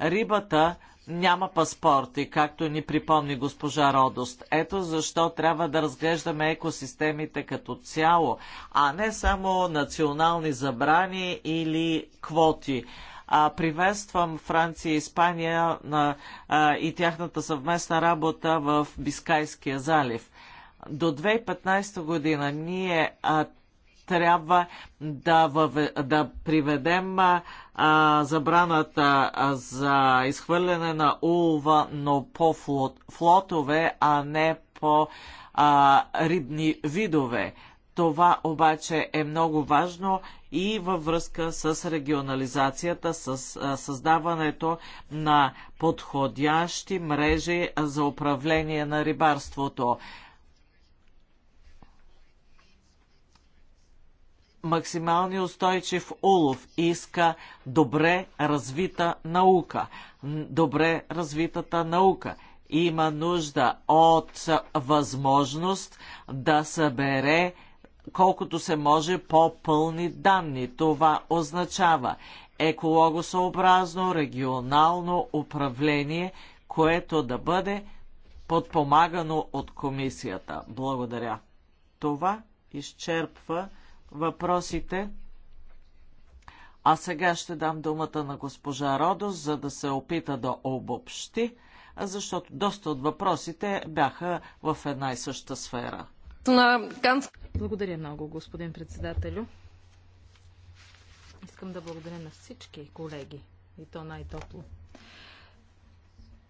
Рибата няма паспорти, както ни припомни госпожа Родост. Ето защо трябва да разглеждаме екосистемите като цяло, а не само национални забрани или квоти. А, приветствам Франция и Испания на, а, и тяхната съвместна работа в Бискайския залив. До 2015 година ние а, трябва да, във... да приведем а, а, забраната за изхвърляне на улва, но по флот, флотове, а не по а, рибни видове. Това обаче е много важно и във връзка с регионализацията, с а, създаването на подходящи мрежи за управление на рибарството. максимални устойчив улов, иска добре развита наука. Добре развитата наука има нужда от възможност да събере колкото се може по-пълни данни. Това означава екологосъобразно регионално управление, което да бъде подпомагано от комисията. Благодаря. Това изчерпва въпросите. А сега ще дам думата на госпожа Родос, за да се опита да обобщи, защото доста от въпросите бяха в една и съща сфера. Благодаря много, господин председателю. Искам да благодаря на всички колеги, и то най-топло.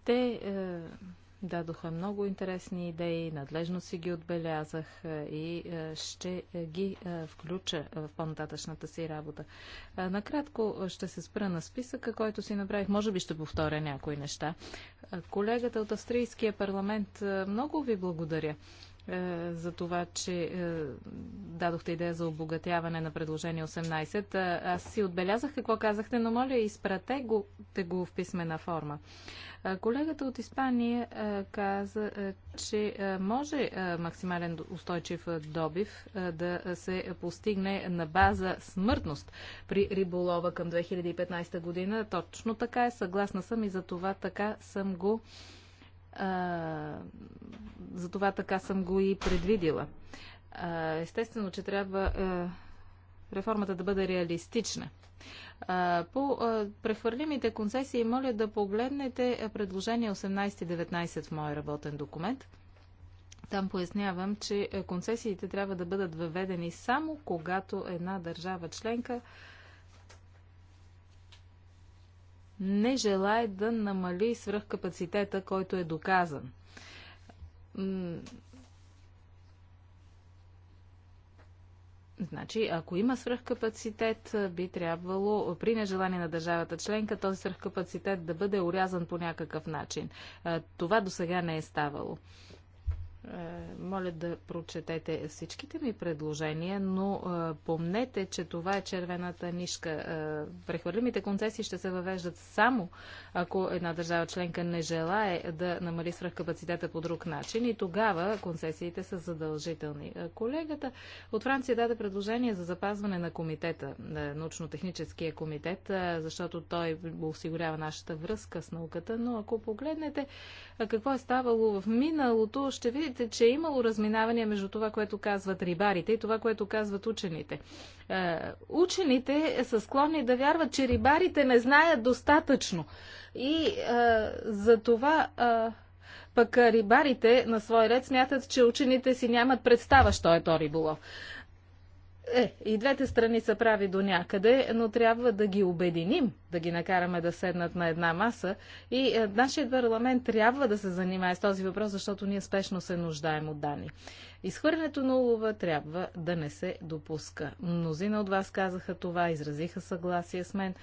Те е, дадоха много интересни идеи, надлежно си ги отбелязах е, и е, ще е, ги включа в по-нататъчната си работа. Накратко ще се спра на списъка, който си направих. Може би ще повторя някои неща. Колегата от Австрийския парламент, много ви благодаря. Е, за това, че е, дадохте идея за обогатяване на предложение 18. Е, аз си отбелязах какво казахте, но моля, изпрате го, те го в писмена форма. Колегата от Испания каза, че може максимален устойчив добив да се постигне на база смъртност при риболова към 2015 година. Точно така е, съгласна съм и за това така съм го затова така съм го и предвидила. Естествено, че трябва реформата да бъде реалистична. По прехвърлимите концесии моля да погледнете предложение 18-19 в моя работен документ. Там пояснявам, че концесиите трябва да бъдат въведени само когато една държава членка не желае да намали свръхкапацитета, който е доказан. Значи, ако има свръхкапацитет, би трябвало при нежелание на държавата членка този свръхкапацитет да бъде урязан по някакъв начин. Това до сега не е ставало. Е, моля да прочетете всичките ми предложения, но е, помнете, че това е червената нишка. Е, прехвърлимите концесии ще се въвеждат само ако една държава членка не желае да намали свръхкапацитета по друг начин и тогава концесиите са задължителни. Колегата от Франция даде предложение за запазване на комитета, научно-техническия комитет, защото той осигурява нашата връзка с науката, но ако погледнете какво е ставало в миналото, ще видите, твърдите, че е имало разминавания между това, което казват рибарите и това, което казват учените. Е, учените са склонни да вярват, че рибарите не знаят достатъчно. И е, за това е, пък рибарите на свой ред смятат, че учените си нямат представа, що е то риболов. Е, и двете страни са прави до някъде, но трябва да ги обединим, да ги накараме да седнат на една маса. И е, нашият парламент трябва да се занимае с този въпрос, защото ние спешно се нуждаем от данни. Изхвърлянето на улова трябва да не се допуска. Мнозина от вас казаха това, изразиха съгласие с мен.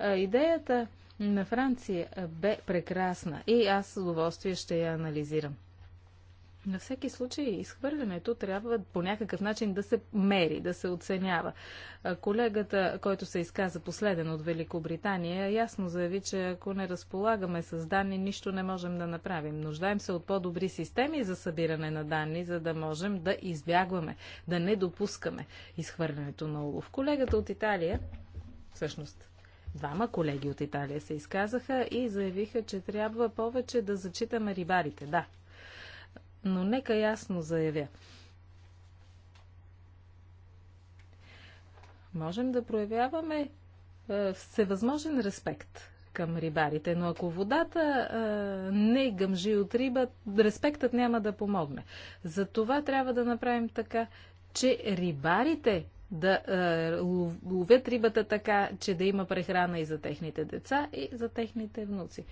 Е, идеята на Франция бе прекрасна и аз с удоволствие ще я анализирам. На всеки случай изхвърлянето трябва по някакъв начин да се мери, да се оценява. Колегата, който се изказа последен от Великобритания, ясно заяви, че ако не разполагаме с данни, нищо не можем да направим. Нуждаем се от по-добри системи за събиране на данни, за да можем да избягваме, да не допускаме изхвърлянето на улов. Колегата от Италия, всъщност Двама колеги от Италия се изказаха и заявиха, че трябва повече да зачитаме рибарите. Да, но нека ясно заявя. Можем да проявяваме е, всевъзможен респект към рибарите, но ако водата е, не гъмжи от риба, респектът няма да помогне. Затова трябва да направим така, че рибарите да е, ловят рибата така, че да има прехрана и за техните деца, и за техните внуци.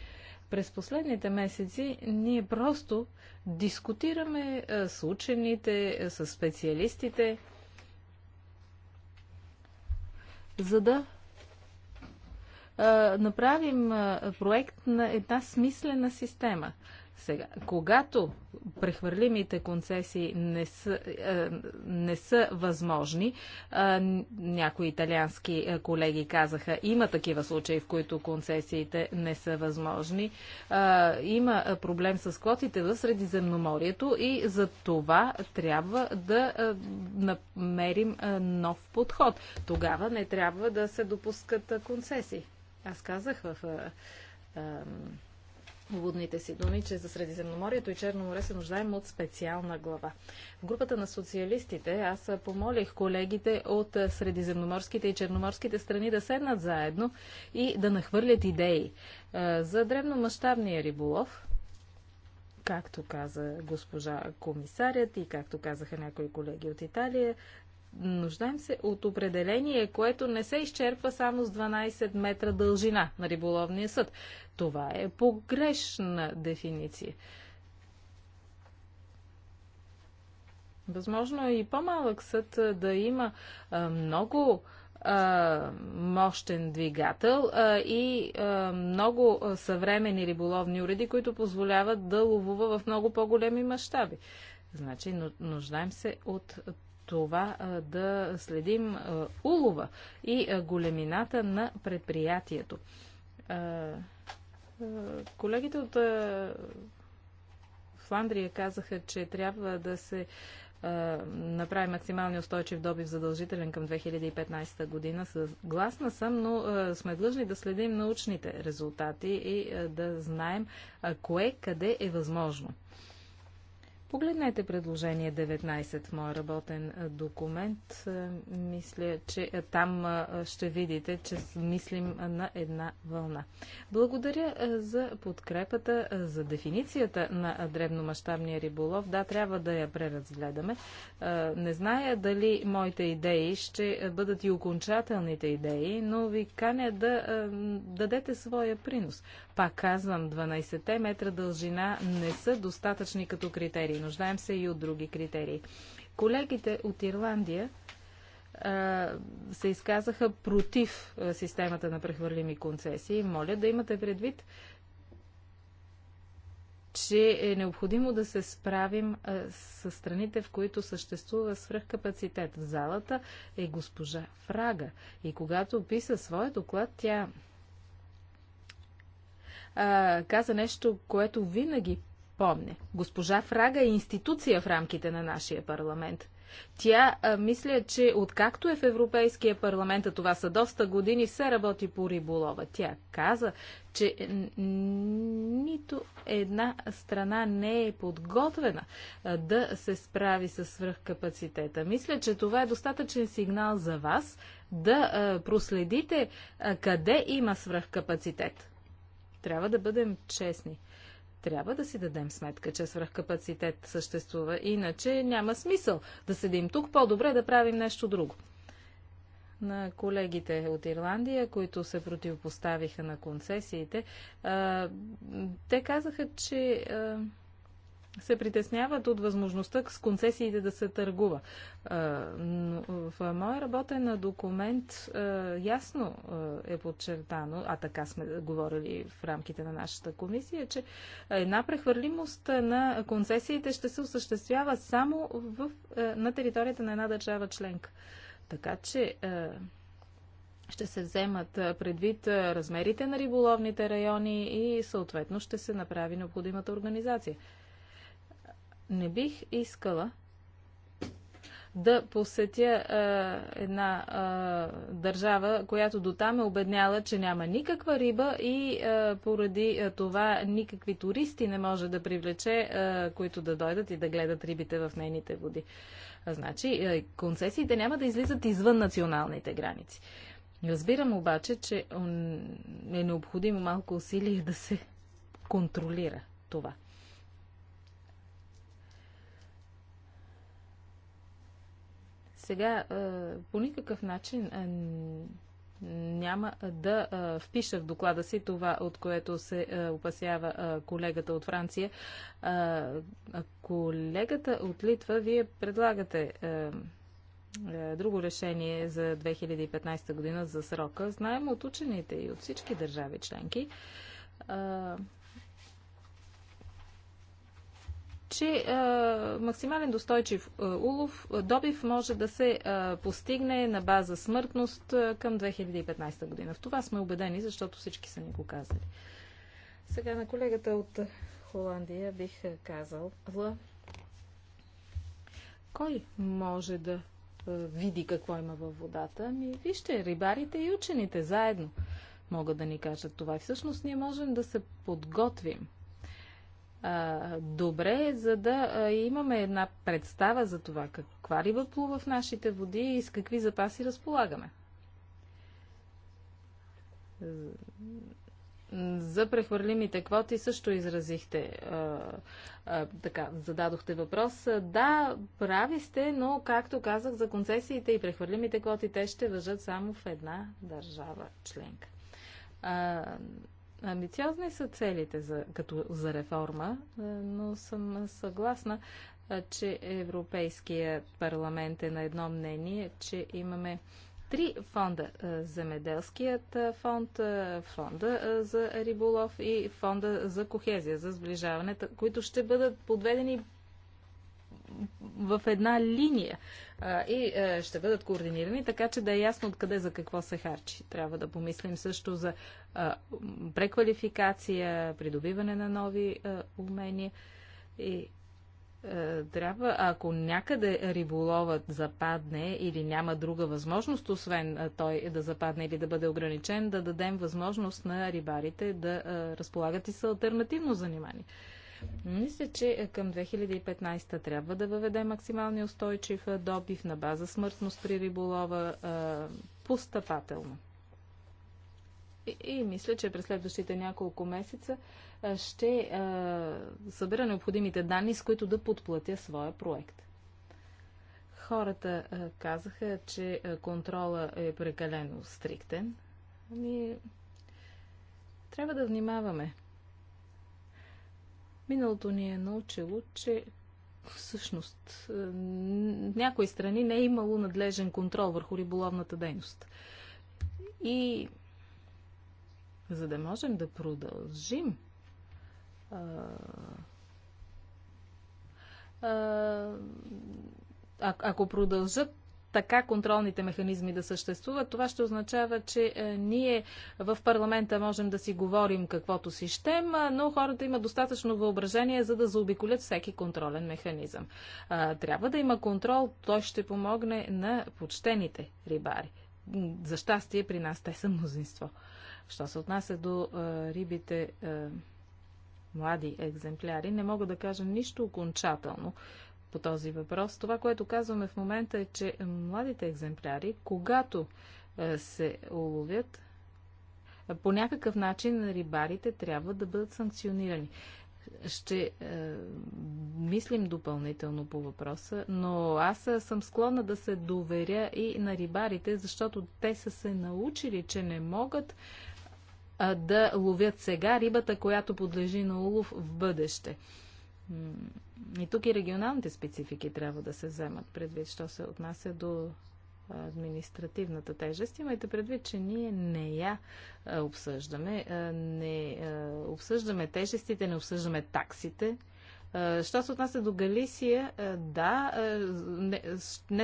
През последните месеци ние просто дискутираме с учените, с специалистите, за да направим проект на една смислена система. Сега, когато прехвърлимите концесии не са, е, не са възможни, е, някои италиански е, колеги казаха, има такива случаи, в които концесиите не са възможни. има проблем с квотите в Средиземноморието и за това трябва да намерим нов подход. Тогава не трябва да се допускат концесии. Аз казах в. Водните си думи, че за Средиземноморието и Черно море се нуждаем от специална глава. В групата на социалистите аз помолих колегите от средиземноморските и черноморските страни да седнат заедно и да нахвърлят идеи е, за древномащабния риболов, както каза госпожа комисарят и както казаха някои колеги от Италия, нуждаем се от определение, което не се изчерпва само с 12 метра дължина на риболовния съд. Това е погрешна дефиниция. Възможно е и по-малък съд да има много мощен двигател и много съвремени риболовни уреди, които позволяват да ловува в много по-големи мащаби. Значи, нуждаем се от това да следим улова и големината на предприятието. Колегите от Фландрия казаха, че трябва да се направи максимални устойчив добив задължителен към 2015 година. Съгласна съм, но сме длъжни да следим научните резултати и да знаем кое къде е възможно. Погледнете предложение 19 в моя работен документ. Мисля, че там ще видите, че мислим на една вълна. Благодаря за подкрепата, за дефиницията на древномащабния риболов. Да, трябва да я преразгледаме. Не зная дали моите идеи ще бъдат и окончателните идеи, но ви каня да дадете своя принос. Пак казвам, 12-те метра дължина не са достатъчни като критерии. Нуждаем се и от други критерии. Колегите от Ирландия се изказаха против системата на прехвърлими концесии. Моля да имате предвид, че е необходимо да се справим с страните, в които съществува свръхкапацитет. В залата е госпожа Фрага и когато писа своя доклад, тя а, каза нещо, което винаги помня. Госпожа Фрага е институция в рамките на нашия парламент. Тя а, мисля, че откакто е в Европейския парламент, а това са доста години, все работи по риболова. Тя каза, че нито една страна не е подготвена а, да се справи с свръхкапацитета. Мисля, че това е достатъчен сигнал за вас да а, проследите а, къде има свръхкапацитет. Трябва да бъдем честни. Трябва да си дадем сметка, че свръхкапацитет съществува, иначе няма смисъл да седим тук, по-добре да правим нещо друго. На колегите от Ирландия, които се противопоставиха на концесиите, те казаха, че се притесняват от възможността с концесиите да се търгува. В моя работен документ ясно е подчертано, а така сме говорили в рамките на нашата комисия, че една прехвърлимост на концесиите ще се осъществява само в, на територията на една държава членка. Така че ще се вземат предвид размерите на риболовните райони и съответно ще се направи необходимата организация. Не бих искала да посетя а, една а, държава, която до там е обедняла, че няма никаква риба и а, поради а, това никакви туристи не може да привлече, а, които да дойдат и да гледат рибите в нейните води. А, значи, а, концесиите няма да излизат извън националните граници. Разбирам обаче, че е необходимо малко усилие да се контролира това. сега по никакъв начин няма да впиша в доклада си това, от което се опасява колегата от Франция. Колегата от Литва, вие предлагате друго решение за 2015 година за срока. Знаем от учените и от всички държави членки, че а, е, максимален достойчив а, е, улов, а, е, добив може да се а, постигне на база смъртност а, към 2015 година. В това сме убедени, защото всички са ни го казали. Сега на колегата от Холандия бих казал, Ла, кой може да види какво има във водата? Ми, вижте, рибарите и учените заедно могат да ни кажат това. И всъщност ние можем да се подготвим а, добре, за да а, имаме една представа за това каква риба плува в нашите води и с какви запаси разполагаме. За прехвърлимите квоти също изразихте, а, а, така, зададохте въпрос. Да, прави сте, но, както казах, за концесиите и прехвърлимите квоти те ще въжат само в една държава членка. А, Амбициозни са целите за, като за реформа, е, но съм съгласна, е, че Европейския парламент е на едно мнение, че имаме три фонда. Е, Земеделският фонд, фонда за риболов и фонда за кохезия, за сближаването, които ще бъдат подведени в една линия и ще бъдат координирани, така че да е ясно откъде за какво се харчи. Трябва да помислим също за преквалификация, придобиване на нови умения. И трябва, ако някъде риболовът западне или няма друга възможност, освен той да западне или да бъде ограничен, да дадем възможност на рибарите да разполагат и с альтернативно занимание. Мисля, че към 2015 трябва да въведе максимални устойчив добив на база смъртност при риболова постъпателно. И, и мисля, че през следващите няколко месеца ще е, събера необходимите данни, с които да подплатя своя проект. Хората е, казаха, че контрола е прекалено стриктен. Ние ами, трябва да внимаваме. Миналото ни е научило, че всъщност е, някои страни не е имало надлежен контрол върху риболовната дейност. И за да можем да продължим а, а, ако продължат така контролните механизми да съществуват, това ще означава, че е, ние в парламента можем да си говорим каквото си щем, но хората имат достатъчно въображение, за да заобиколят всеки контролен механизъм. трябва да има контрол, той ще помогне на почтените рибари. За щастие при нас те са мнозинство. Що се отнася до а, рибите а, млади екземпляри, не мога да кажа нищо окончателно по този въпрос. Това, което казваме в момента е, че младите екземпляри, когато а, се уловят, по някакъв начин рибарите трябва да бъдат санкционирани. Ще е, мислим допълнително по въпроса, но аз съм склонна да се доверя и на рибарите, защото те са се научили, че не могат да ловят сега рибата, която подлежи на улов в бъдеще. И тук и регионалните специфики трябва да се вземат предвид, що се отнася до административната тежест. Имайте предвид, че ние не я обсъждаме. Не обсъждаме тежестите, не обсъждаме таксите. Що се отнася до Галисия, да, не,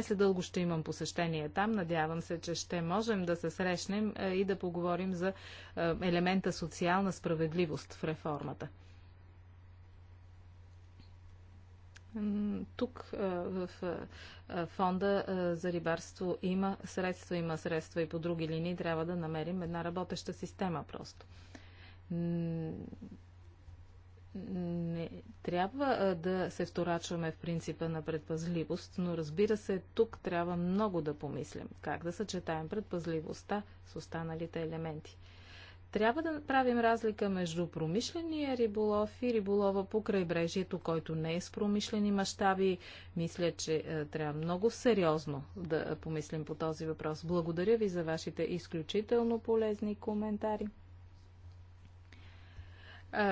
след дълго ще имам посещение там. Надявам се, че ще можем да се срещнем и да поговорим за елемента социална справедливост в реформата. Тук в фонда за рибарство има средства, има средства и по други линии. Трябва да намерим една работеща система просто не трябва да се вторачваме в принципа на предпазливост, но разбира се, тук трябва много да помислим как да съчетаем предпазливостта с останалите елементи. Трябва да правим разлика между промишления риболов и риболова по крайбрежието, който не е с промишлени мащаби. Мисля, че трябва много сериозно да помислим по този въпрос. Благодаря ви за вашите изключително полезни коментари.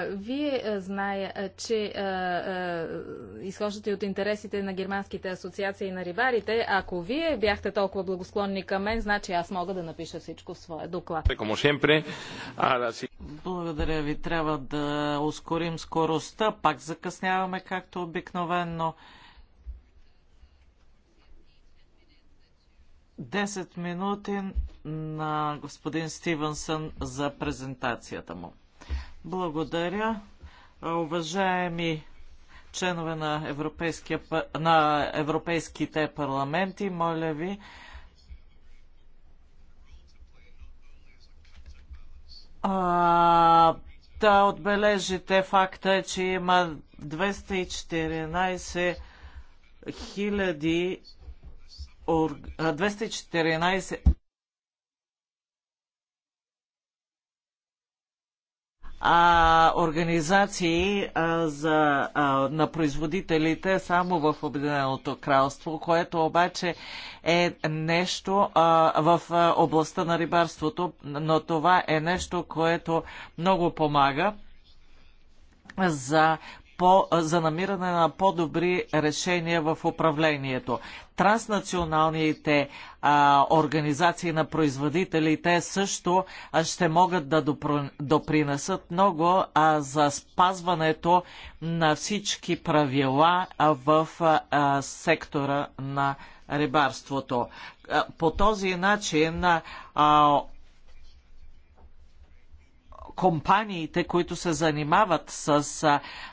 Вие зная, че изхождате от интересите на германските асоциации на рибарите. Ако вие бяхте толкова благосклонни към мен, значи аз мога да напиша всичко в своя доклад. Благодаря ви. Трябва да ускорим скоростта. Пак закъсняваме, както обикновенно. 10 минути на господин Стивенсън за презентацията му. Благодаря. Уважаеми членове на, на европейските парламенти, моля ви, а, да отбележите факта, че има 214 хиляди 214 а, организации а, за, а, на производителите само в Обединеното кралство, което обаче е нещо а, в а, областта на рибарството, но това е нещо, което много помага за по, за намиране на по-добри решения в управлението. Транснационалните а, организации на производителите също ще могат да допринесат много а, за спазването на всички правила в а, сектора на рибарството. По този начин а, компаниите, които се занимават с,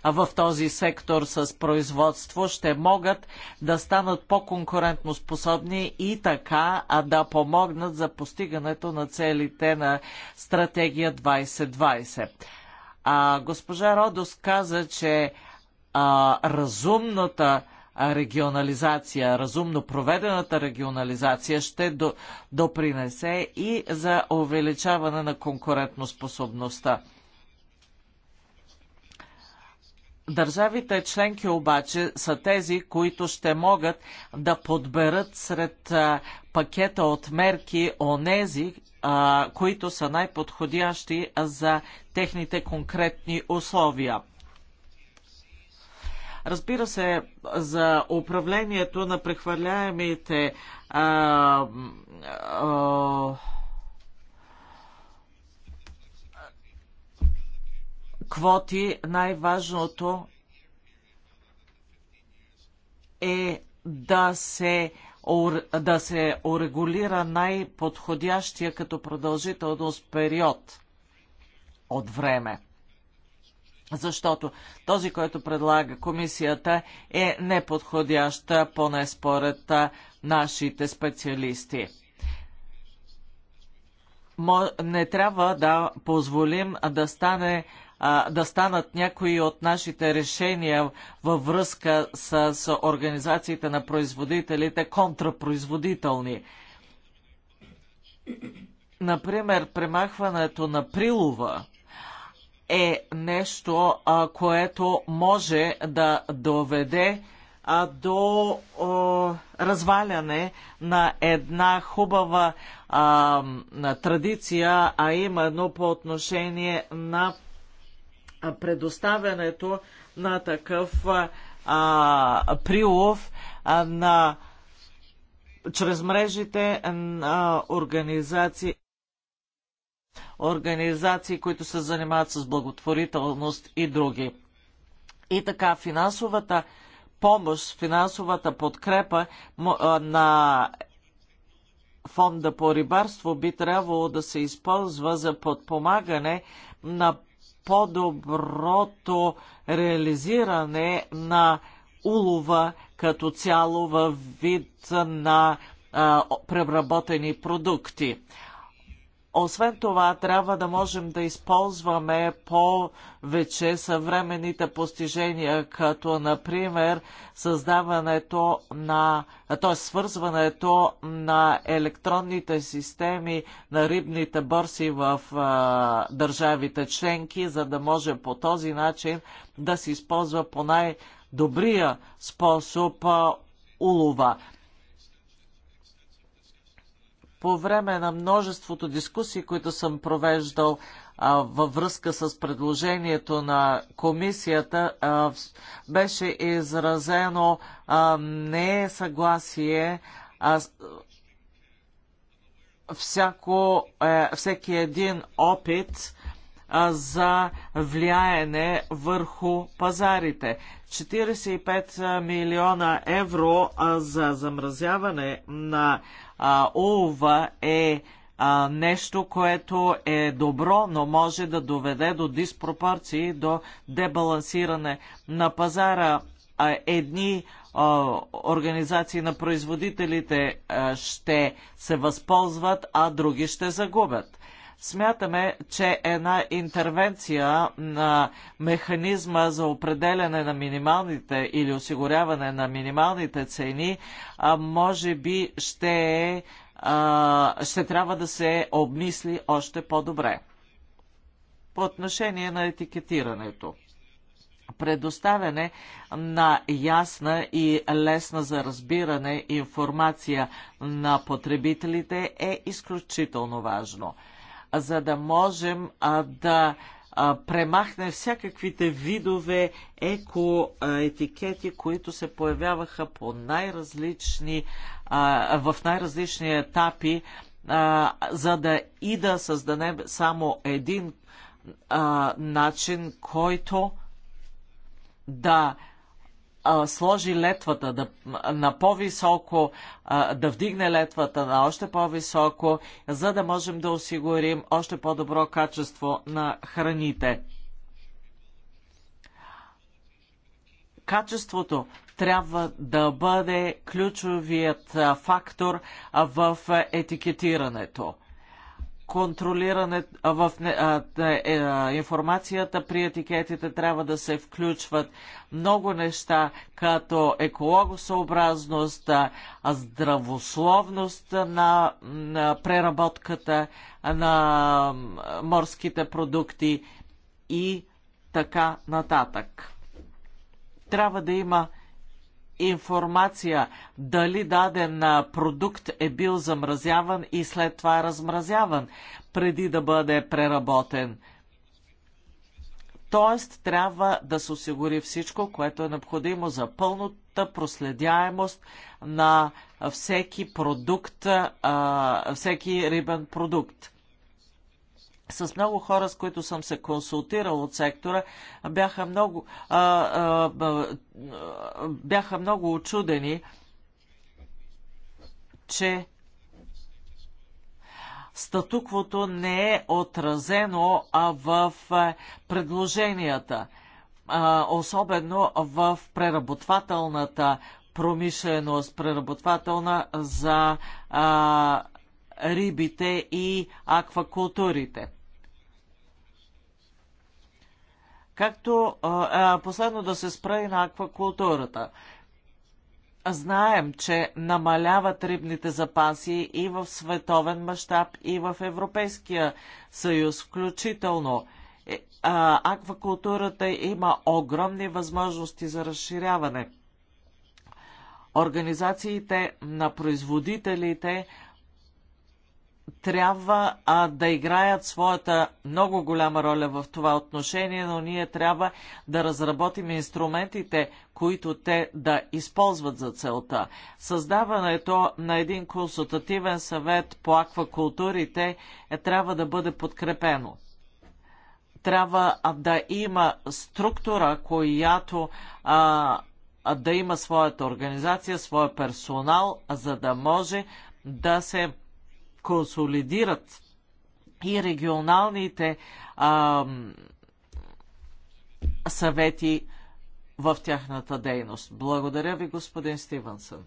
в този сектор с производство, ще могат да станат по-конкурентно способни и така да помогнат за постигането на целите на стратегия 2020. А, госпожа Родос каза, че а, разумната регионализация, разумно проведената регионализация ще допринесе и за увеличаване на конкурентоспособността. Държавите членки обаче са тези, които ще могат да подберат сред пакета от мерки онези, които са най-подходящи за техните конкретни условия. Разбира се, за управлението на прехвърляемите а, а, квоти най-важното е да се да се урегулира най-подходящия като продължителност период от време защото този, който предлага комисията е неподходящ поне според нашите специалисти. Не трябва да позволим да стане да станат някои от нашите решения във връзка с организациите на производителите контрапроизводителни. Например, премахването на прилова – е нещо, а, което може да доведе а, до а, разваляне на една хубава а, традиция, а именно по отношение на предоставянето на такъв а, прилов а, на чрез мрежите на организации организации, които се занимават с благотворителност и други. И така, финансовата помощ, финансовата подкрепа на фонда по рибарство би трябвало да се използва за подпомагане на по-доброто реализиране на улова като цяло във вид на а, преработени продукти. Освен това, трябва да можем да използваме повече съвременните постижения, като например създаването на, т.е. свързването на електронните системи на рибните борси в а, държавите членки, за да може по този начин да се използва по най-добрия способ а, улова по време на множеството дискусии, които съм провеждал а, във връзка с предложението на комисията, а, беше изразено а, съгласие а, всяко, а, е, всеки един опит а, за влияене върху пазарите. 45 милиона евро а, за замразяване на а, улва е а, нещо, което е добро, но може да доведе до диспропорции, до дебалансиране на пазара. А, едни организации на производителите ще се възползват, а други ще загубят. Смятаме, че една интервенция на механизма за определяне на минималните или осигуряване на минималните цени може би ще, е, ще трябва да се обмисли още по-добре. По отношение на етикетирането предоставяне на ясна и лесна за разбиране информация на потребителите е изключително важно – за да можем а, да а, премахне всякаквите видове екоетикети, които се появяваха по най-различни, в най-различни етапи, а, за да и да създадем само един а, начин, който да а, а, сложи летвата да, на по-високо, да вдигне летвата на още по-високо, за да можем да осигурим още по-добро качество на храните. Качеството трябва да бъде ключовият фактор в етикетирането контролиране в е, информацията при етикетите трябва да се включват много неща, като екологосъобразност, здравословност на, на преработката на морските продукти и така нататък. Трябва да има информация дали даден продукт е бил замразяван и след това размразяван, преди да бъде преработен. Тоест, трябва да се осигури всичко, което е необходимо за пълната проследяемост на всеки продукт, всеки рибен продукт с много хора, с които съм се консултирал от сектора, бяха много, а, а, а, бяха много очудени, че статуквото не е отразено в предложенията, особено в преработвателната промишленост, преработвателна за рибите и аквакултурите. Както а, последно да се спра и на аквакултурата. Знаем, че намаляват рибните запаси и в световен мащаб, и в Европейския съюз, включително. Е, а, аквакултурата има огромни възможности за разширяване. Организациите на производителите трябва а, да играят своята много голяма роля в това отношение, но ние трябва да разработим инструментите, които те да използват за целта. Създаването на един консултативен съвет по аквакултурите е, трябва да бъде подкрепено. Трябва а, да има структура, която а, да има своята организация, своя персонал, за да може да се консолидират и регионалните а, съвети в тяхната дейност. Благодаря ви, господин Стивенсън.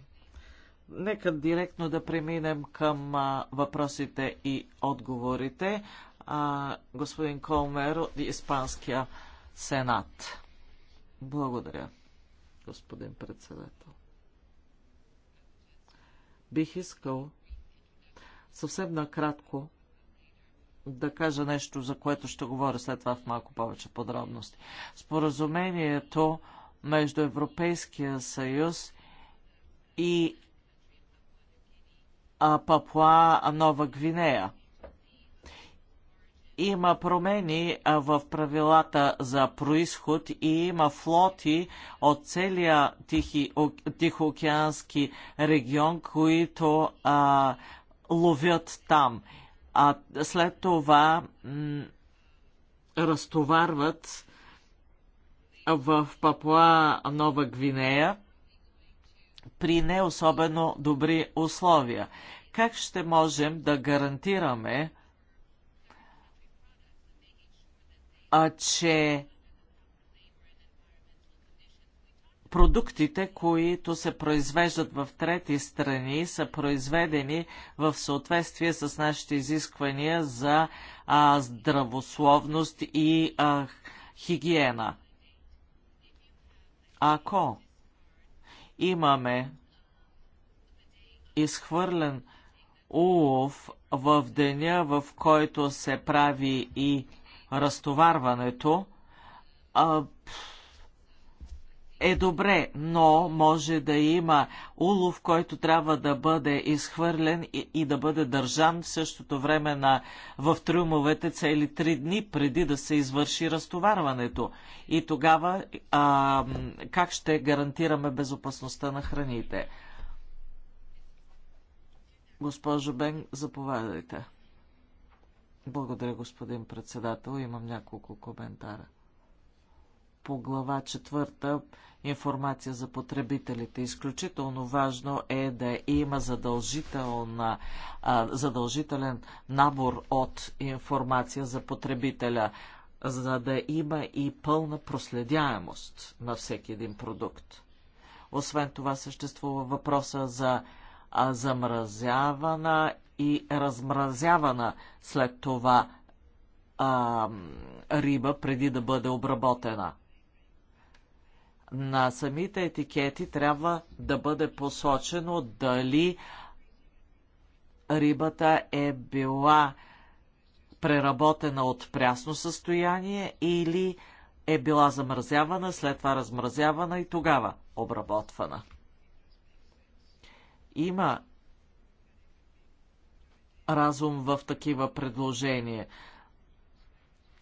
Нека директно да преминем към а, въпросите и отговорите. А, господин Колмер от Испанския сенат. Благодаря, господин председател. Бих искал съвсем накратко да кажа нещо, за което ще говоря след това в малко повече подробности. Споразумението между Европейския съюз и Папуа Нова Гвинея. Има промени в правилата за происход и има флоти от целия Тихоокеански регион, които а, ловят там. А след това разтоварват в Папуа Нова Гвинея при не особено добри условия. Как ще можем да гарантираме, а, че продуктите, които се произвеждат в трети страни, са произведени в съответствие с нашите изисквания за а, здравословност и а, хигиена. Ако имаме изхвърлен улов в деня, в който се прави и разтоварването, а, е добре, но може да има улов, който трябва да бъде изхвърлен и, и да бъде държан в същото време на, в трюмовете цели три дни преди да се извърши разтоварването. И тогава а, как ще гарантираме безопасността на храните? Госпожо Бен, заповядайте. Благодаря, господин председател. Имам няколко коментара по глава четвърта информация за потребителите. Изключително важно е да има задължителна, задължителен набор от информация за потребителя, за да има и пълна проследяемост на всеки един продукт. Освен това съществува въпроса за замразявана и размразявана след това а, риба преди да бъде обработена – на самите етикети трябва да бъде посочено дали рибата е била преработена от прясно състояние или е била замразявана, след това размразявана и тогава обработвана. Има разум в такива предложения.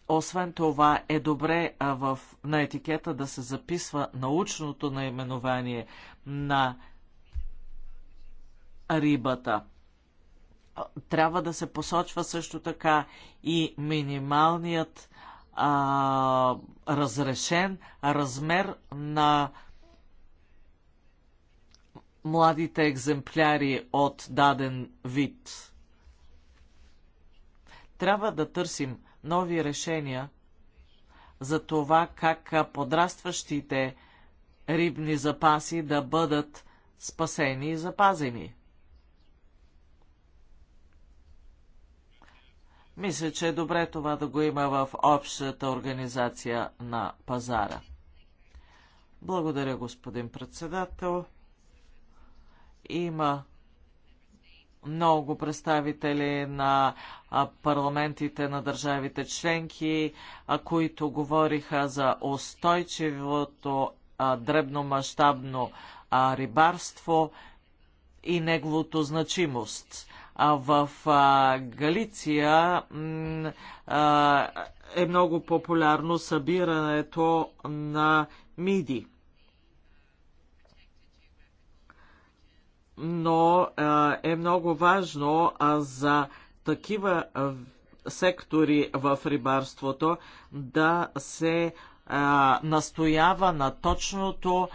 Освен това е добре а, в, на етикета да се записва научното наименование на рибата. Трябва да се посочва също така и минималният а, разрешен размер на младите екземпляри от даден вид. Трябва да търсим нови решения за това как подрастващите рибни запаси да бъдат спасени и запазени. Мисля, че е добре това да го има в общата организация на пазара. Благодаря, господин председател. Има много представители на парламентите на държавите членки, които говориха за устойчивото дребномащабно рибарство и неговото значимост. а В Галиция е много популярно събирането на миди. но е много важно а за такива сектори в рибарството да се настоява на точното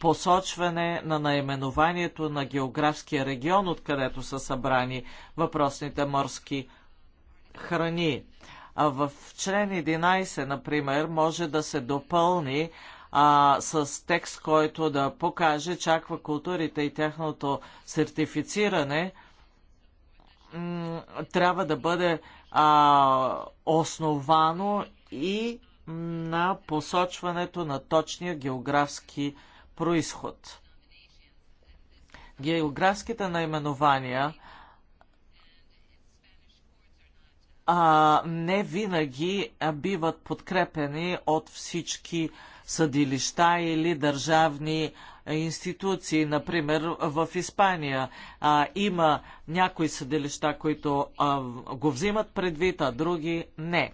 посочване на наименованието на географския регион, откъдето са събрани въпросните морски храни. В член 11, например, може да се допълни а, с текст, който да покаже, че аквакултурите и тяхното сертифициране трябва да бъде а, основано и на посочването на точния географски происход. Географските наименования а, не винаги биват подкрепени от всички а, съдилища или държавни институции. Например, в Испания а, има някои съдилища, които а, го взимат предвид, а други не.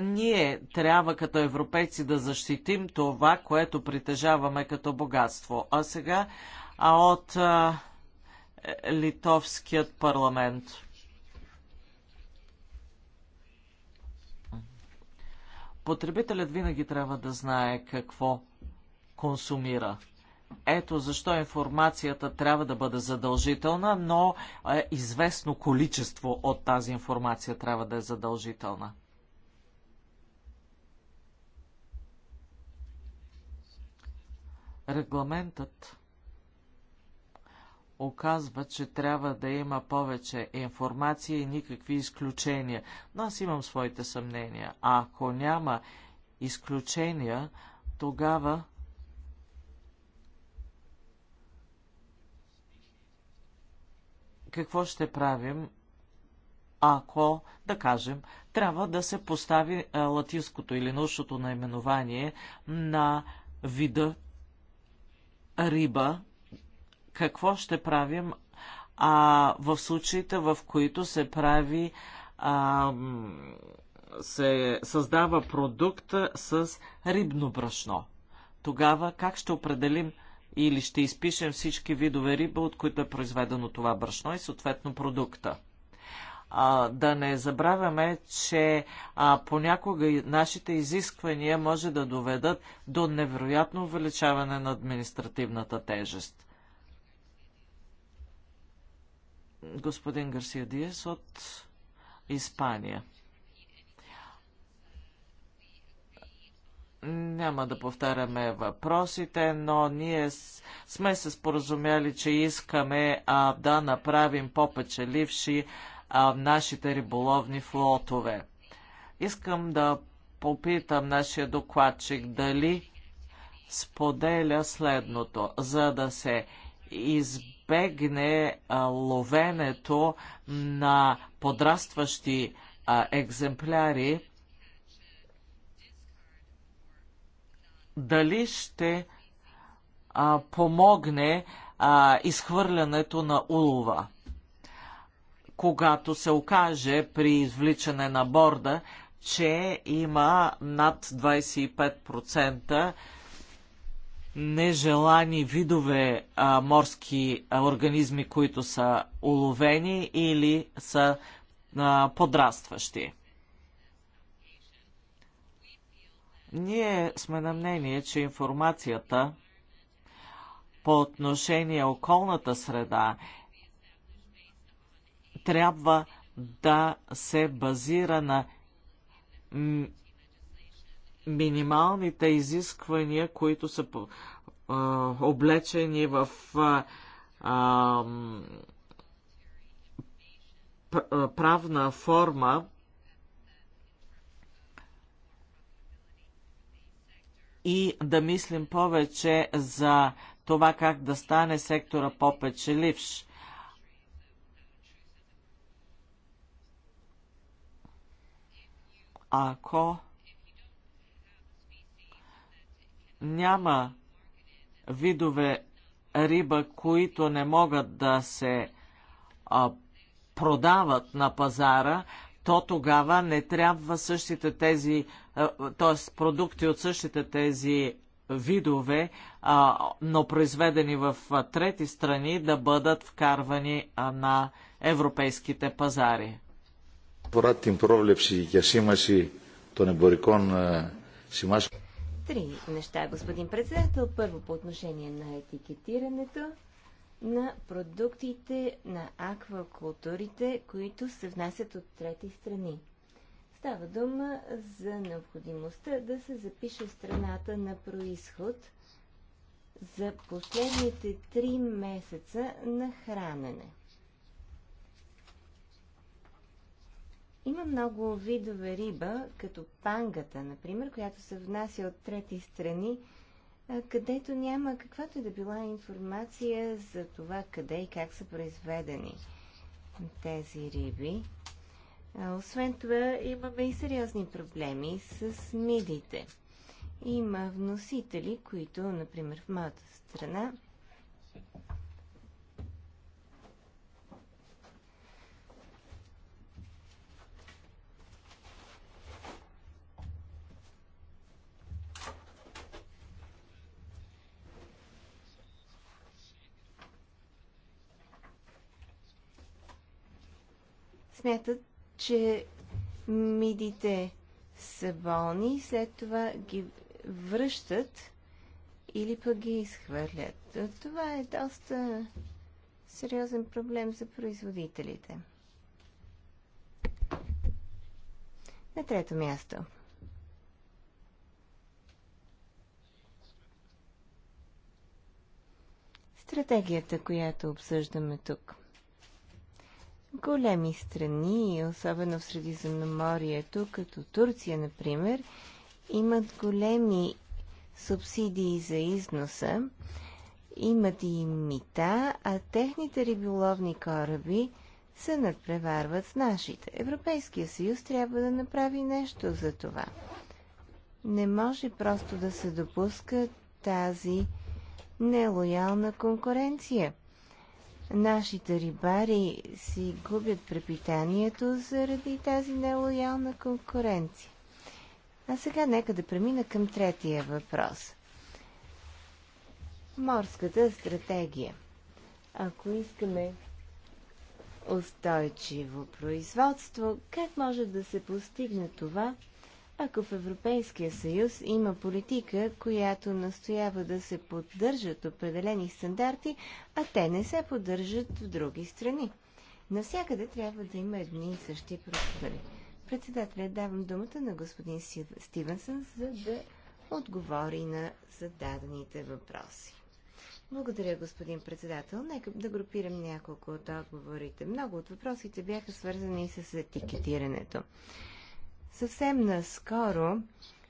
Ние трябва като европейци да защитим това, което притежаваме като богатство. А сега а от а, литовският парламент. Потребителят винаги трябва да знае какво консумира. Ето защо информацията трябва да бъде задължителна, но е, известно количество от тази информация трябва да е задължителна. Регламентът оказва, че трябва да има повече информация и никакви изключения. Но аз имам своите съмнения. А ако няма изключения, тогава какво ще правим, ако, да кажем, трябва да се постави е, латинското или научното наименование на вида риба какво ще правим а, в случаите, в които се прави а, се създава продукт с рибно брашно. Тогава как ще определим или ще изпишем всички видове риба, от които е произведено това брашно и съответно продукта? А, да не забравяме, че а, понякога нашите изисквания може да доведат до невероятно увеличаване на административната тежест. господин Гарсия Диес от Испания. Няма да повтаряме въпросите, но ние сме се споразумяли, че искаме а, да направим по-печеливши нашите риболовни флотове. Искам да попитам нашия докладчик дали споделя следното, за да се изб избегне ловенето на подрастващи екземпляри, дали ще помогне изхвърлянето на улова. Когато се окаже при извличане на борда, че има над 25% нежелани видове а, морски а, организми, които са уловени или са а, подрастващи. Ние сме на мнение, че информацията по отношение околната среда трябва да се базира на минималните изисквания, които са а, облечени в а, а, правна форма, и да мислим повече за това как да стане сектора по-печеливш. Ако няма видове риба, които не могат да се а, продават на пазара, то тогава не трябва същите тези, т.е. продукти от същите тези видове, а, но произведени в трети страни, да бъдат вкарвани а, на европейските пазари. Пора την πρόβλεψη για σήμαση των εμπορικών σημάσεων. Три неща, господин председател. Първо по отношение на етикетирането на продуктите на аквакултурите, които се внасят от трети страни. Става дума за необходимостта да се запише страната на происход за последните три месеца на хранене. Има много видове риба, като пангата, например, която се внася от трети страни, където няма каквато и да била информация за това къде и как са произведени тези риби. Освен това, имаме и сериозни проблеми с мидите. Има вносители, които, например, в моята страна, смятат, че мидите са болни, и след това ги връщат или пък ги изхвърлят. Това е доста сериозен проблем за производителите. На трето място. Стратегията, която обсъждаме тук – големи страни, особено в Средиземноморието, като Турция, например, имат големи субсидии за износа, имат и мита, а техните риболовни кораби се надпреварват с нашите. Европейския съюз трябва да направи нещо за това. Не може просто да се допуска тази нелоялна конкуренция – Нашите рибари си губят препитанието заради тази нелоялна конкуренция. А сега нека да премина към третия въпрос. Морската стратегия. Ако искаме устойчиво производство, как може да се постигне това – ако в Европейския съюз има политика, която настоява да се поддържат определени стандарти, а те не се поддържат в други страни. Навсякъде трябва да има едни и същи процедури. Председателя давам думата на господин Стивенсън, за да отговори на зададените въпроси. Благодаря, господин председател. Нека да групирам няколко от отговорите. Много от въпросите бяха свързани с етикетирането. Съвсем наскоро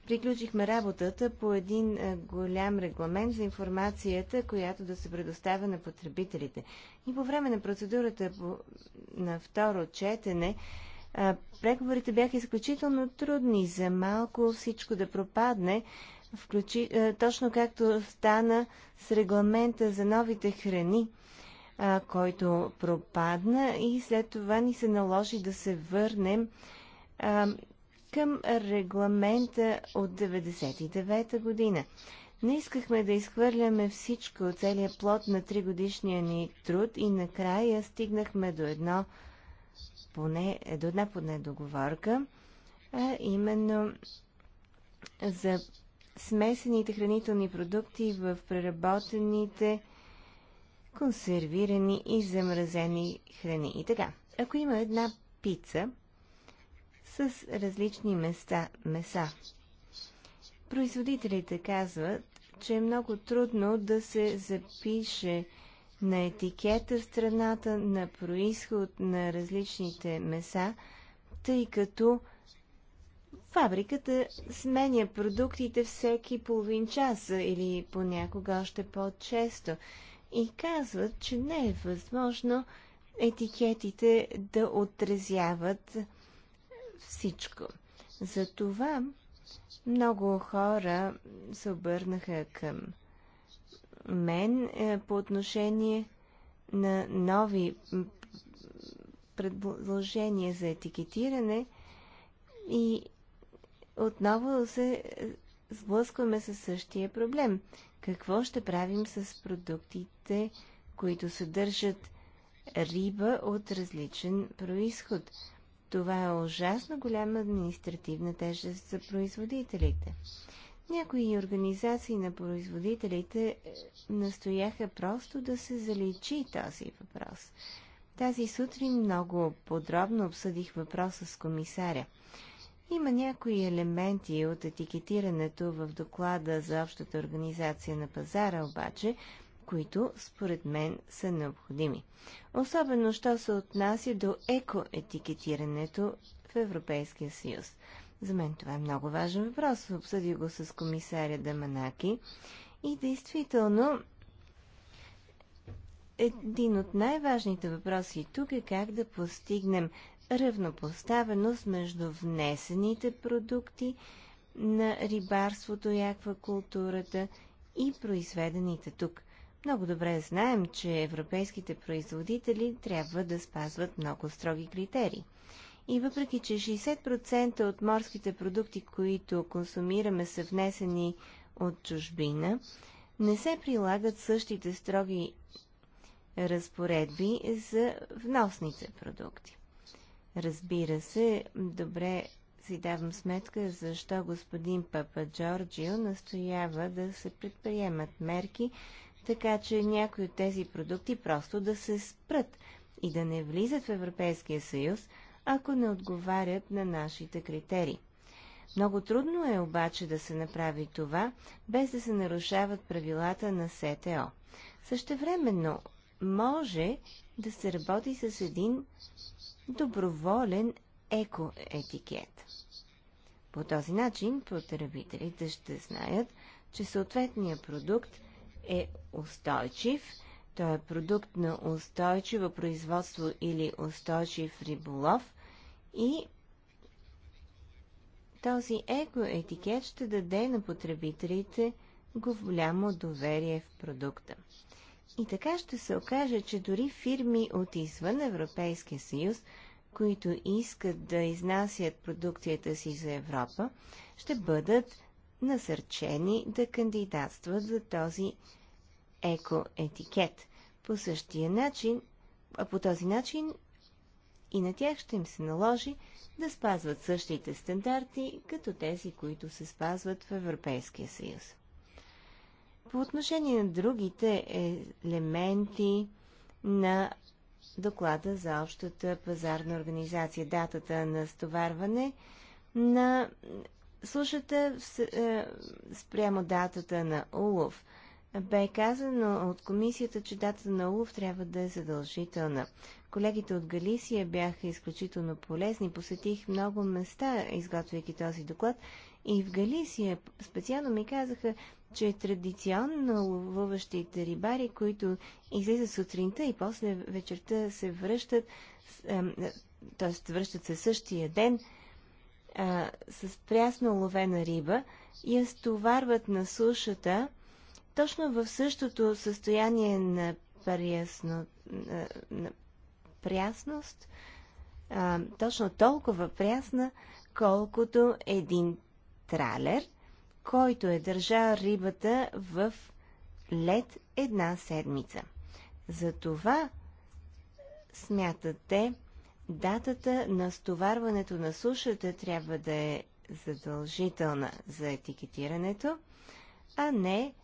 приключихме работата по един е, голям регламент за информацията, която да се предоставя на потребителите. И по време на процедурата на второ четене, е, преговорите бяха изключително трудни. За малко всичко да пропадне, включи, е, точно както стана с регламента за новите храни, който пропадна и след това ни се наложи да се върнем към регламента от 99-та година. Не искахме да изхвърляме всичко, целият плод на тригодишния ни труд и накрая стигнахме до едно поне, до една поне договорка, а именно за смесените хранителни продукти в преработените, консервирани и замразени храни. И така, ако има една пица, с различни места, меса. Производителите казват, че е много трудно да се запише на етикета страната на происход на различните меса, тъй като фабриката сменя продуктите всеки половин час или понякога още по-често и казват, че не е възможно етикетите да отразяват всичко. Затова много хора се обърнаха към мен е, по отношение на нови предложения за етикетиране и отново се сблъскваме със същия проблем. Какво ще правим с продуктите, които съдържат риба от различен происход? Това е ужасно голяма административна тежест за производителите. Някои организации на производителите е, настояха просто да се заличи този въпрос. Тази сутрин много подробно обсъдих въпроса с комисаря. Има някои елементи от етикетирането в доклада за общата организация на пазара, обаче, които според мен са необходими. Особено, що се отнася до екоетикетирането в Европейския съюз. За мен това е много важен въпрос. Обсъдих го с комисаря Даманаки и действително един от най-важните въпроси тук е как да постигнем равнопоставеност между внесените продукти на рибарството и аквакултурата и произведените тук. Много добре знаем, че европейските производители трябва да спазват много строги критерии. И въпреки, че 60% от морските продукти, които консумираме, са внесени от чужбина, не се прилагат същите строги разпоредби за вносните продукти. Разбира се, добре си давам сметка защо господин Папа Джорджио настоява да се предприемат мерки така че някои от тези продукти просто да се спрат и да не влизат в Европейския съюз, ако не отговарят на нашите критерии. Много трудно е обаче да се направи това, без да се нарушават правилата на СТО. Същевременно може да се работи с един доброволен екоетикет. По този начин потребителите ще знаят, че съответният продукт е устойчив, той е продукт на устойчиво производство или устойчив риболов и този екоетикет ще даде на потребителите голямо доверие в продукта. И така ще се окаже, че дори фирми от извън Европейския съюз, които искат да изнасят продукцията си за Европа, ще бъдат насърчени да кандидатстват за този еко-етикет. По същия начин, а по този начин и на тях ще им се наложи да спазват същите стандарти, като тези, които се спазват в Европейския съюз. По отношение на другите елементи на доклада за общата пазарна организация, датата на стоварване на слушате е, спрямо датата на улов. Бе казано от комисията, че датата на улов трябва да е задължителна. Колегите от Галисия бяха изключително полезни. Посетих много места, изготвяйки този доклад. И в Галисия специално ми казаха, че традиционно ловуващите рибари, които излизат сутринта и после вечерта се връщат, е, т.е. връщат се същия ден, а, с прясно ловена риба и я стоварват на сушата точно в същото състояние на, прясно, а, на прясност, а, точно толкова прясна, колкото един тралер, който е държал рибата в лед една седмица. Затова смятате, те, датата на стоварването на сушата трябва да е задължителна за етикетирането, а не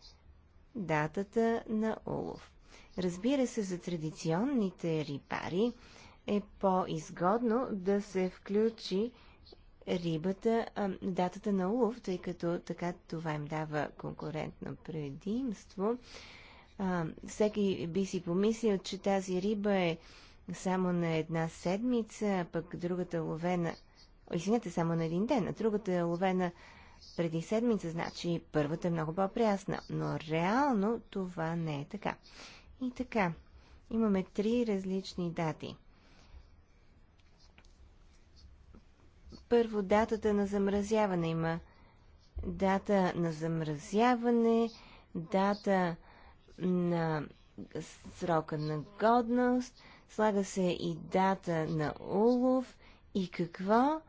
датата на улов. Разбира се, за традиционните рибари е по-изгодно да се включи рибата, а, датата на улов, тъй като така това им дава конкурентно предимство. А, всеки би си помислил, че тази риба е само на една седмица, а пък другата е ловена... Извинете, само на един ден, а другата е ловена преди седмица, значи първата е много по-прясна. Но реално това не е така. И така, имаме три различни дати. Първо, датата на замразяване има дата на замразяване, дата на срока на годност, слага се и дата на улов и какво,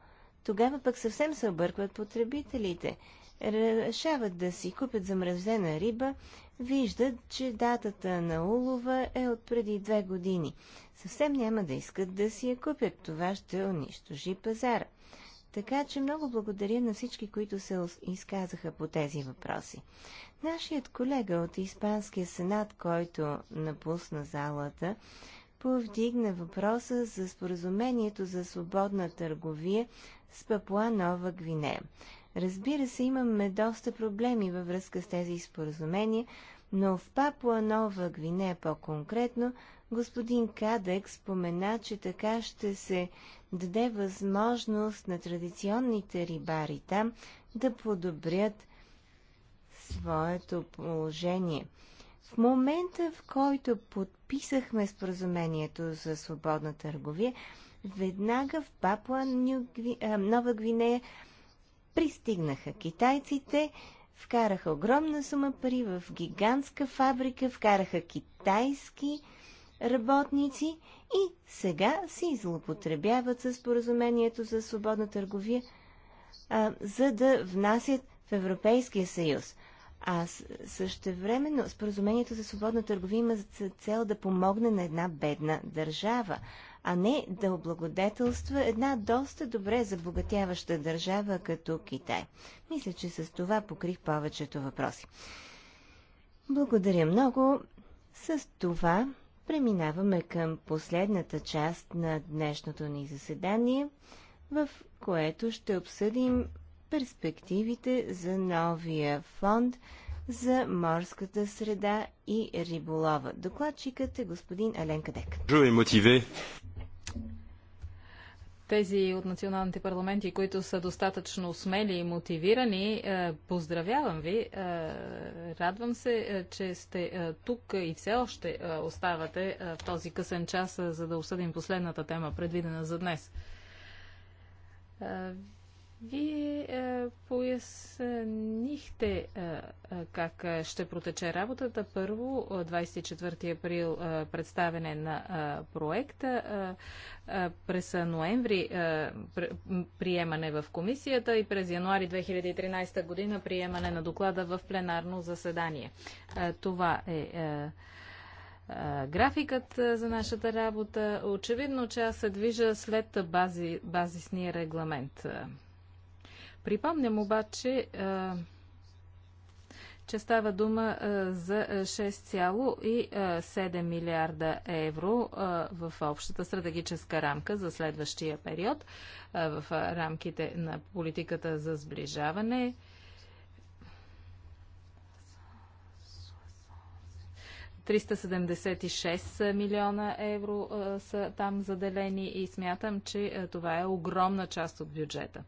тогава пък съвсем се объркват потребителите. Решават да си купят замразена риба, виждат, че датата на улова е от преди две години. Съвсем няма да искат да си я купят. Това ще унищожи пазара. Така че много благодаря на всички, които се изказаха по тези въпроси. Нашият колега от Испанския сенат, който напусна залата, повдигна въпроса за споразумението за свободна търговия с Папуа Нова Гвинея. Разбира се, имаме доста проблеми във връзка с тези споразумения, но в Папуа Нова Гвинея по-конкретно господин Кадек спомена, че така ще се даде възможност на традиционните рибари там да подобрят своето положение – в момента, в който подписахме споразумението за свободна търговия, веднага в Папуа Нова Гвинея пристигнаха китайците, вкараха огромна сума пари в гигантска фабрика, вкараха китайски работници и сега се злоупотребяват с споразумението за свободна търговия, а, за да внасят в Европейския съюз – а същевременно споразумението за свободна търговия има за цел да помогне на една бедна държава, а не да облагодетелства една доста добре забогатяваща държава като Китай. Мисля, че с това покрих повечето въпроси. Благодаря много. С това преминаваме към последната част на днешното ни заседание, в което ще обсъдим перспективите за новия фонд за морската среда и риболова. Докладчикът е господин Ален Кадек. Тези от националните парламенти, които са достатъчно смели и мотивирани, е, поздравявам ви. Е, радвам се, е, че сте тук и все още оставате в този късен час, за да осъдим последната тема, предвидена за днес. Вие е, пояснихте е, е как е, ще протече работата. Първо, 24 е, април е, представене на проекта, през ноември приемане в комисията и през януари 2013 година приемане на доклада в пленарно заседание. Това е графикът за нашата работа. Очевидно, че аз се движа след бази, базисния регламент. Припомням обаче, че става дума за 6,7 милиарда евро в общата стратегическа рамка за следващия период в рамките на политиката за сближаване. ...376 милиона евро са там заделени и смятам, че това е огромна част от бюджета.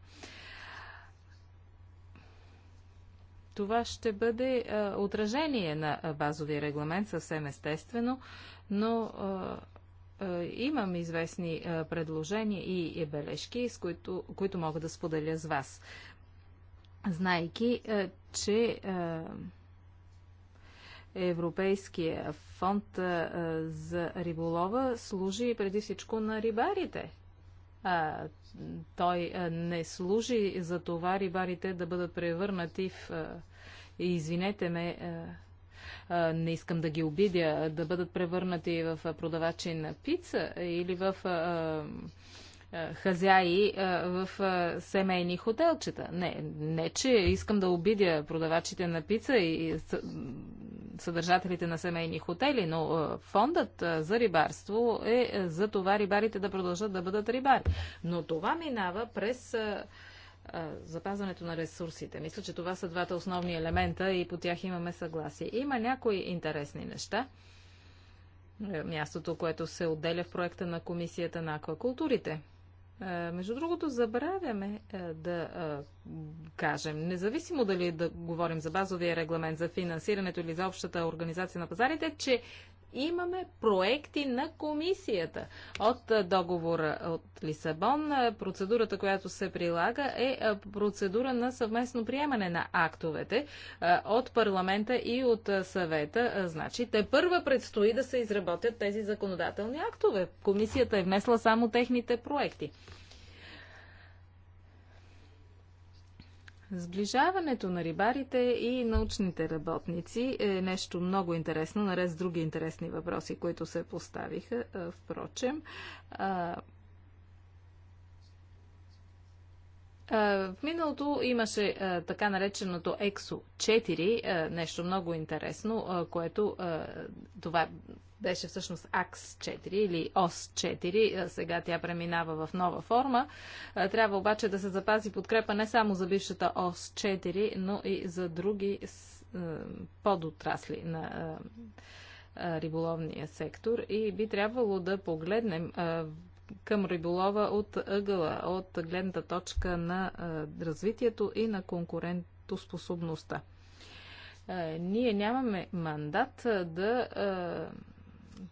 Това ще бъде а, отражение на базовия регламент съвсем естествено, но а, а, имам известни предложения и, и бележки, с които, които мога да споделя с вас. Знайки, че Европейския фонд за риболова служи преди всичко на рибарите – а, той а, не служи за това рибарите да бъдат превърнати в, а, извинете ме, не искам да ги обидя, да бъдат превърнати в продавачи на пица или в хазяи в семейни хотелчета. Не, не, че искам да обидя продавачите на пица и съдържателите на семейни хотели, но фондът за рибарство е, е за това рибарите да продължат да бъдат рибари. Но това минава през запазването на ресурсите. Мисля, че това са двата основни елемента и по тях имаме съгласие. Има някои интересни неща е, мястото, което се отделя в проекта на Комисията на аквакултурите. Е, между другото, забравяме е, да е, кажем, независимо дали да говорим за базовия регламент за финансирането или за общата организация на пазарите, че имаме проекти на комисията от договора от Лисабон. Процедурата, която се прилага е процедура на съвместно приемане на актовете от парламента и от съвета. Значи, те първа предстои да се изработят тези законодателни актове. Комисията е внесла само техните проекти. Сближаването на рибарите и научните работници е нещо много интересно, наред с други интересни въпроси, които се поставиха. Впрочем, в миналото имаше така нареченото Ексо 4, нещо много интересно, което това беше всъщност АКС-4 или ОС-4, сега тя преминава в нова форма. Трябва обаче да се запази подкрепа не само за бившата ОС-4, но и за други подотрасли на риболовния сектор и би трябвало да погледнем към риболова от ъгъла, от гледната точка на развитието и на конкурентоспособността ние нямаме мандат да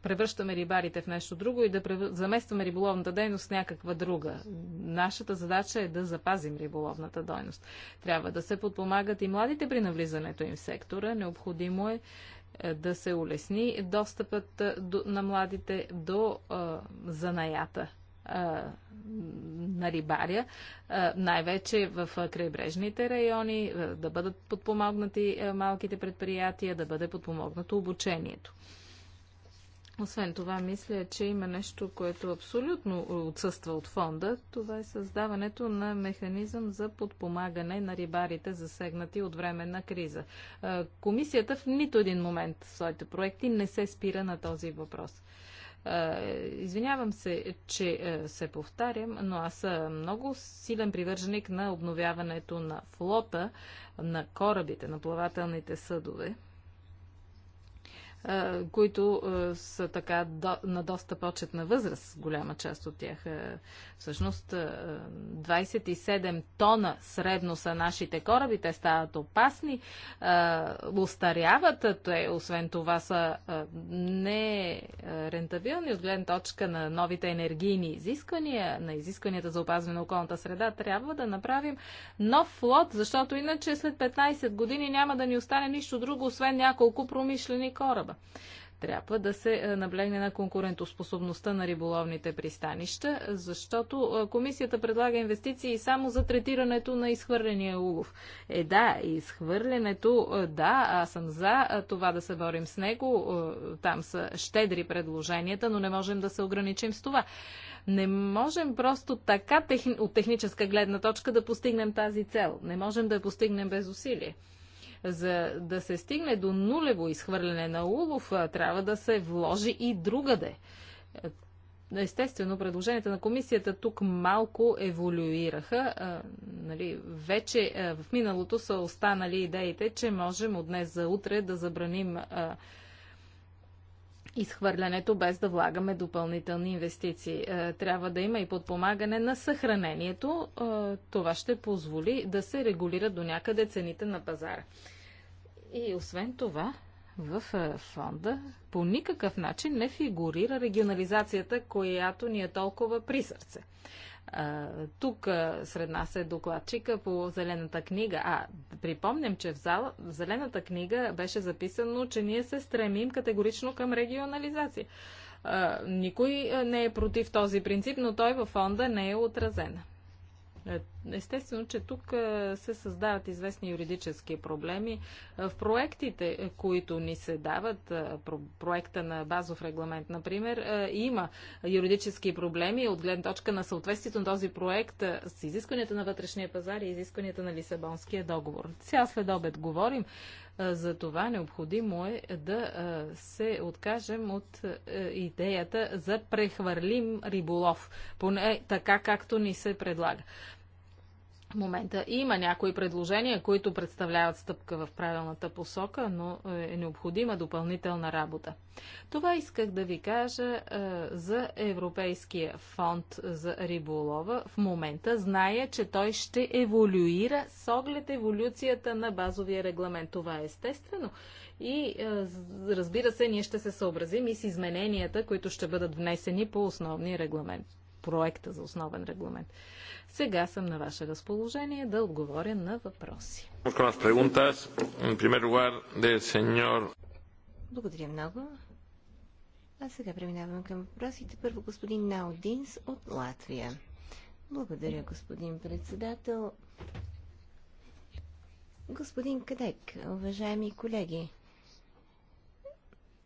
превръщаме рибарите в нещо друго и да заместваме риболовната дейност с някаква друга. Нашата задача е да запазим риболовната дейност. Трябва да се подпомагат и младите при навлизането им в сектора. Необходимо е, е да се улесни достъпът е, на младите до е, занаята на рибаря, най-вече в крайбрежните райони, да бъдат подпомогнати малките предприятия, да бъде подпомогнато обучението. Освен това, мисля, че има нещо, което абсолютно отсъства от фонда. Това е създаването на механизъм за подпомагане на рибарите, засегнати от време на криза. Комисията в нито един момент в своите проекти не се спира на този въпрос. Извинявам се, че се повтарям, но аз съм много силен привърженик на обновяването на флота, на корабите, на плавателните съдове които са така на доста почетна възраст, голяма част от тях. Всъщност 27 тона средно са нашите кораби, те стават опасни, устаряват, те освен това са не рентабилни, от гледна точка на новите енергийни изисквания, на изискванията за опазване на околната среда. Трябва да направим нов флот, защото иначе след 15 години няма да ни остане нищо друго, освен няколко промишлени кораба риба. Трябва да се е, наблегне на конкурентоспособността на риболовните пристанища, защото е, комисията предлага инвестиции само за третирането на изхвърления улов. Е да, изхвърлянето, е, да, аз съм за това да се борим с него. Там са щедри предложенията, но не можем да се ограничим с това. Не можем просто така от техническа гледна точка да постигнем тази цел. Не можем да я постигнем без усилие. За да се стигне до нулево изхвърляне на улов, трябва да се вложи и другаде. Е, естествено, предложенията на комисията тук малко еволюираха. А, нали, вече а, в миналото са останали идеите, че можем от днес за утре да забраним а, изхвърлянето, без да влагаме допълнителни инвестиции. Е, трябва да има и подпомагане на съхранението. Е, това ще позволи да се регулира до някъде цените на пазара. И освен това, в е, фонда по никакъв начин не фигурира регионализацията, която ни е толкова при сърце. Тук сред нас е докладчика по Зелената книга. А, припомням, че в, зал, в Зелената книга беше записано, че ние се стремим категорично към регионализация. Никой не е против този принцип, но той във фонда не е отразен. Е, естествено, че тук е, се създават известни юридически проблеми. Е, в проектите, които ни се дават, проекта на базов регламент, например, има юридически проблеми от гледна точка на съответствието на този проект с изискванията на вътрешния пазар и изискванията на Лисабонския договор. Сега след обед говорим за това необходимо е да се откажем от идеята за прехвърлим риболов, поне така както ни се предлага момента има някои предложения, които представляват стъпка в правилната посока, но е, е необходима допълнителна работа. Това исках да ви кажа е, за Европейския фонд за риболова. В момента зная, че той ще еволюира с оглед еволюцията на базовия регламент. Това е естествено. И е, разбира се, ние ще се съобразим и с измененията, които ще бъдат внесени по основния регламент проекта за основен регламент. Сега съм на ваше разположение да отговоря на въпроси. Благодаря много. А сега преминаваме към въпросите. Първо господин Наудинс от Латвия. Благодаря, господин председател. Господин Кадек, уважаеми колеги,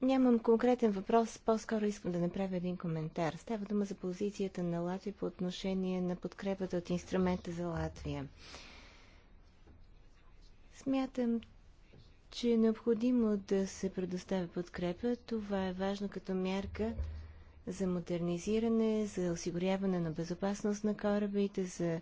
Нямам конкретен въпрос, по-скоро искам да направя един коментар. Става дума за позицията на Латвия по отношение на подкрепата от инструмента за Латвия. Смятам, че е необходимо да се предоставя подкрепа. Това е важно като мярка за модернизиране, за осигуряване на безопасност на корабите, за а,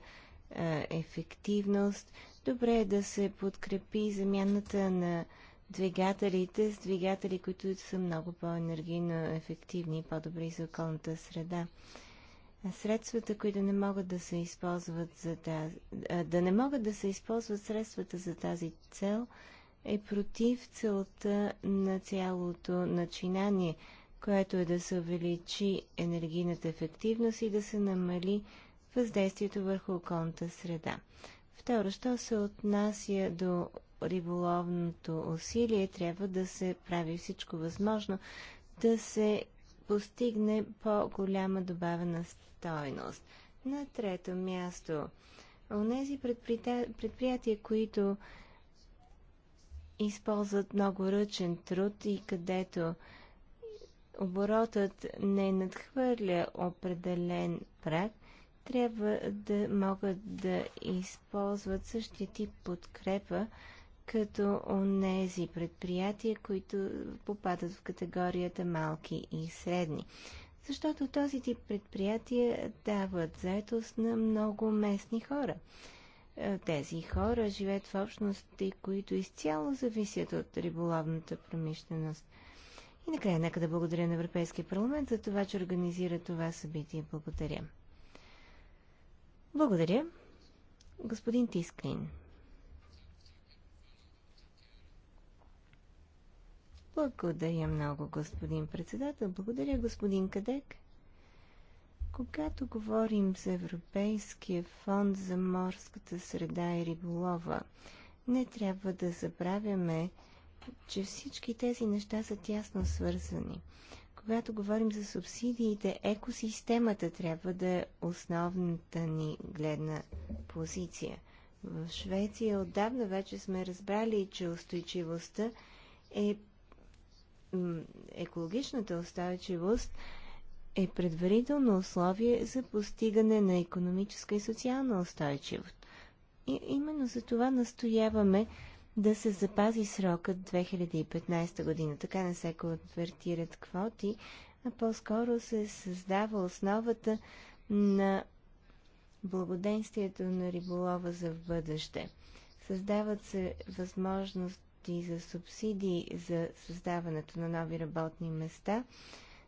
ефективност. Добре е да се подкрепи замяната на двигателите с двигатели, които са много по-енергийно ефективни и по-добри за околната среда. А средствата, които не могат да се използват за тази, да не могат да се използват средствата за тази цел, е против целта на цялото начинание, което е да се увеличи енергийната ефективност и да се намали въздействието върху околната среда. Второ, що се отнася до риболовното усилие трябва да се прави всичко възможно да се постигне по-голяма добавена стойност. На трето място, онези предприятия, които използват много ръчен труд и където оборотът не надхвърля определен праг, трябва да могат да използват същия тип подкрепа като онези предприятия, които попадат в категорията малки и средни. Защото този тип предприятия дават заетост на много местни хора. Е, тези хора живеят в общности, които изцяло зависят от риболовната промишленост. И накрая нека да благодаря на Европейския парламент за това, че организира това събитие. Благодаря. Благодаря. Господин Тискрин. Благодаря много, господин председател. Благодаря, господин Кадек. Когато говорим за Европейския фонд за морската среда и риболова, не трябва да забравяме, че всички тези неща са тясно свързани. Когато говорим за субсидиите, екосистемата трябва да е основната ни гледна позиция. В Швеция отдавна вече сме разбрали, че устойчивостта е екологичната устойчивост е предварително условие за постигане на економическа и социална устойчивост. И именно за това настояваме да се запази срокът 2015 година. Така не се конвертират квоти, а по-скоро се създава основата на благоденствието на риболова за в бъдеще. Създават се възможности и за субсидии за създаването на нови работни места,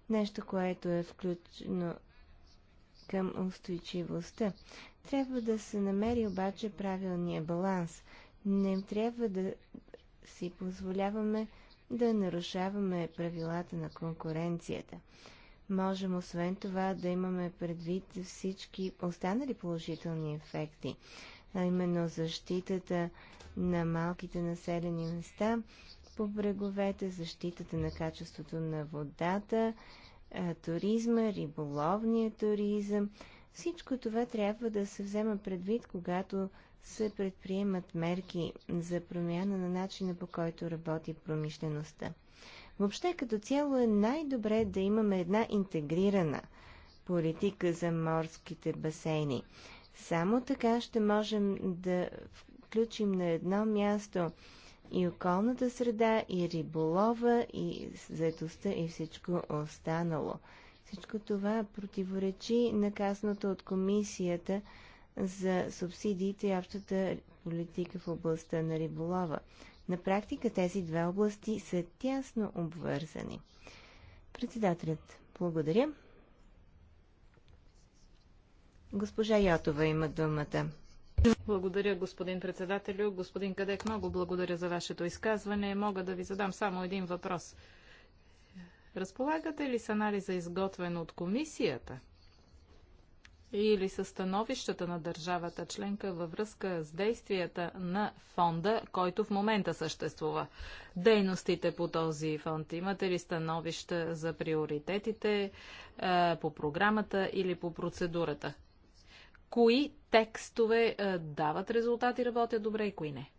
нещо, което е включено към устойчивостта. Трябва да се намери обаче правилния баланс. Не трябва да си позволяваме да нарушаваме правилата на конкуренцията. Можем освен това да имаме предвид всички останали положителни ефекти а именно защитата на малките населени места по бреговете, защитата на качеството на водата, туризма, риболовния туризъм. Всичко това трябва да се взема предвид, когато се предприемат мерки за промяна на начина по който работи промишлеността. Въобще като цяло е най-добре да имаме една интегрирана политика за морските басейни. Само така ще можем да включим на едно място и околната среда, и риболова, и заедостта, и всичко останало. Всичко това противоречи наказаното от комисията за субсидиите и общата политика в областта на риболова. На практика тези две области са тясно обвързани. Председателят, благодаря. Госпожа Ятова има думата. Благодаря, господин председателю. Господин Кадек, много благодаря за вашето изказване. Мога да ви задам само един въпрос. Разполагате ли с анализа изготвен от комисията или със становищата на държавата членка във връзка с действията на фонда, който в момента съществува? Дейностите по този фонд. Имате ли становища за приоритетите по програмата или по процедурата? кои текстове е, дават резултати, работят добре и кои не.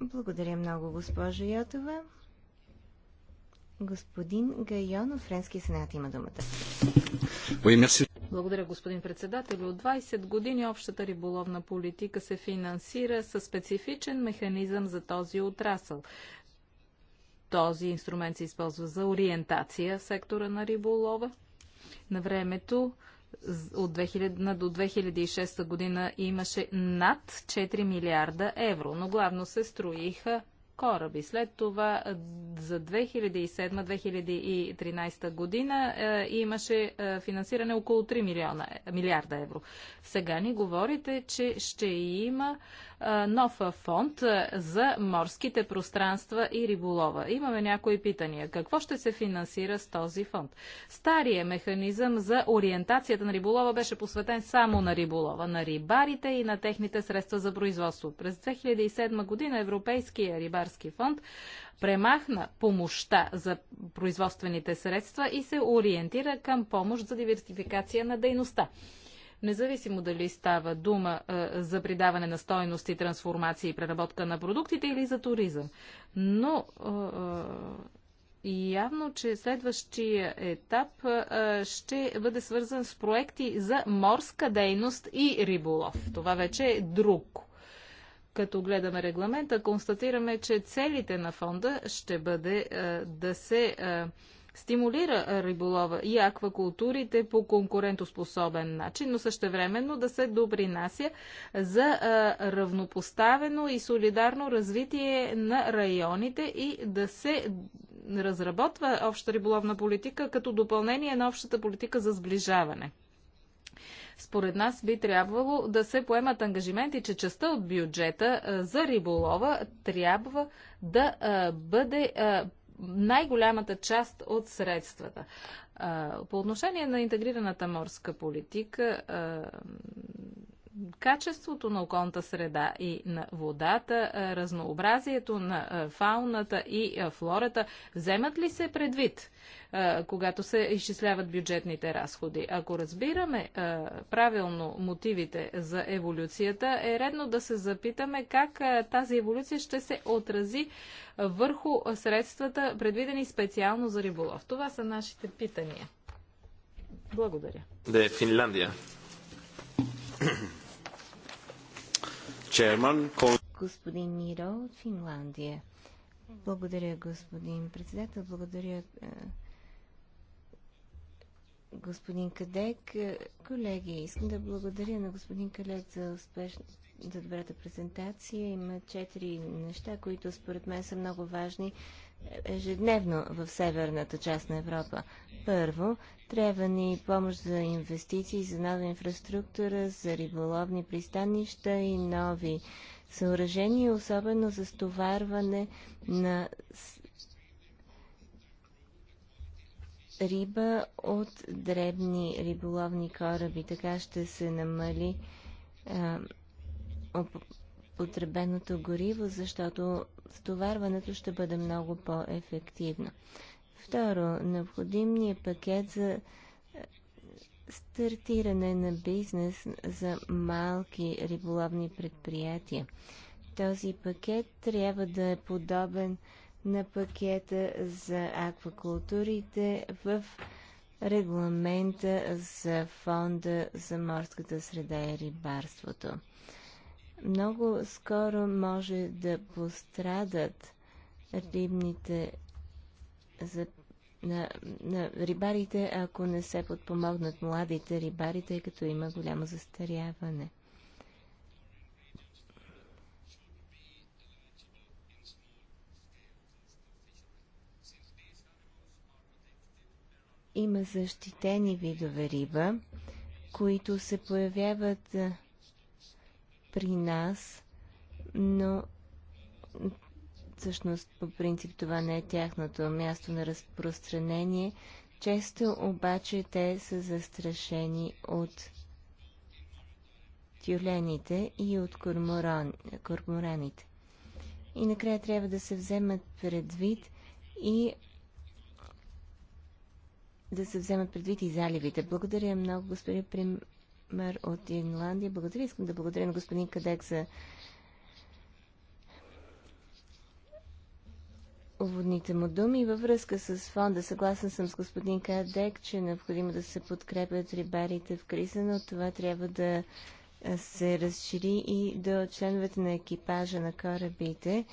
Благодаря много, госпожо Йотова. Господин Гайон Френски сенат има думата. Благодаря, господин председател. От 20 години общата риболовна политика се финансира със специфичен механизъм за този отрасъл. Този инструмент се използва за ориентация в сектора на риболова на времето от 2000 до 2006 година имаше над 4 милиарда евро, но главно се строиха кораби. След това за 2007-2013 година имаше финансиране около 3 милиарда евро. Сега ни говорите, че ще има нов фонд за морските пространства и риболова. Имаме някои питания. Какво ще се финансира с този фонд? Стария механизъм за ориентацията на риболова беше посветен само на риболова, на рибарите и на техните средства за производство. През 2007 година Европейския рибарски фонд премахна помощта за производствените средства и се ориентира към помощ за диверсификация на дейността независимо дали става дума а, за придаване на стойности, трансформация и преработка на продуктите или за туризъм. Но а, явно, че следващия етап ще бъде свързан с проекти за морска дейност и риболов. Това вече е друго. Като гледаме регламента, констатираме, че целите на фонда ще бъде да се стимулира риболова и аквакултурите по конкурентоспособен начин, но същевременно да се допринася за равнопоставено и солидарно развитие на районите и да се разработва обща риболовна политика като допълнение на общата политика за сближаване. Според нас би трябвало да се поемат ангажименти, че частта от бюджета за риболова трябва да бъде най-голямата част от средствата. По отношение на интегрираната морска политика, качеството на околната среда и на водата, разнообразието на фауната и флората, вземат ли се предвид, когато се изчисляват бюджетните разходи? Ако разбираме правилно мотивите за еволюцията, е редно да се запитаме как тази еволюция ще се отрази върху средствата, предвидени специално за риболов. Това са нашите питания. Благодаря. Де Финландия. Господин Миро от Финландия. Благодаря, господин председател. Благодаря, е, господин Кадек. Е, колеги, искам да благодаря на господин Кадек за, успешно за добрата презентация. Има четири неща, които според мен са много важни ежедневно в северната част на Европа. Първо, трябва ни помощ за инвестиции, за нова инфраструктура, за риболовни пристанища и нови съоръжения, особено за стоварване на риба от дребни риболовни кораби. Така ще се намали а, употребеното гориво, защото стоварването ще бъде много по-ефективно. Второ, необходимният пакет за е, стартиране на бизнес за малки риболовни предприятия. Този пакет трябва да е подобен на пакета за аквакултурите в регламента за фонда за морската среда и рибарството много скоро може да пострадат рибните за, на, на рибарите, ако не се подпомогнат младите рибари, тъй като има голямо застаряване. Има защитени видове риба, които се появяват при нас, но всъщност по принцип това не е тяхното място на разпространение. Често обаче те са застрашени от тюлените и от кормораните. И накрая трябва да се вземат предвид и да се вземат предвид и заливите. Благодаря много, господин Мер от Ирландия. Благодаря. Искам да благодаря на господин Кадек за уводните му думи. Във връзка с фонда, съгласен съм с господин Кадек, че е необходимо да се подкрепят рибарите в криза, но това трябва да се разшири и до членовете на екипажа на корабите.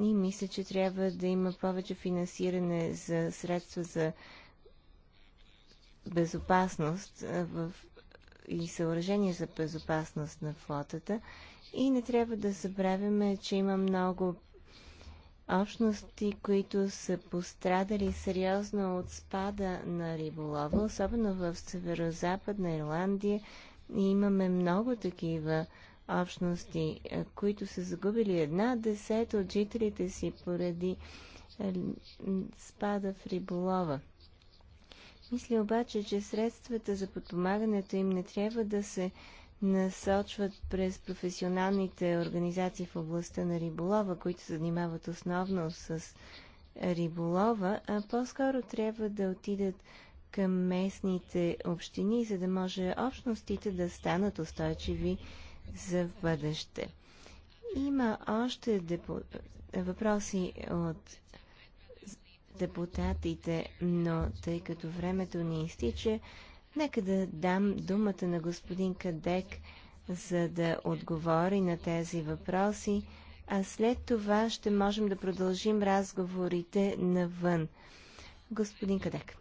И мисля, че трябва да има повече финансиране за средства за безопасност в и съоръжения за безопасност на флотата. И не трябва да забравяме, че има много общности, които са пострадали сериозно от спада на риболова, особено в Северо-Западна Ирландия. И имаме много такива общности, които са загубили една десета от жителите си поради е, спада в риболова. Мисля обаче, че средствата за подпомагането им не трябва да се насочват през професионалните организации в областта на риболова, които се занимават основно с риболова, а по-скоро трябва да отидат към местните общини, за да може общностите да станат устойчиви за бъдеще. Има още депо... въпроси от депутатите, но тъй като времето ни изтича, нека да дам думата на господин Кадек, за да отговори на тези въпроси, а след това ще можем да продължим разговорите навън. Господин Кадек.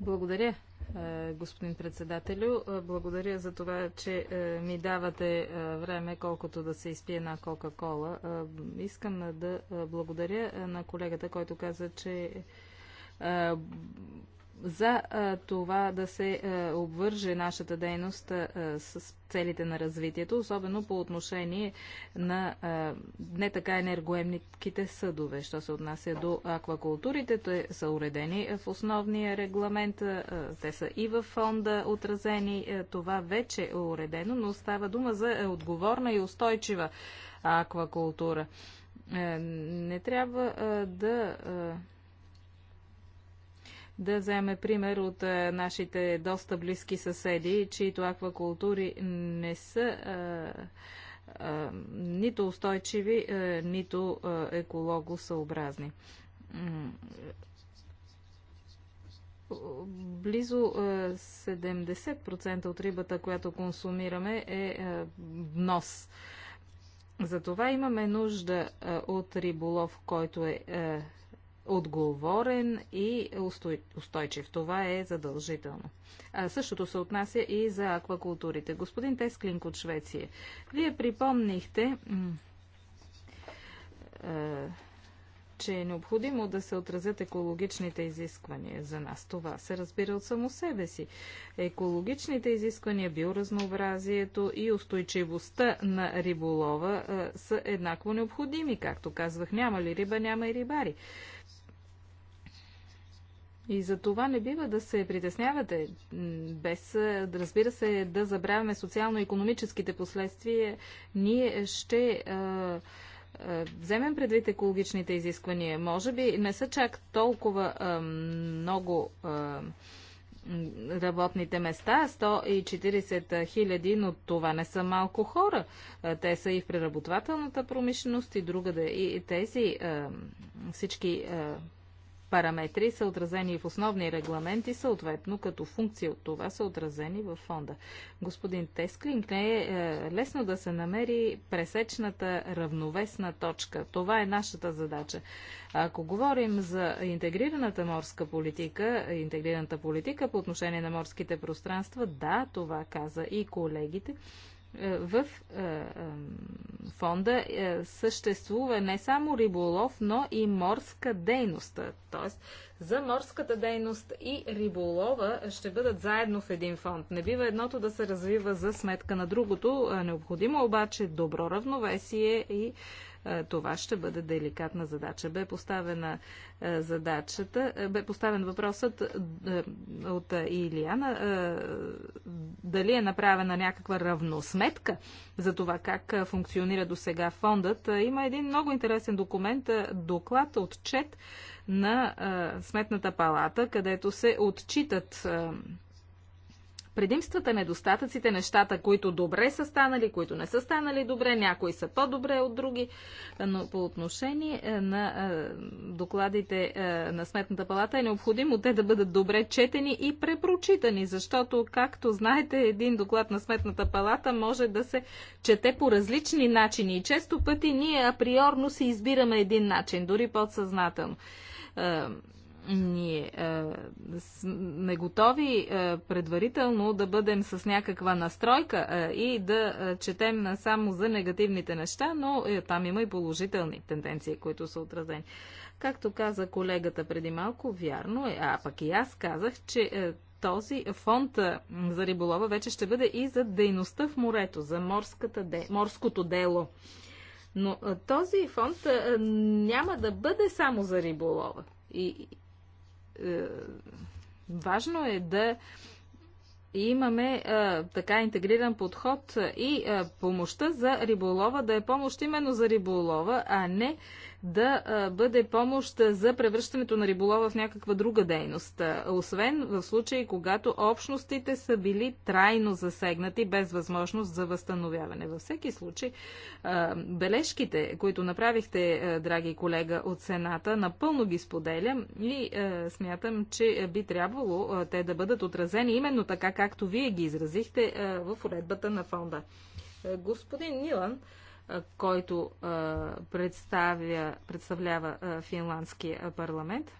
Благодаря, е, господин председателю. Е, благодаря за това, че е, ми давате време, колкото да се изпие една Кока-Кола. Искам да благодаря на колегата, който каза, че за това да се обвърже нашата дейност с целите на развитието, особено по отношение на не така енергоемниките съдове. Що се отнася до аквакултурите, те са уредени в основния регламент, те са и в фонда отразени. Това вече е уредено, но става дума за отговорна и устойчива аквакултура. Е, не трябва да да вземе пример от е, нашите доста близки съседи, чието аквакултури не са е, е, нито устойчиви, нито екологосъобразни. Близо 70% от рибата, която консумираме, е внос. Затова имаме нужда от риболов, който е отговорен и устойчив. Това е задължително. А, същото се отнася и за аквакултурите. Господин Тесклинг от Швеция, вие припомнихте, че е необходимо да се отразят екологичните изисквания за нас. Това се разбира от само себе си. Екологичните изисквания, биоразнообразието и устойчивостта на риболова са еднакво необходими. Както казвах, няма ли риба, няма и рибари. И за това не бива да се притеснявате, без, е, разбира се, да забравяме социално-економическите последствия. Ние ще а, е, а, е, вземем предвид екологичните изисквания. Може би не са чак толкова а, много работните места, 140 хиляди, но това не са малко хора. Те са и в преработвателната промишленост и другаде. И тези всички параметри са отразени в основни регламенти, съответно като функция от това са отразени в фонда. Господин Тесклинг, не е, е лесно да се намери пресечната равновесна точка. Това е нашата задача. Ако говорим за интегрираната морска политика, интегрираната политика по отношение на морските пространства, да, това каза и колегите. Е, в е, е, фонда съществува не само риболов, но и морска дейност. Тоест, за морската дейност и риболова ще бъдат заедно в един фонд. Не бива едното да се развива за сметка на другото. Необходимо обаче добро равновесие и е, това ще бъде деликатна задача. Бе поставена е, задачата, е, бе поставен въпросът от Илияна дали е направена някаква равносметка за това как функционира до сега фондът. Има един много интересен документ, доклад, отчет на Сметната палата, където се отчитат предимствата, недостатъците, нещата, които добре са станали, които не са станали добре, някои са по-добре от други. Но по отношение е, на е, докладите е, на Сметната палата е необходимо те да бъдат добре четени и препрочитани, защото, както знаете, един доклад на Сметната палата може да се чете по различни начини и често пъти ние априорно си избираме един начин, дори подсъзнателно ние е, сме готови е, предварително да бъдем с някаква настройка е, и да е, четем само за негативните неща, но е, там има и положителни тенденции, които са отразени. Както каза колегата преди малко, вярно е, а пък и аз казах, че е, този фонд за риболова вече ще бъде и за дейността в морето, за морската де, морското дело. Но този фонд няма да бъде само за риболова. И, е, важно е да имаме а, е, така интегриран подход и а, е, помощта за риболова да е помощ именно за риболова, а не да бъде помощ за превръщането на риболова в някаква друга дейност, освен в случаи, когато общностите са били трайно засегнати без възможност за възстановяване. Във всеки случай, бележките, които направихте, драги колега, от Сената, напълно ги споделям и смятам, че би трябвало те да бъдат отразени именно така, както вие ги изразихте в уредбата на фонда. Господин Нилан, който представя, представлява финландския парламент,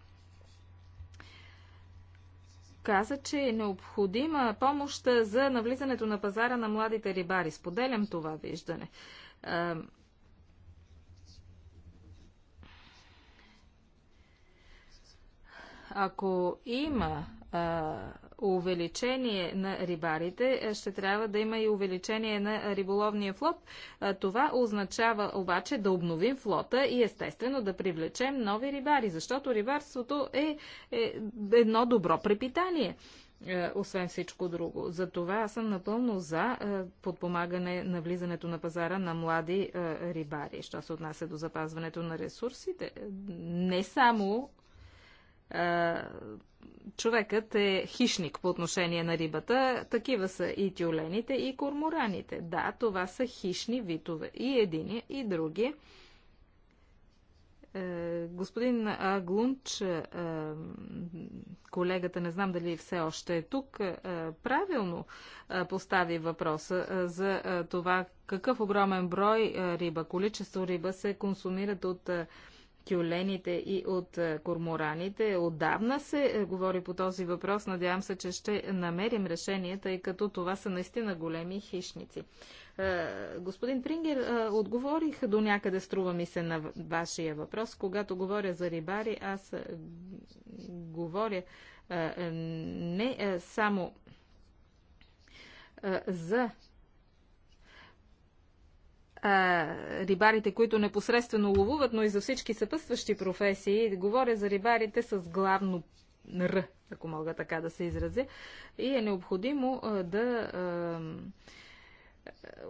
каза, че е необходима помощ за навлизането на пазара на младите рибари. Споделям това виждане. Ако има увеличение на рибарите, е, ще трябва да има и увеличение на риболовния флот. Това означава обаче да обновим флота и естествено да привлечем нови рибари, защото рибарството е, е едно добро препитание е, освен всичко друго. Затова аз съм напълно за е, подпомагане на влизането на пазара на млади рибари, що се отнася до запазването на ресурсите. Не само човекът е хищник по отношение на рибата. Такива са и тюлените, и кормораните. Да, това са хищни витове. И едини, и другия. Е, господин Глунч, е, колегата, не знам дали все още е тук, е, правилно е, постави въпроса е, за е, това какъв огромен брой риба, количество риба се консумират от тюлените и от е, кормораните. Отдавна се е, говори по този въпрос. Надявам се, че ще намерим решение, тъй като това са наистина големи хищници. Е, господин Прингер, отговорих до някъде, струва ми се, на вашия въпрос. Когато говоря за рибари, аз говоря не само за а, рибарите, които непосредствено ловуват, но и за всички съпътстващи професии. Говоря за рибарите с главно Р, ако мога така да се изразя. И е необходимо а, да а,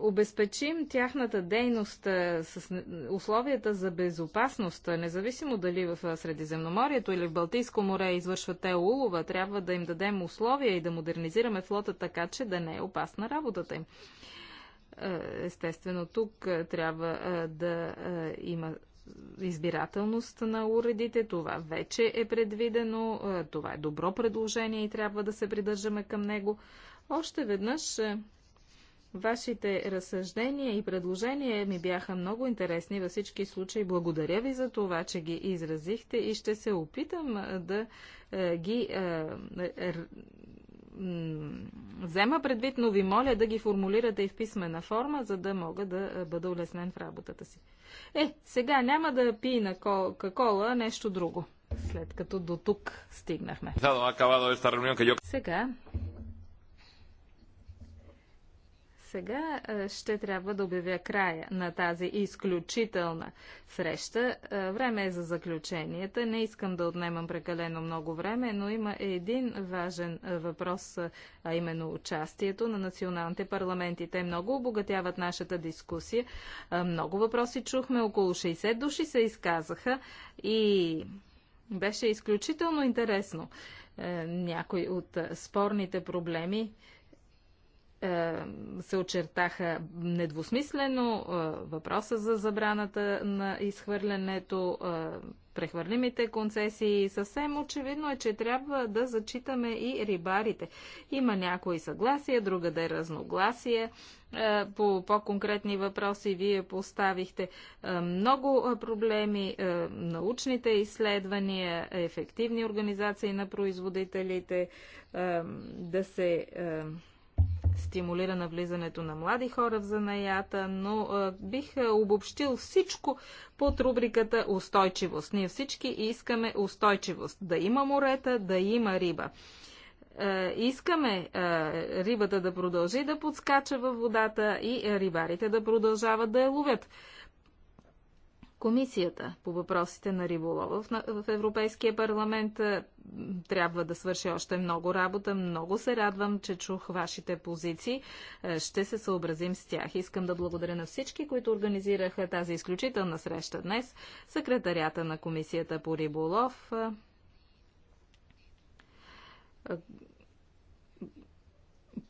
обезпечим тяхната дейност с условията за безопасност, независимо дали в Средиземноморието или в Балтийско море извършват те улова, трябва да им дадем условия и да модернизираме флота така, че да не е опасна работата им. Е, естествено, тук е, трябва е, да има избирателност на уредите. Това вече е предвидено. Това е добро предложение и трябва да се придържаме към него. Още веднъж Вашите разсъждения и предложения ми бяха много интересни във всички случаи. Благодаря ви за това, че ги изразихте и ще се опитам да ги взема предвид, но ви моля да ги формулирате и в писмена форма, за да мога да бъда улеснен в работата си. Е, сега няма да пи на кока-кола нещо друго, след като до тук стигнахме. Сега сега ще трябва да обявя края на тази изключителна среща. Време е за заключенията. Не искам да отнемам прекалено много време, но има един важен въпрос, а именно участието на националните парламенти. Те много обогатяват нашата дискусия. Много въпроси чухме. Около 60 души се изказаха и беше изключително интересно. Е, Някои от спорните проблеми е, се очертаха недвусмислено е, въпроса за забраната на изхвърлянето, е, прехвърлимите концесии. Съвсем очевидно е, че трябва да зачитаме и рибарите. Има някои съгласия, друга да е разногласие. По по-конкретни въпроси вие поставихте много проблеми, научните изследвания, ефективни организации на производителите, да се стимулира навлизането на млади хора в занаята, но бих обобщил всичко под рубриката устойчивост. Ние всички искаме устойчивост. Да има морета, да има риба искаме а, рибата да продължи да подскача във водата и рибарите да продължават да я ловят. Комисията по въпросите на риболова в Европейския парламент е, трябва да свърши още много работа. Много се радвам, че чух вашите позиции. Е, ще се съобразим с тях. Искам да благодаря на всички, които организираха тази изключителна среща днес. Секретарята на Комисията по риболов, е,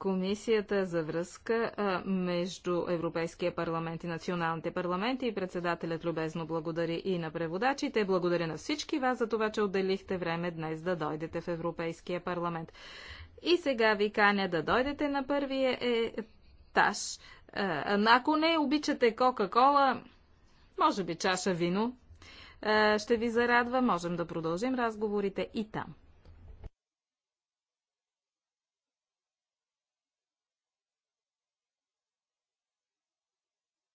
комисията за връзка между Европейския парламент и националните парламенти и председателят любезно благодари и на преводачите. Благодаря на всички вас за това, че отделихте време днес да дойдете в Европейския парламент. И сега ви каня да дойдете на първия етаж. ако не обичате Кока-Кола, може би чаша вино, ще ви зарадва. Можем да продължим разговорите и там.